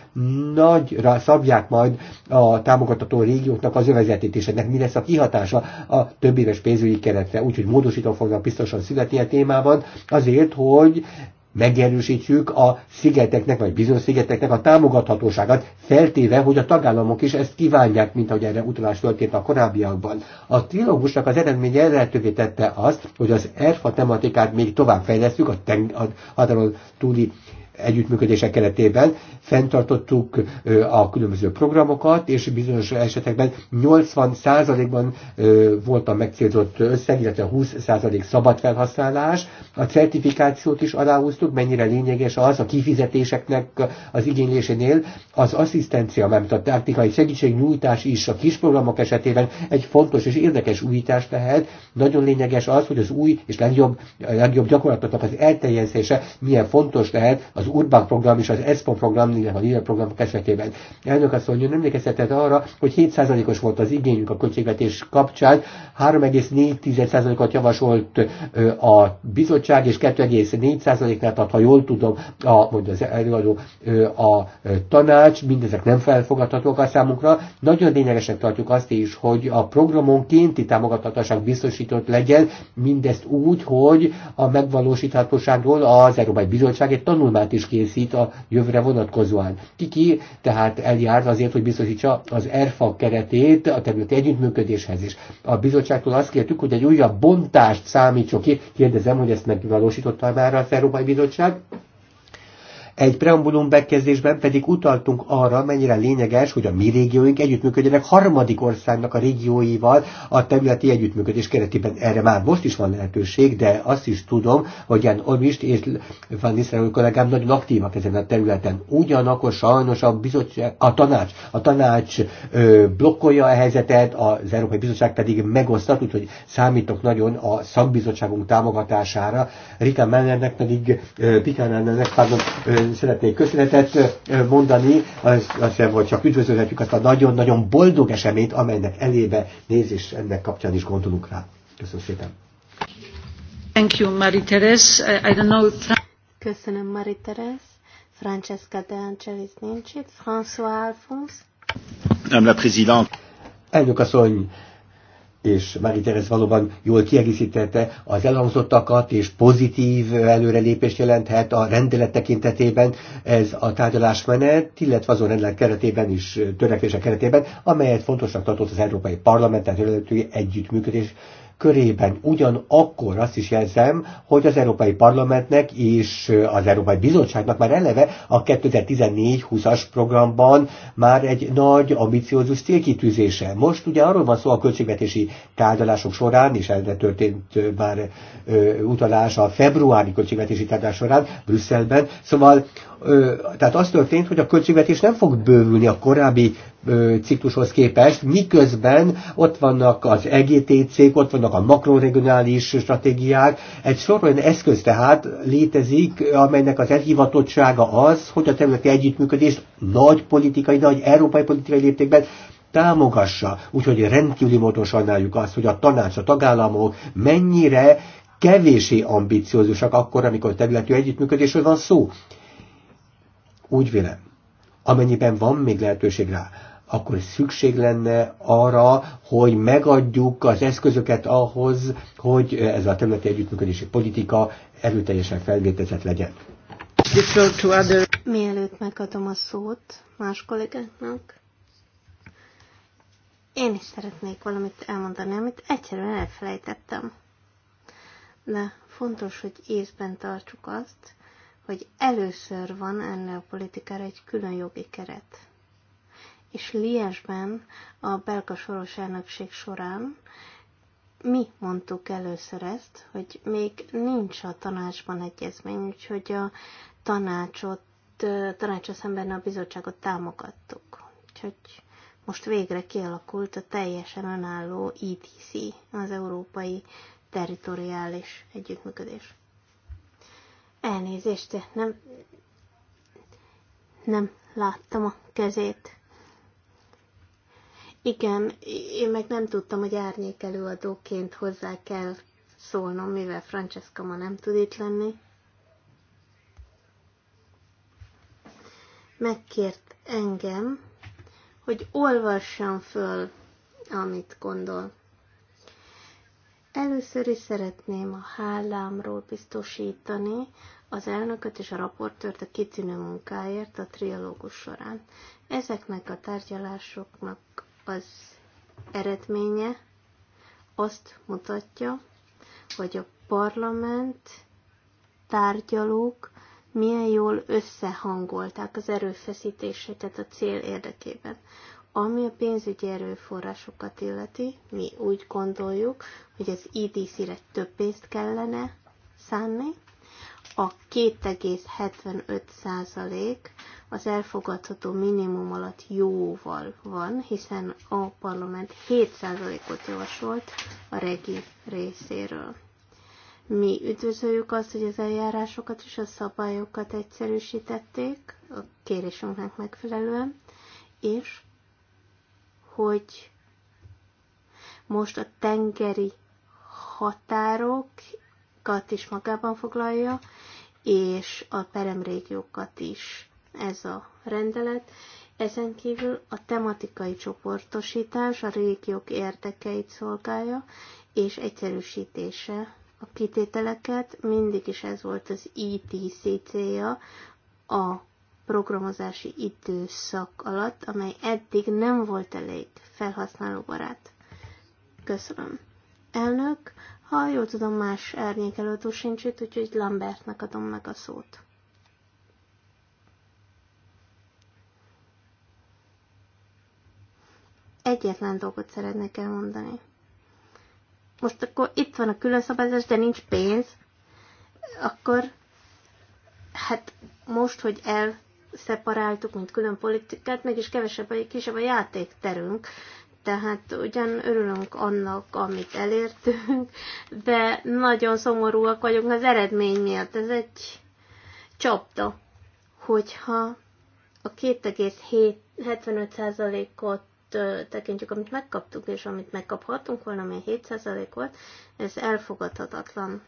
nagyra szabják majd a támogatható régióknak az övezetét, és ennek mi lesz a kihatása a több éves pénzügyi keretre. Úgyhogy módosító fognak biztosan születni a témában, azért, hogy megerősítjük a szigeteknek, vagy bizonyos szigeteknek a támogathatóságát, feltéve, hogy a tagállamok is ezt kívánják, mint ahogy erre utalás történt a korábbiakban. A trilógusnak az eredménye lehetővé tette azt, hogy az ERFA tematikát még tovább fejlesztjük a, ten, a határon túli együttműködések keretében fenntartottuk a különböző programokat, és bizonyos esetekben 80%-ban volt a megcélzott összeg, illetve 20% szabad felhasználás. A certifikációt is aláhúztuk, mennyire lényeges az a kifizetéseknek az igénylésénél. Az asszisztencia, mert a technikai segítségnyújtás is a kis programok esetében egy fontos és érdekes újítás lehet. Nagyon lényeges az, hogy az új és legjobb, legjobb gyakorlatoknak az elterjesztése milyen fontos lehet a az Urbán program és az ESPON program, illetve a LIDER program keretében. Elnök mondja, nem emlékeztetett arra, hogy 7%-os volt az igényünk a költségvetés kapcsán, 3,4%-ot javasolt a bizottság, és 2,4%-nál tart, ha jól tudom, a, mondja az előadó, a tanács, mindezek nem felfogadhatók a számunkra. Nagyon lényegesnek tartjuk azt is, hogy a programon kénti támogatatosság biztosított legyen, mindezt úgy, hogy a megvalósíthatóságról az Európai Bizottság egy tanulmányt is készít a jövőre vonatkozóan. Kiki tehát eljárt azért, hogy biztosítsa az ERFA keretét a területi együttműködéshez is. A bizottságtól azt kértük, hogy egy újabb bontást számítson ki. Kérdezem, hogy ezt megvalósította már az Európai Bizottság? Egy preambulum bekezdésben pedig utaltunk arra, mennyire lényeges, hogy a mi régióink együttműködjenek harmadik országnak a régióival a területi együttműködés keretében. Erre már most is van lehetőség, de azt is tudom, hogy Jan Omist és Van Nisztelő kollégám nagyon aktívak ezen a területen. Ugyanakkor sajnos a, bizottság, a tanács, a tanács ö, blokkolja a helyzetet, az Európai Bizottság pedig megosztat, úgyhogy számítok nagyon a szakbizottságunk támogatására. Rita Mellernek pedig, Pika Mellernek, pardon, ö, szeretnék köszönetet mondani, az, azt hiszem, hogy csak üdvözölhetjük azt a nagyon-nagyon boldog eseményt, amelynek elébe néz, és ennek kapcsán is gondolunk rá. Köszönöm szépen. Thank you, Marie-Thérèse. I don't know if... Köszönöm, Marie-Thérèse. Francesca de Angelis nincs itt. François Alphonse. Madame la Présidente. Elnök asszony, és Mári Terez valóban jól kiegészítette az elhangzottakat, és pozitív előrelépést jelenthet a rendelet tekintetében ez a tárgyalásmenet, illetve azon rendelet keretében is, törekvése keretében, amelyet fontosnak tartott az Európai Parlament, tehát együttműködés körében. Ugyanakkor azt is jelzem, hogy az Európai Parlamentnek és az Európai Bizottságnak már eleve a 2014-20-as programban már egy nagy, ambiciózus célkitűzése. Most ugye arról van szó a költségvetési tárgyalások során, és erre történt már ö, utalás a februári költségvetési tárgyalás során Brüsszelben, szóval tehát az történt, hogy a költségvetés nem fog bővülni a korábbi ciklushoz képest, miközben ott vannak az EGTC-k, ott vannak a makroregionális stratégiák, egy sor olyan eszköz tehát létezik, amelynek az elhivatottsága az, hogy a területi együttműködést nagy politikai, nagy európai politikai léptékben támogassa. Úgyhogy rendkívüli módon sajnáljuk azt, hogy a tanács, a tagállamok mennyire kevésé ambiciózusak akkor, amikor területi együttműködésről van szó. Úgy vélem, amennyiben van még lehetőség rá, akkor szükség lenne arra, hogy megadjuk az eszközöket ahhoz, hogy ez a területi együttműködési politika erőteljesen felvétezett legyen. Mielőtt megadom a szót más kollégáknak, én is szeretnék valamit elmondani, amit egyszerűen elfelejtettem. De fontos, hogy észben tartsuk azt, hogy először van ennél a politikára egy külön jogi keret. És Liesben a belga soros elnökség során mi mondtuk először ezt, hogy még nincs a tanácsban egyezmény, úgyhogy a tanácsot, tanácsa szemben a bizottságot támogattuk. Úgyhogy most végre kialakult a teljesen önálló ETC, az Európai Territoriális Együttműködés. Elnézést, nem, nem láttam a kezét. Igen, én meg nem tudtam, hogy árnyék előadóként hozzá kell szólnom, mivel Francesca ma nem tud itt lenni. Megkért engem, hogy olvassam föl, amit gondol. Először is szeretném a hálámról biztosítani az elnököt és a raportőrt a kitűnő munkáért a trialógus során. Ezeknek a tárgyalásoknak az eredménye azt mutatja, hogy a parlament tárgyalók milyen jól összehangolták az erőfeszítéseket a cél érdekében. Ami a pénzügyi erőforrásokat illeti, mi úgy gondoljuk, hogy az idc re több pénzt kellene szánni. A 2,75% az elfogadható minimum alatt jóval van, hiszen a parlament 7%-ot javasolt a regi részéről. Mi üdvözöljük azt, hogy az eljárásokat és a szabályokat egyszerűsítették a kérésünknek megfelelően, és hogy most a tengeri határokat is magában foglalja, és a peremrégiókat is ez a rendelet. Ezen kívül a tematikai csoportosítás a régiók érdekeit szolgálja, és egyszerűsítése a kitételeket. Mindig is ez volt az ITC célja a programozási időszak alatt, amely eddig nem volt elég felhasználóbarát. Köszönöm. Elnök, ha jól tudom, más árnyékelőtó sincs itt, úgyhogy Lambertnek adom meg a szót. Egyetlen dolgot szeretnék elmondani. Most akkor itt van a külön szabályzás, de nincs pénz, akkor hát most, hogy el szeparáltuk, mint külön politikát, mégis kevesebb, kisebb a játékterünk, tehát ugyan örülünk annak, amit elértünk, de nagyon szomorúak vagyunk az eredmény miatt. Ez egy csapda, hogyha a 2,75%-ot tekintjük, amit megkaptuk, és amit megkaphatunk volna, ami 7% volt, ez elfogadhatatlan.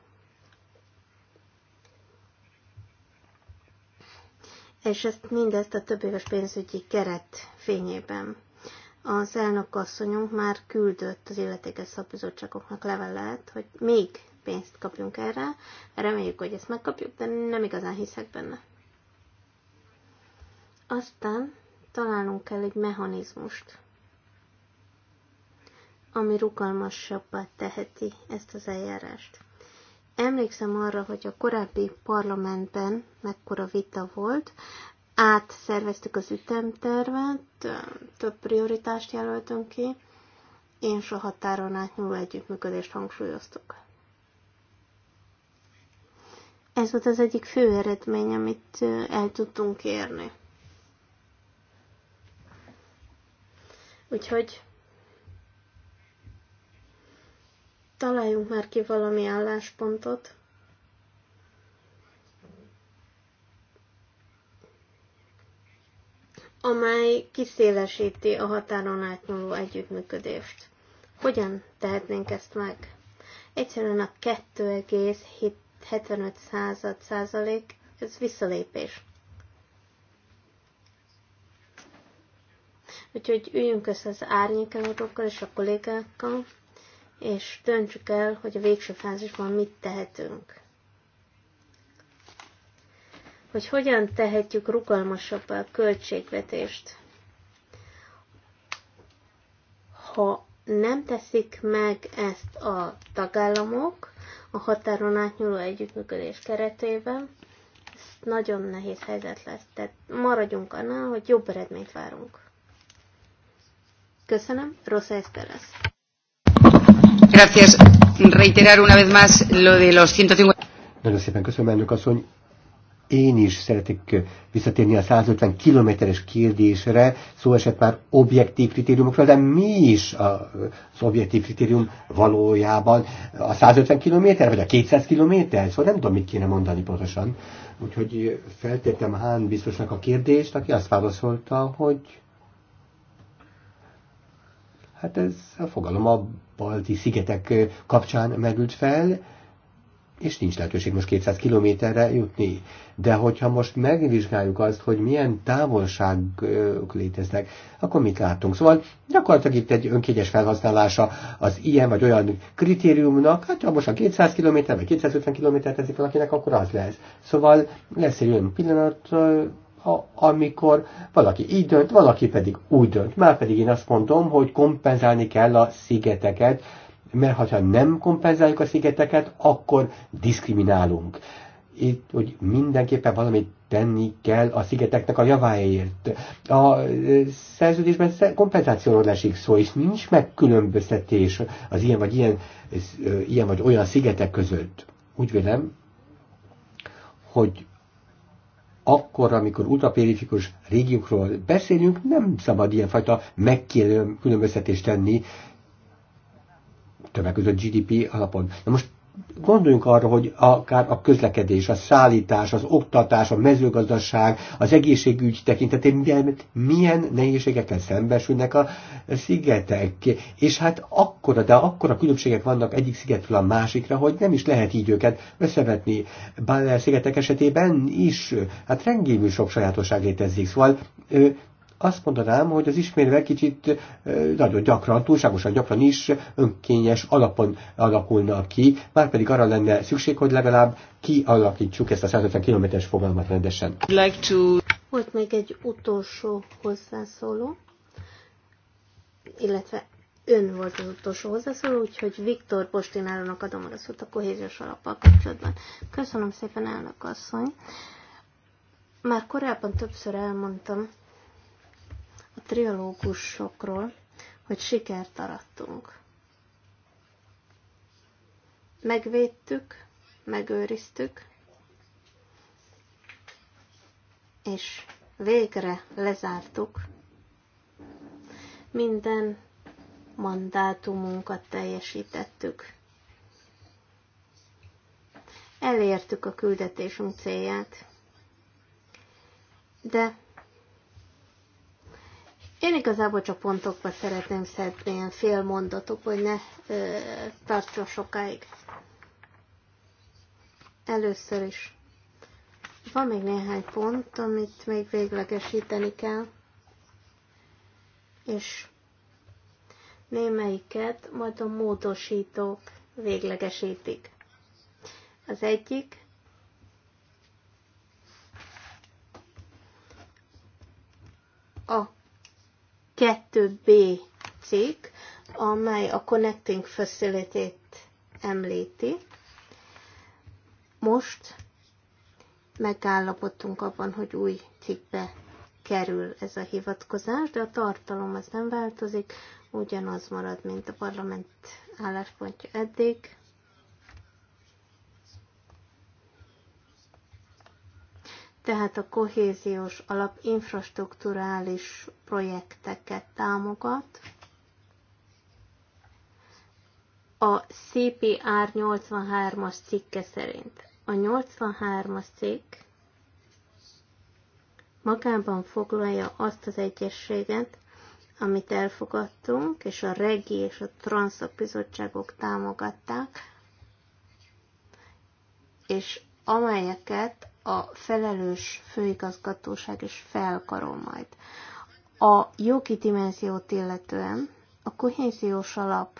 és ezt mindezt a több éves pénzügyi keret fényében. Az elnök asszonyunk már küldött az illetékes szabbizottságoknak levelet, hogy még pénzt kapjunk erre. Reméljük, hogy ezt megkapjuk, de nem igazán hiszek benne. Aztán találnunk kell egy mechanizmust, ami rugalmasabbá teheti ezt az eljárást. Emlékszem arra, hogy a korábbi parlamentben mekkora vita volt, átszerveztük az ütemtervet, több prioritást jelöltünk ki, és a határon átnyúló együttműködést hangsúlyoztuk. Ez volt az egyik fő eredmény, amit el tudtunk érni. Úgyhogy találjunk már ki valami álláspontot. amely kiszélesíti a határon átnyúló együttműködést. Hogyan tehetnénk ezt meg? Egyszerűen a 2,75 század százalék, ez visszalépés. Úgyhogy üljünk össze az árnyékelőkkel és a kollégákkal, és döntsük el, hogy a végső fázisban mit tehetünk. Hogy hogyan tehetjük rugalmasabbá a költségvetést. Ha nem teszik meg ezt a tagállamok a határon átnyúló együttműködés keretében, ez nagyon nehéz helyzet lesz. Tehát maradjunk annál, hogy jobb eredményt várunk. Köszönöm, rossz este lesz. Gracias. Reiterar una vez más lo de los 150... Nagyon szépen köszönöm, elnök asszony. Én is szeretek visszatérni a 150 kilométeres kérdésre, szó esett már objektív kritériumokra, de mi is az objektív kritérium valójában? A 150 kilométer, vagy a 200 kilométer? Szóval nem tudom, mit kéne mondani pontosan. Úgyhogy feltettem Hán biztosnak a kérdést, aki azt válaszolta, hogy Hát ez a fogalom a balti szigetek kapcsán merült fel, és nincs lehetőség most 200 kilométerre jutni. De hogyha most megvizsgáljuk azt, hogy milyen távolságok léteznek, akkor mit látunk? Szóval gyakorlatilag itt egy önkényes felhasználása az ilyen vagy olyan kritériumnak, hát ha most a 200 km vagy 250 km teszik valakinek, akkor az lesz. Szóval lesz egy olyan pillanat, amikor valaki így dönt, valaki pedig úgy dönt. pedig én azt mondom, hogy kompenzálni kell a szigeteket, mert ha nem kompenzáljuk a szigeteket, akkor diszkriminálunk. Itt, hogy mindenképpen valamit tenni kell a szigeteknek a javáért. A szerződésben kompenzációról esik szó, és nincs megkülönböztetés az ilyen vagy, ilyen, ilyen vagy olyan szigetek között. Úgy vélem, hogy akkor, amikor ultraperifikus régiókról beszélünk, nem szabad ilyenfajta megkülönböztetést tenni többek között GDP alapon. Na most gondoljunk arra, hogy akár a közlekedés, a szállítás, az oktatás, a mezőgazdaság, az egészségügy tekintetében milyen, milyen nehézségekkel szembesülnek a szigetek. És hát akkora, de akkora különbségek vannak egyik szigetről a másikra, hogy nem is lehet így őket összevetni. Bár szigetek esetében is, hát rendkívül sok sajátosság létezik. Szóval azt mondanám, hogy az ismérve kicsit nagyon gyakran, túlságosan gyakran is önkényes alapon alakulnak ki, már pedig arra lenne szükség, hogy legalább kialakítsuk ezt a 150 kilométeres fogalmat rendesen. Like to... Volt még egy utolsó hozzászóló, illetve ön volt az utolsó hozzászóló, úgyhogy Viktor Postinárónak adom a szót a kohéziós alappal kapcsolatban. Köszönöm szépen, elnök asszony! Már korábban többször elmondtam, trilógusokról, hogy sikert arattunk. Megvédtük, megőriztük, és végre lezártuk minden mandátumunkat teljesítettük. Elértük a küldetésünk célját, de én igazából csak pontokba szeretném szedni, ilyen fél mondatok, hogy ne ö, tartson sokáig. Először is. Van még néhány pont, amit még véglegesíteni kell, és némelyiket majd a módosítók véglegesítik. Az egyik a 2B cikk, amely a Connecting facility említi. Most megállapodtunk abban, hogy új cikkbe kerül ez a hivatkozás, de a tartalom az nem változik, ugyanaz marad, mint a parlament álláspontja eddig. tehát a kohéziós alap infrastruktúrális projekteket támogat. A CPR 83-as cikke szerint. A 83-as cikk magában foglalja azt az egyességet, amit elfogadtunk, és a regi és a transzak bizottságok támogatták, és amelyeket a felelős főigazgatóság is felkarol majd. A jogi dimenziót illetően a kohéziós alap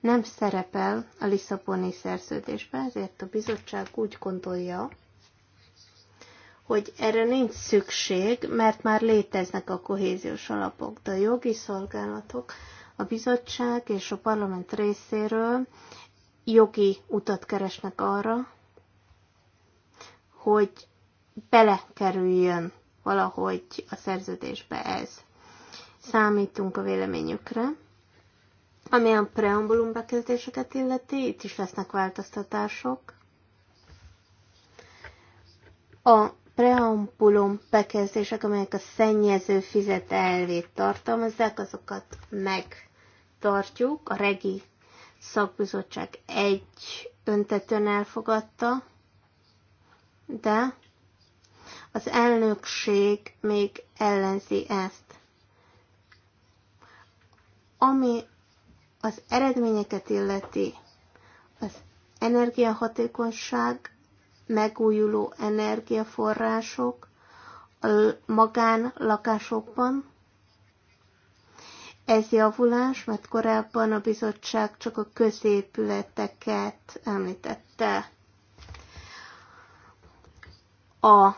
nem szerepel a Lisszaboni szerződésben, ezért a bizottság úgy gondolja, hogy erre nincs szükség, mert már léteznek a kohéziós alapok, de a jogi szolgálatok, a bizottság és a parlament részéről jogi utat keresnek arra, hogy belekerüljön valahogy a szerződésbe ez. Számítunk a véleményükre. Ami a preambulum bekezdéseket illeti, itt is lesznek változtatások. A preambulum bekezdések, amelyek a szennyező fizet elvét tartalmazzák, azokat megtartjuk. A regi szakbizottság egy öntetően elfogadta, de az elnökség még ellenzi ezt. Ami az eredményeket illeti, az energiahatékonyság, megújuló energiaforrások a magánlakásokban, ez javulás, mert korábban a bizottság csak a középületeket említette a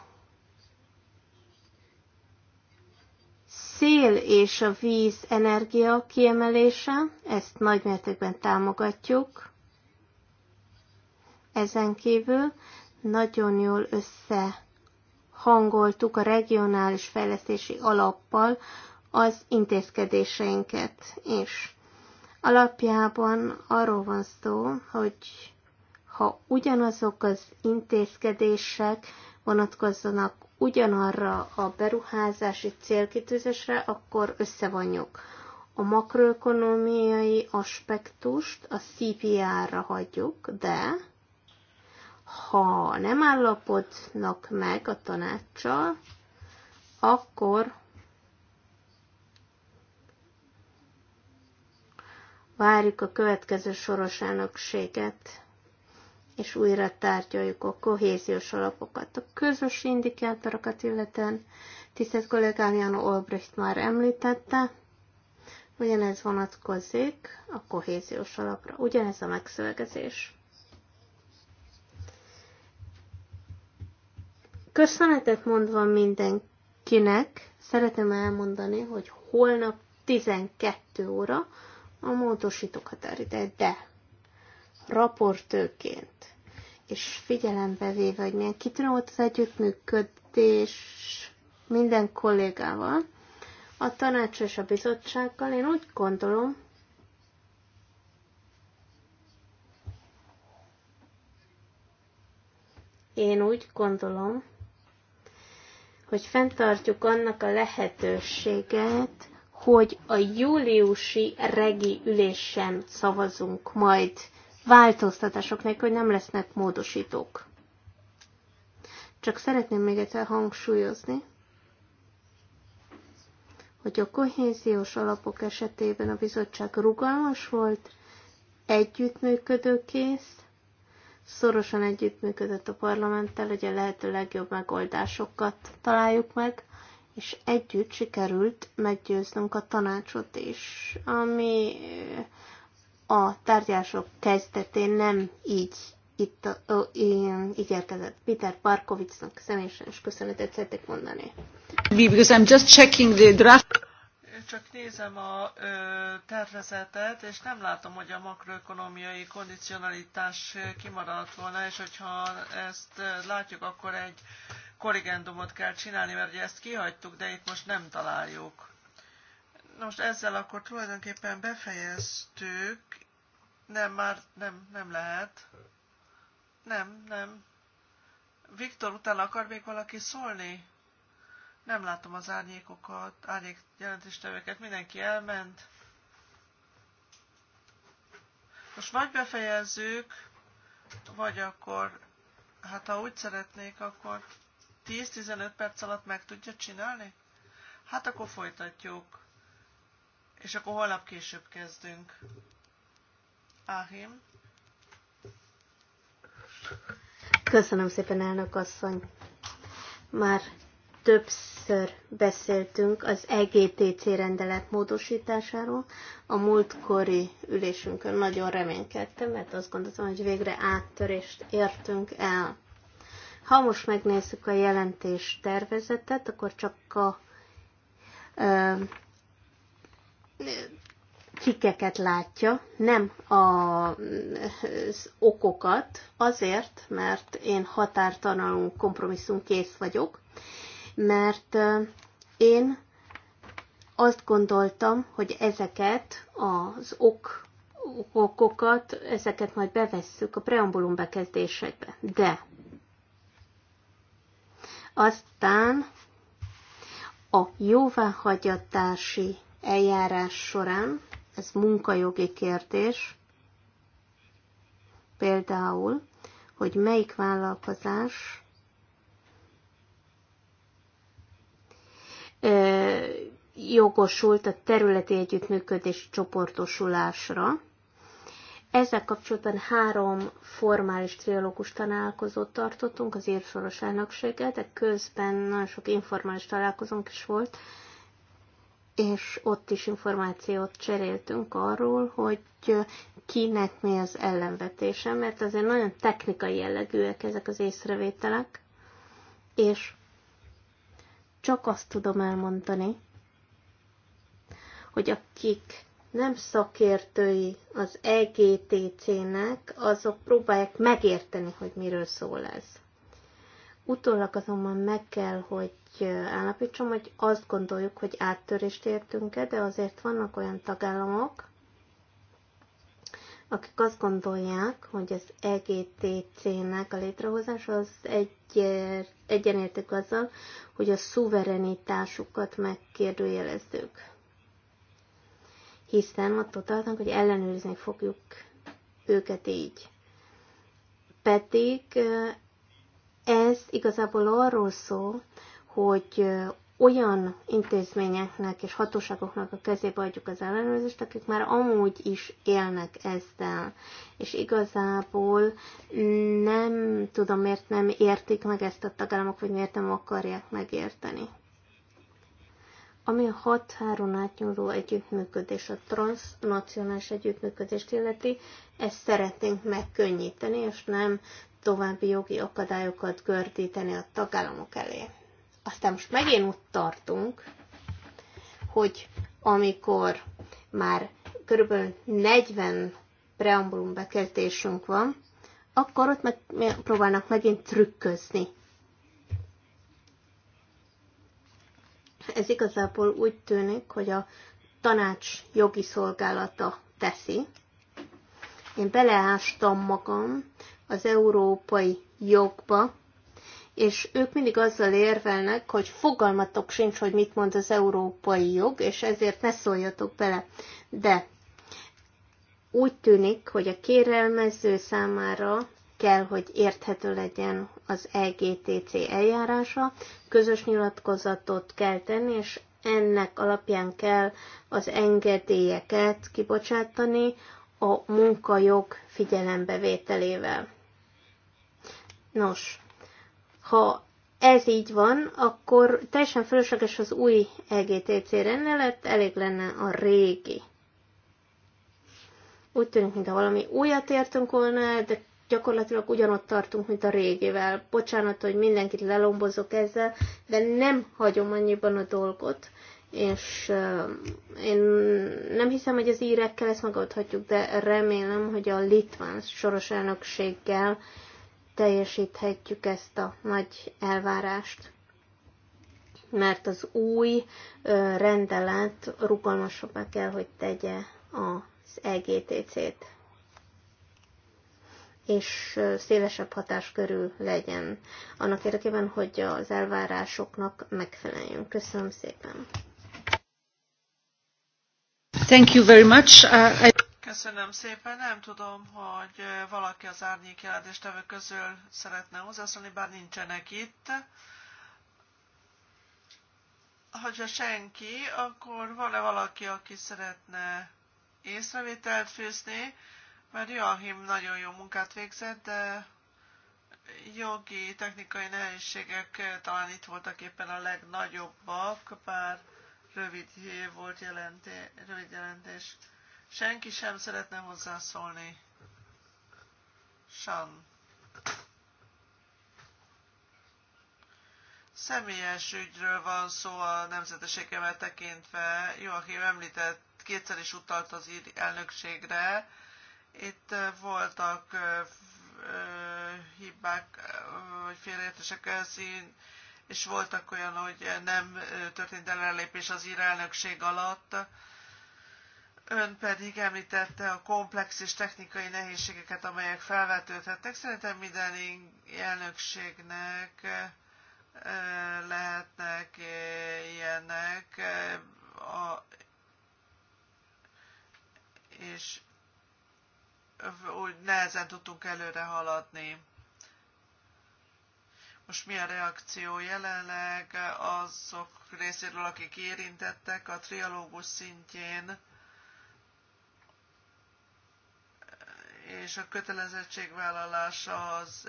szél és a víz energia kiemelése, ezt nagymértékben támogatjuk. Ezen kívül nagyon jól összehangoltuk a regionális fejlesztési alappal az intézkedéseinket is. Alapjában arról van szó, hogy ha ugyanazok az intézkedések vonatkozzanak ugyanarra a beruházási célkitűzésre, akkor összevonjuk. A makroökonomiai aspektust a CPR-ra hagyjuk, de ha nem állapodnak meg a tanácssal, akkor várjuk a következő soros elnökséget és újra tárgyaljuk a kohéziós alapokat, a közös indikátorokat illetően. Tisztelt kollégám Jano Olbricht már említette, ugyanez vonatkozik a kohéziós alapra, ugyanez a megszövegezés. Köszönetet mondva mindenkinek, szeretném elmondani, hogy holnap 12 óra a módosítók határideje, de raportőként, és figyelembe véve, hogy milyen kitűnő volt az együttműködés minden kollégával, a tanács és a bizottsággal, én úgy gondolom, én úgy gondolom, hogy fenntartjuk annak a lehetőséget, hogy a júliusi regi ülésen szavazunk majd változtatások nélkül nem lesznek módosítók. Csak szeretném még egyszer hangsúlyozni, hogy a kohéziós alapok esetében a bizottság rugalmas volt, együttműködőkész, szorosan együttműködött a parlamenttel, hogy a lehető legjobb megoldásokat találjuk meg, és együtt sikerült meggyőznünk a tanácsot is, ami a tárgyások kezdetén nem így itt ó, érkezett Peter Parkovicnak személyesen is köszönetet szeretek mondani. Because I'm just checking the draft. Csak nézem a ö, tervezetet, és nem látom, hogy a makroökonomiai kondicionalitás kimaradt volna, és hogyha ezt látjuk, akkor egy korrigendumot kell csinálni, mert ugye ezt kihagytuk, de itt most nem találjuk. Most ezzel akkor tulajdonképpen befejeztük. Nem, már nem, nem lehet. Nem, nem. Viktor, utána akar még valaki szólni? Nem látom az árnyékokat, árnyék jelentéstevőket, mindenki elment. Most vagy befejezzük, vagy akkor, hát ha úgy szeretnék, akkor 10-15 perc alatt meg tudja csinálni? Hát akkor folytatjuk. És akkor holnap később kezdünk. Áhim. Köszönöm szépen, elnök asszony. Már többször beszéltünk az EGTC rendelet módosításáról. A múltkori ülésünkön nagyon reménykedtem, mert azt gondoltam, hogy végre áttörést értünk el. Ha most megnézzük a jelentés tervezetet, akkor csak a cikkeket látja, nem a, az okokat, azért, mert én határtalanul kompromisszum kész vagyok, mert én azt gondoltam, hogy ezeket az ok, okokat, ezeket majd bevesszük a preambulum bekezdésekbe. De aztán a jóváhagyatási eljárás során, ez munkajogi kérdés, például, hogy melyik vállalkozás jogosult a területi együttműködés csoportosulásra. Ezzel kapcsolatban három formális triológus találkozót tartottunk az írsoros elnökséggel, de közben nagyon sok informális találkozónk is volt és ott is információt cseréltünk arról, hogy kinek mi az ellenvetése, mert azért nagyon technikai jellegűek ezek az észrevételek, és csak azt tudom elmondani, hogy akik nem szakértői az EGTC-nek, azok próbálják megérteni, hogy miről szól ez. Utólag azonban meg kell, hogy állapítsam, hogy azt gondoljuk, hogy áttörést értünk -e, de azért vannak olyan tagállamok, akik azt gondolják, hogy az EGTC-nek a létrehozása az egy, egyenértek azzal, hogy a szuverenitásukat megkérdőjelezzük. Hiszen attól tartanak, hogy ellenőrizni fogjuk őket így. Pedig ez igazából arról szól, hogy olyan intézményeknek és hatóságoknak a kezébe adjuk az ellenőrzést, akik már amúgy is élnek ezzel. És igazából nem tudom, miért nem értik meg ezt a tagállamok, vagy miért nem akarják megérteni. Ami a határon átnyúló együttműködés, a transnacionális együttműködést illeti, ezt szeretnénk megkönnyíteni, és nem további jogi akadályokat gördíteni a tagállamok elé. Aztán most megint ott tartunk, hogy amikor már körülbelül 40 preambulum bekezdésünk van, akkor ott meg, próbálnak megint trükközni. Ez igazából úgy tűnik, hogy a tanács jogi szolgálata teszi. Én beleástam magam az európai jogba, és ők mindig azzal érvelnek, hogy fogalmatok sincs, hogy mit mond az európai jog, és ezért ne szóljatok bele. De úgy tűnik, hogy a kérelmező számára kell, hogy érthető legyen az EGTC eljárása, közös nyilatkozatot kell tenni, és ennek alapján kell az engedélyeket kibocsátani a munkajog figyelembevételével. Nos, ha ez így van, akkor teljesen fölösleges az új LGTC rendelet, elég lenne a régi. Úgy tűnik, mintha valami újat értünk volna, de gyakorlatilag ugyanott tartunk, mint a régivel. Bocsánat, hogy mindenkit lelombozok ezzel, de nem hagyom annyiban a dolgot, és uh, én nem hiszem, hogy az írekkel ezt megoldhatjuk, de remélem, hogy a litván soros elnökséggel uh, teljesíthetjük ezt a nagy elvárást, mert az új rendelet rugalmasabbá kell, hogy tegye az EGTC-t, és szélesebb hatás körül legyen, annak érdekében, hogy az elvárásoknak megfeleljen. Köszönöm szépen! Thank you very much. Uh, I... Köszönöm szépen. Nem tudom, hogy valaki az árnyék jelentéstevő közül szeretne hozzászólni, bár nincsenek itt. Hogyha senki, akkor van-e valaki, aki szeretne észrevételt fűzni? Mert Joachim nagyon jó munkát végzett, de jogi, technikai nehézségek talán itt voltak éppen a legnagyobbak, bár rövid volt jelenté, rövid jelentés Senki sem szeretne hozzászólni. Sam. Személyes ügyről van szó a nemzeteségemmel tekintve. Joachim említett, kétszer is utalt az ír elnökségre. Itt eh, voltak eh, eh, hibák, vagy félreértések elszín, és voltak olyan, hogy nem történt ellenlépés az ír elnökség alatt Ön pedig említette a komplex és technikai nehézségeket, amelyek felvetődhetnek. Szerintem minden elnökségnek lehetnek ilyenek, a, és úgy nehezen tudtunk előre haladni. Most mi a reakció jelenleg azok részéről, akik érintettek a trialógus szintjén? és a kötelezettségvállalása az,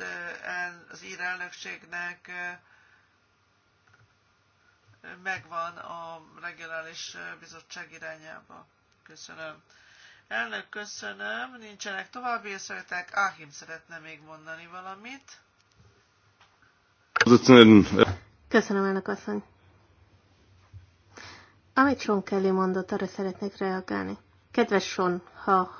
az ír elnökségnek megvan a regionális bizottság irányába. Köszönöm. Elnök, köszönöm. Nincsenek további észrevételek. Áhim szeretne még mondani valamit. Köszönöm, elnök asszony. Amit Sean Kelly mondott, arra szeretnék reagálni. Kedves Sean, ha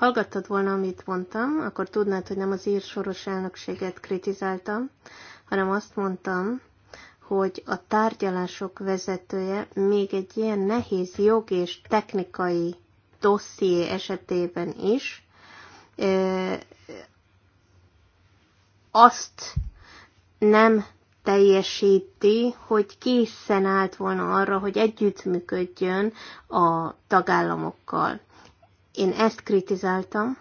hallgattad volna, amit mondtam, akkor tudnád, hogy nem az ír soros elnökséget kritizáltam, hanem azt mondtam, hogy a tárgyalások vezetője még egy ilyen nehéz jog és technikai dosszié esetében is azt nem teljesíti, hogy készen állt volna arra, hogy együttműködjön a tagállamokkal. Én ezt kritizáltam,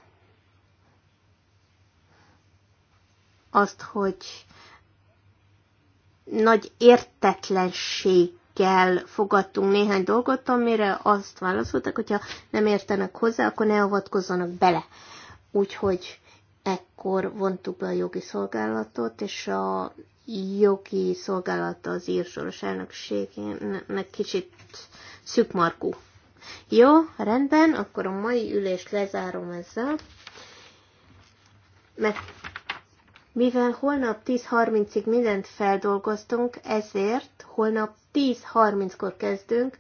azt, hogy nagy értetlenséggel fogadtunk néhány dolgot, amire azt válaszoltak, hogyha nem értenek hozzá, akkor ne avatkozzanak bele. Úgyhogy ekkor vontuk be a jogi szolgálatot, és a jogi szolgálata az írsoros elnökségének kicsit szükmarkú. Jó, rendben, akkor a mai ülést lezárom ezzel, mert mivel holnap 10.30-ig mindent feldolgoztunk, ezért holnap 10.30-kor kezdünk,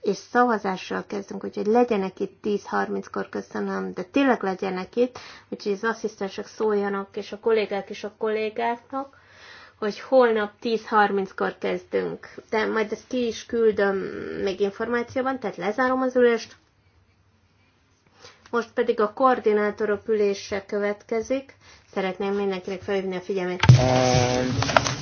és szavazással kezdünk, úgyhogy legyenek itt 10.30-kor, köszönöm, de tényleg legyenek itt, úgyhogy az asszisztensek szóljanak, és a kollégák is a kollégáknak, hogy holnap 10.30-kor kezdünk, de majd ezt ki is küldöm még információban, tehát lezárom az ülést. Most pedig a koordinátorok ülése következik. Szeretném mindenkinek felhívni a figyelmét. Um...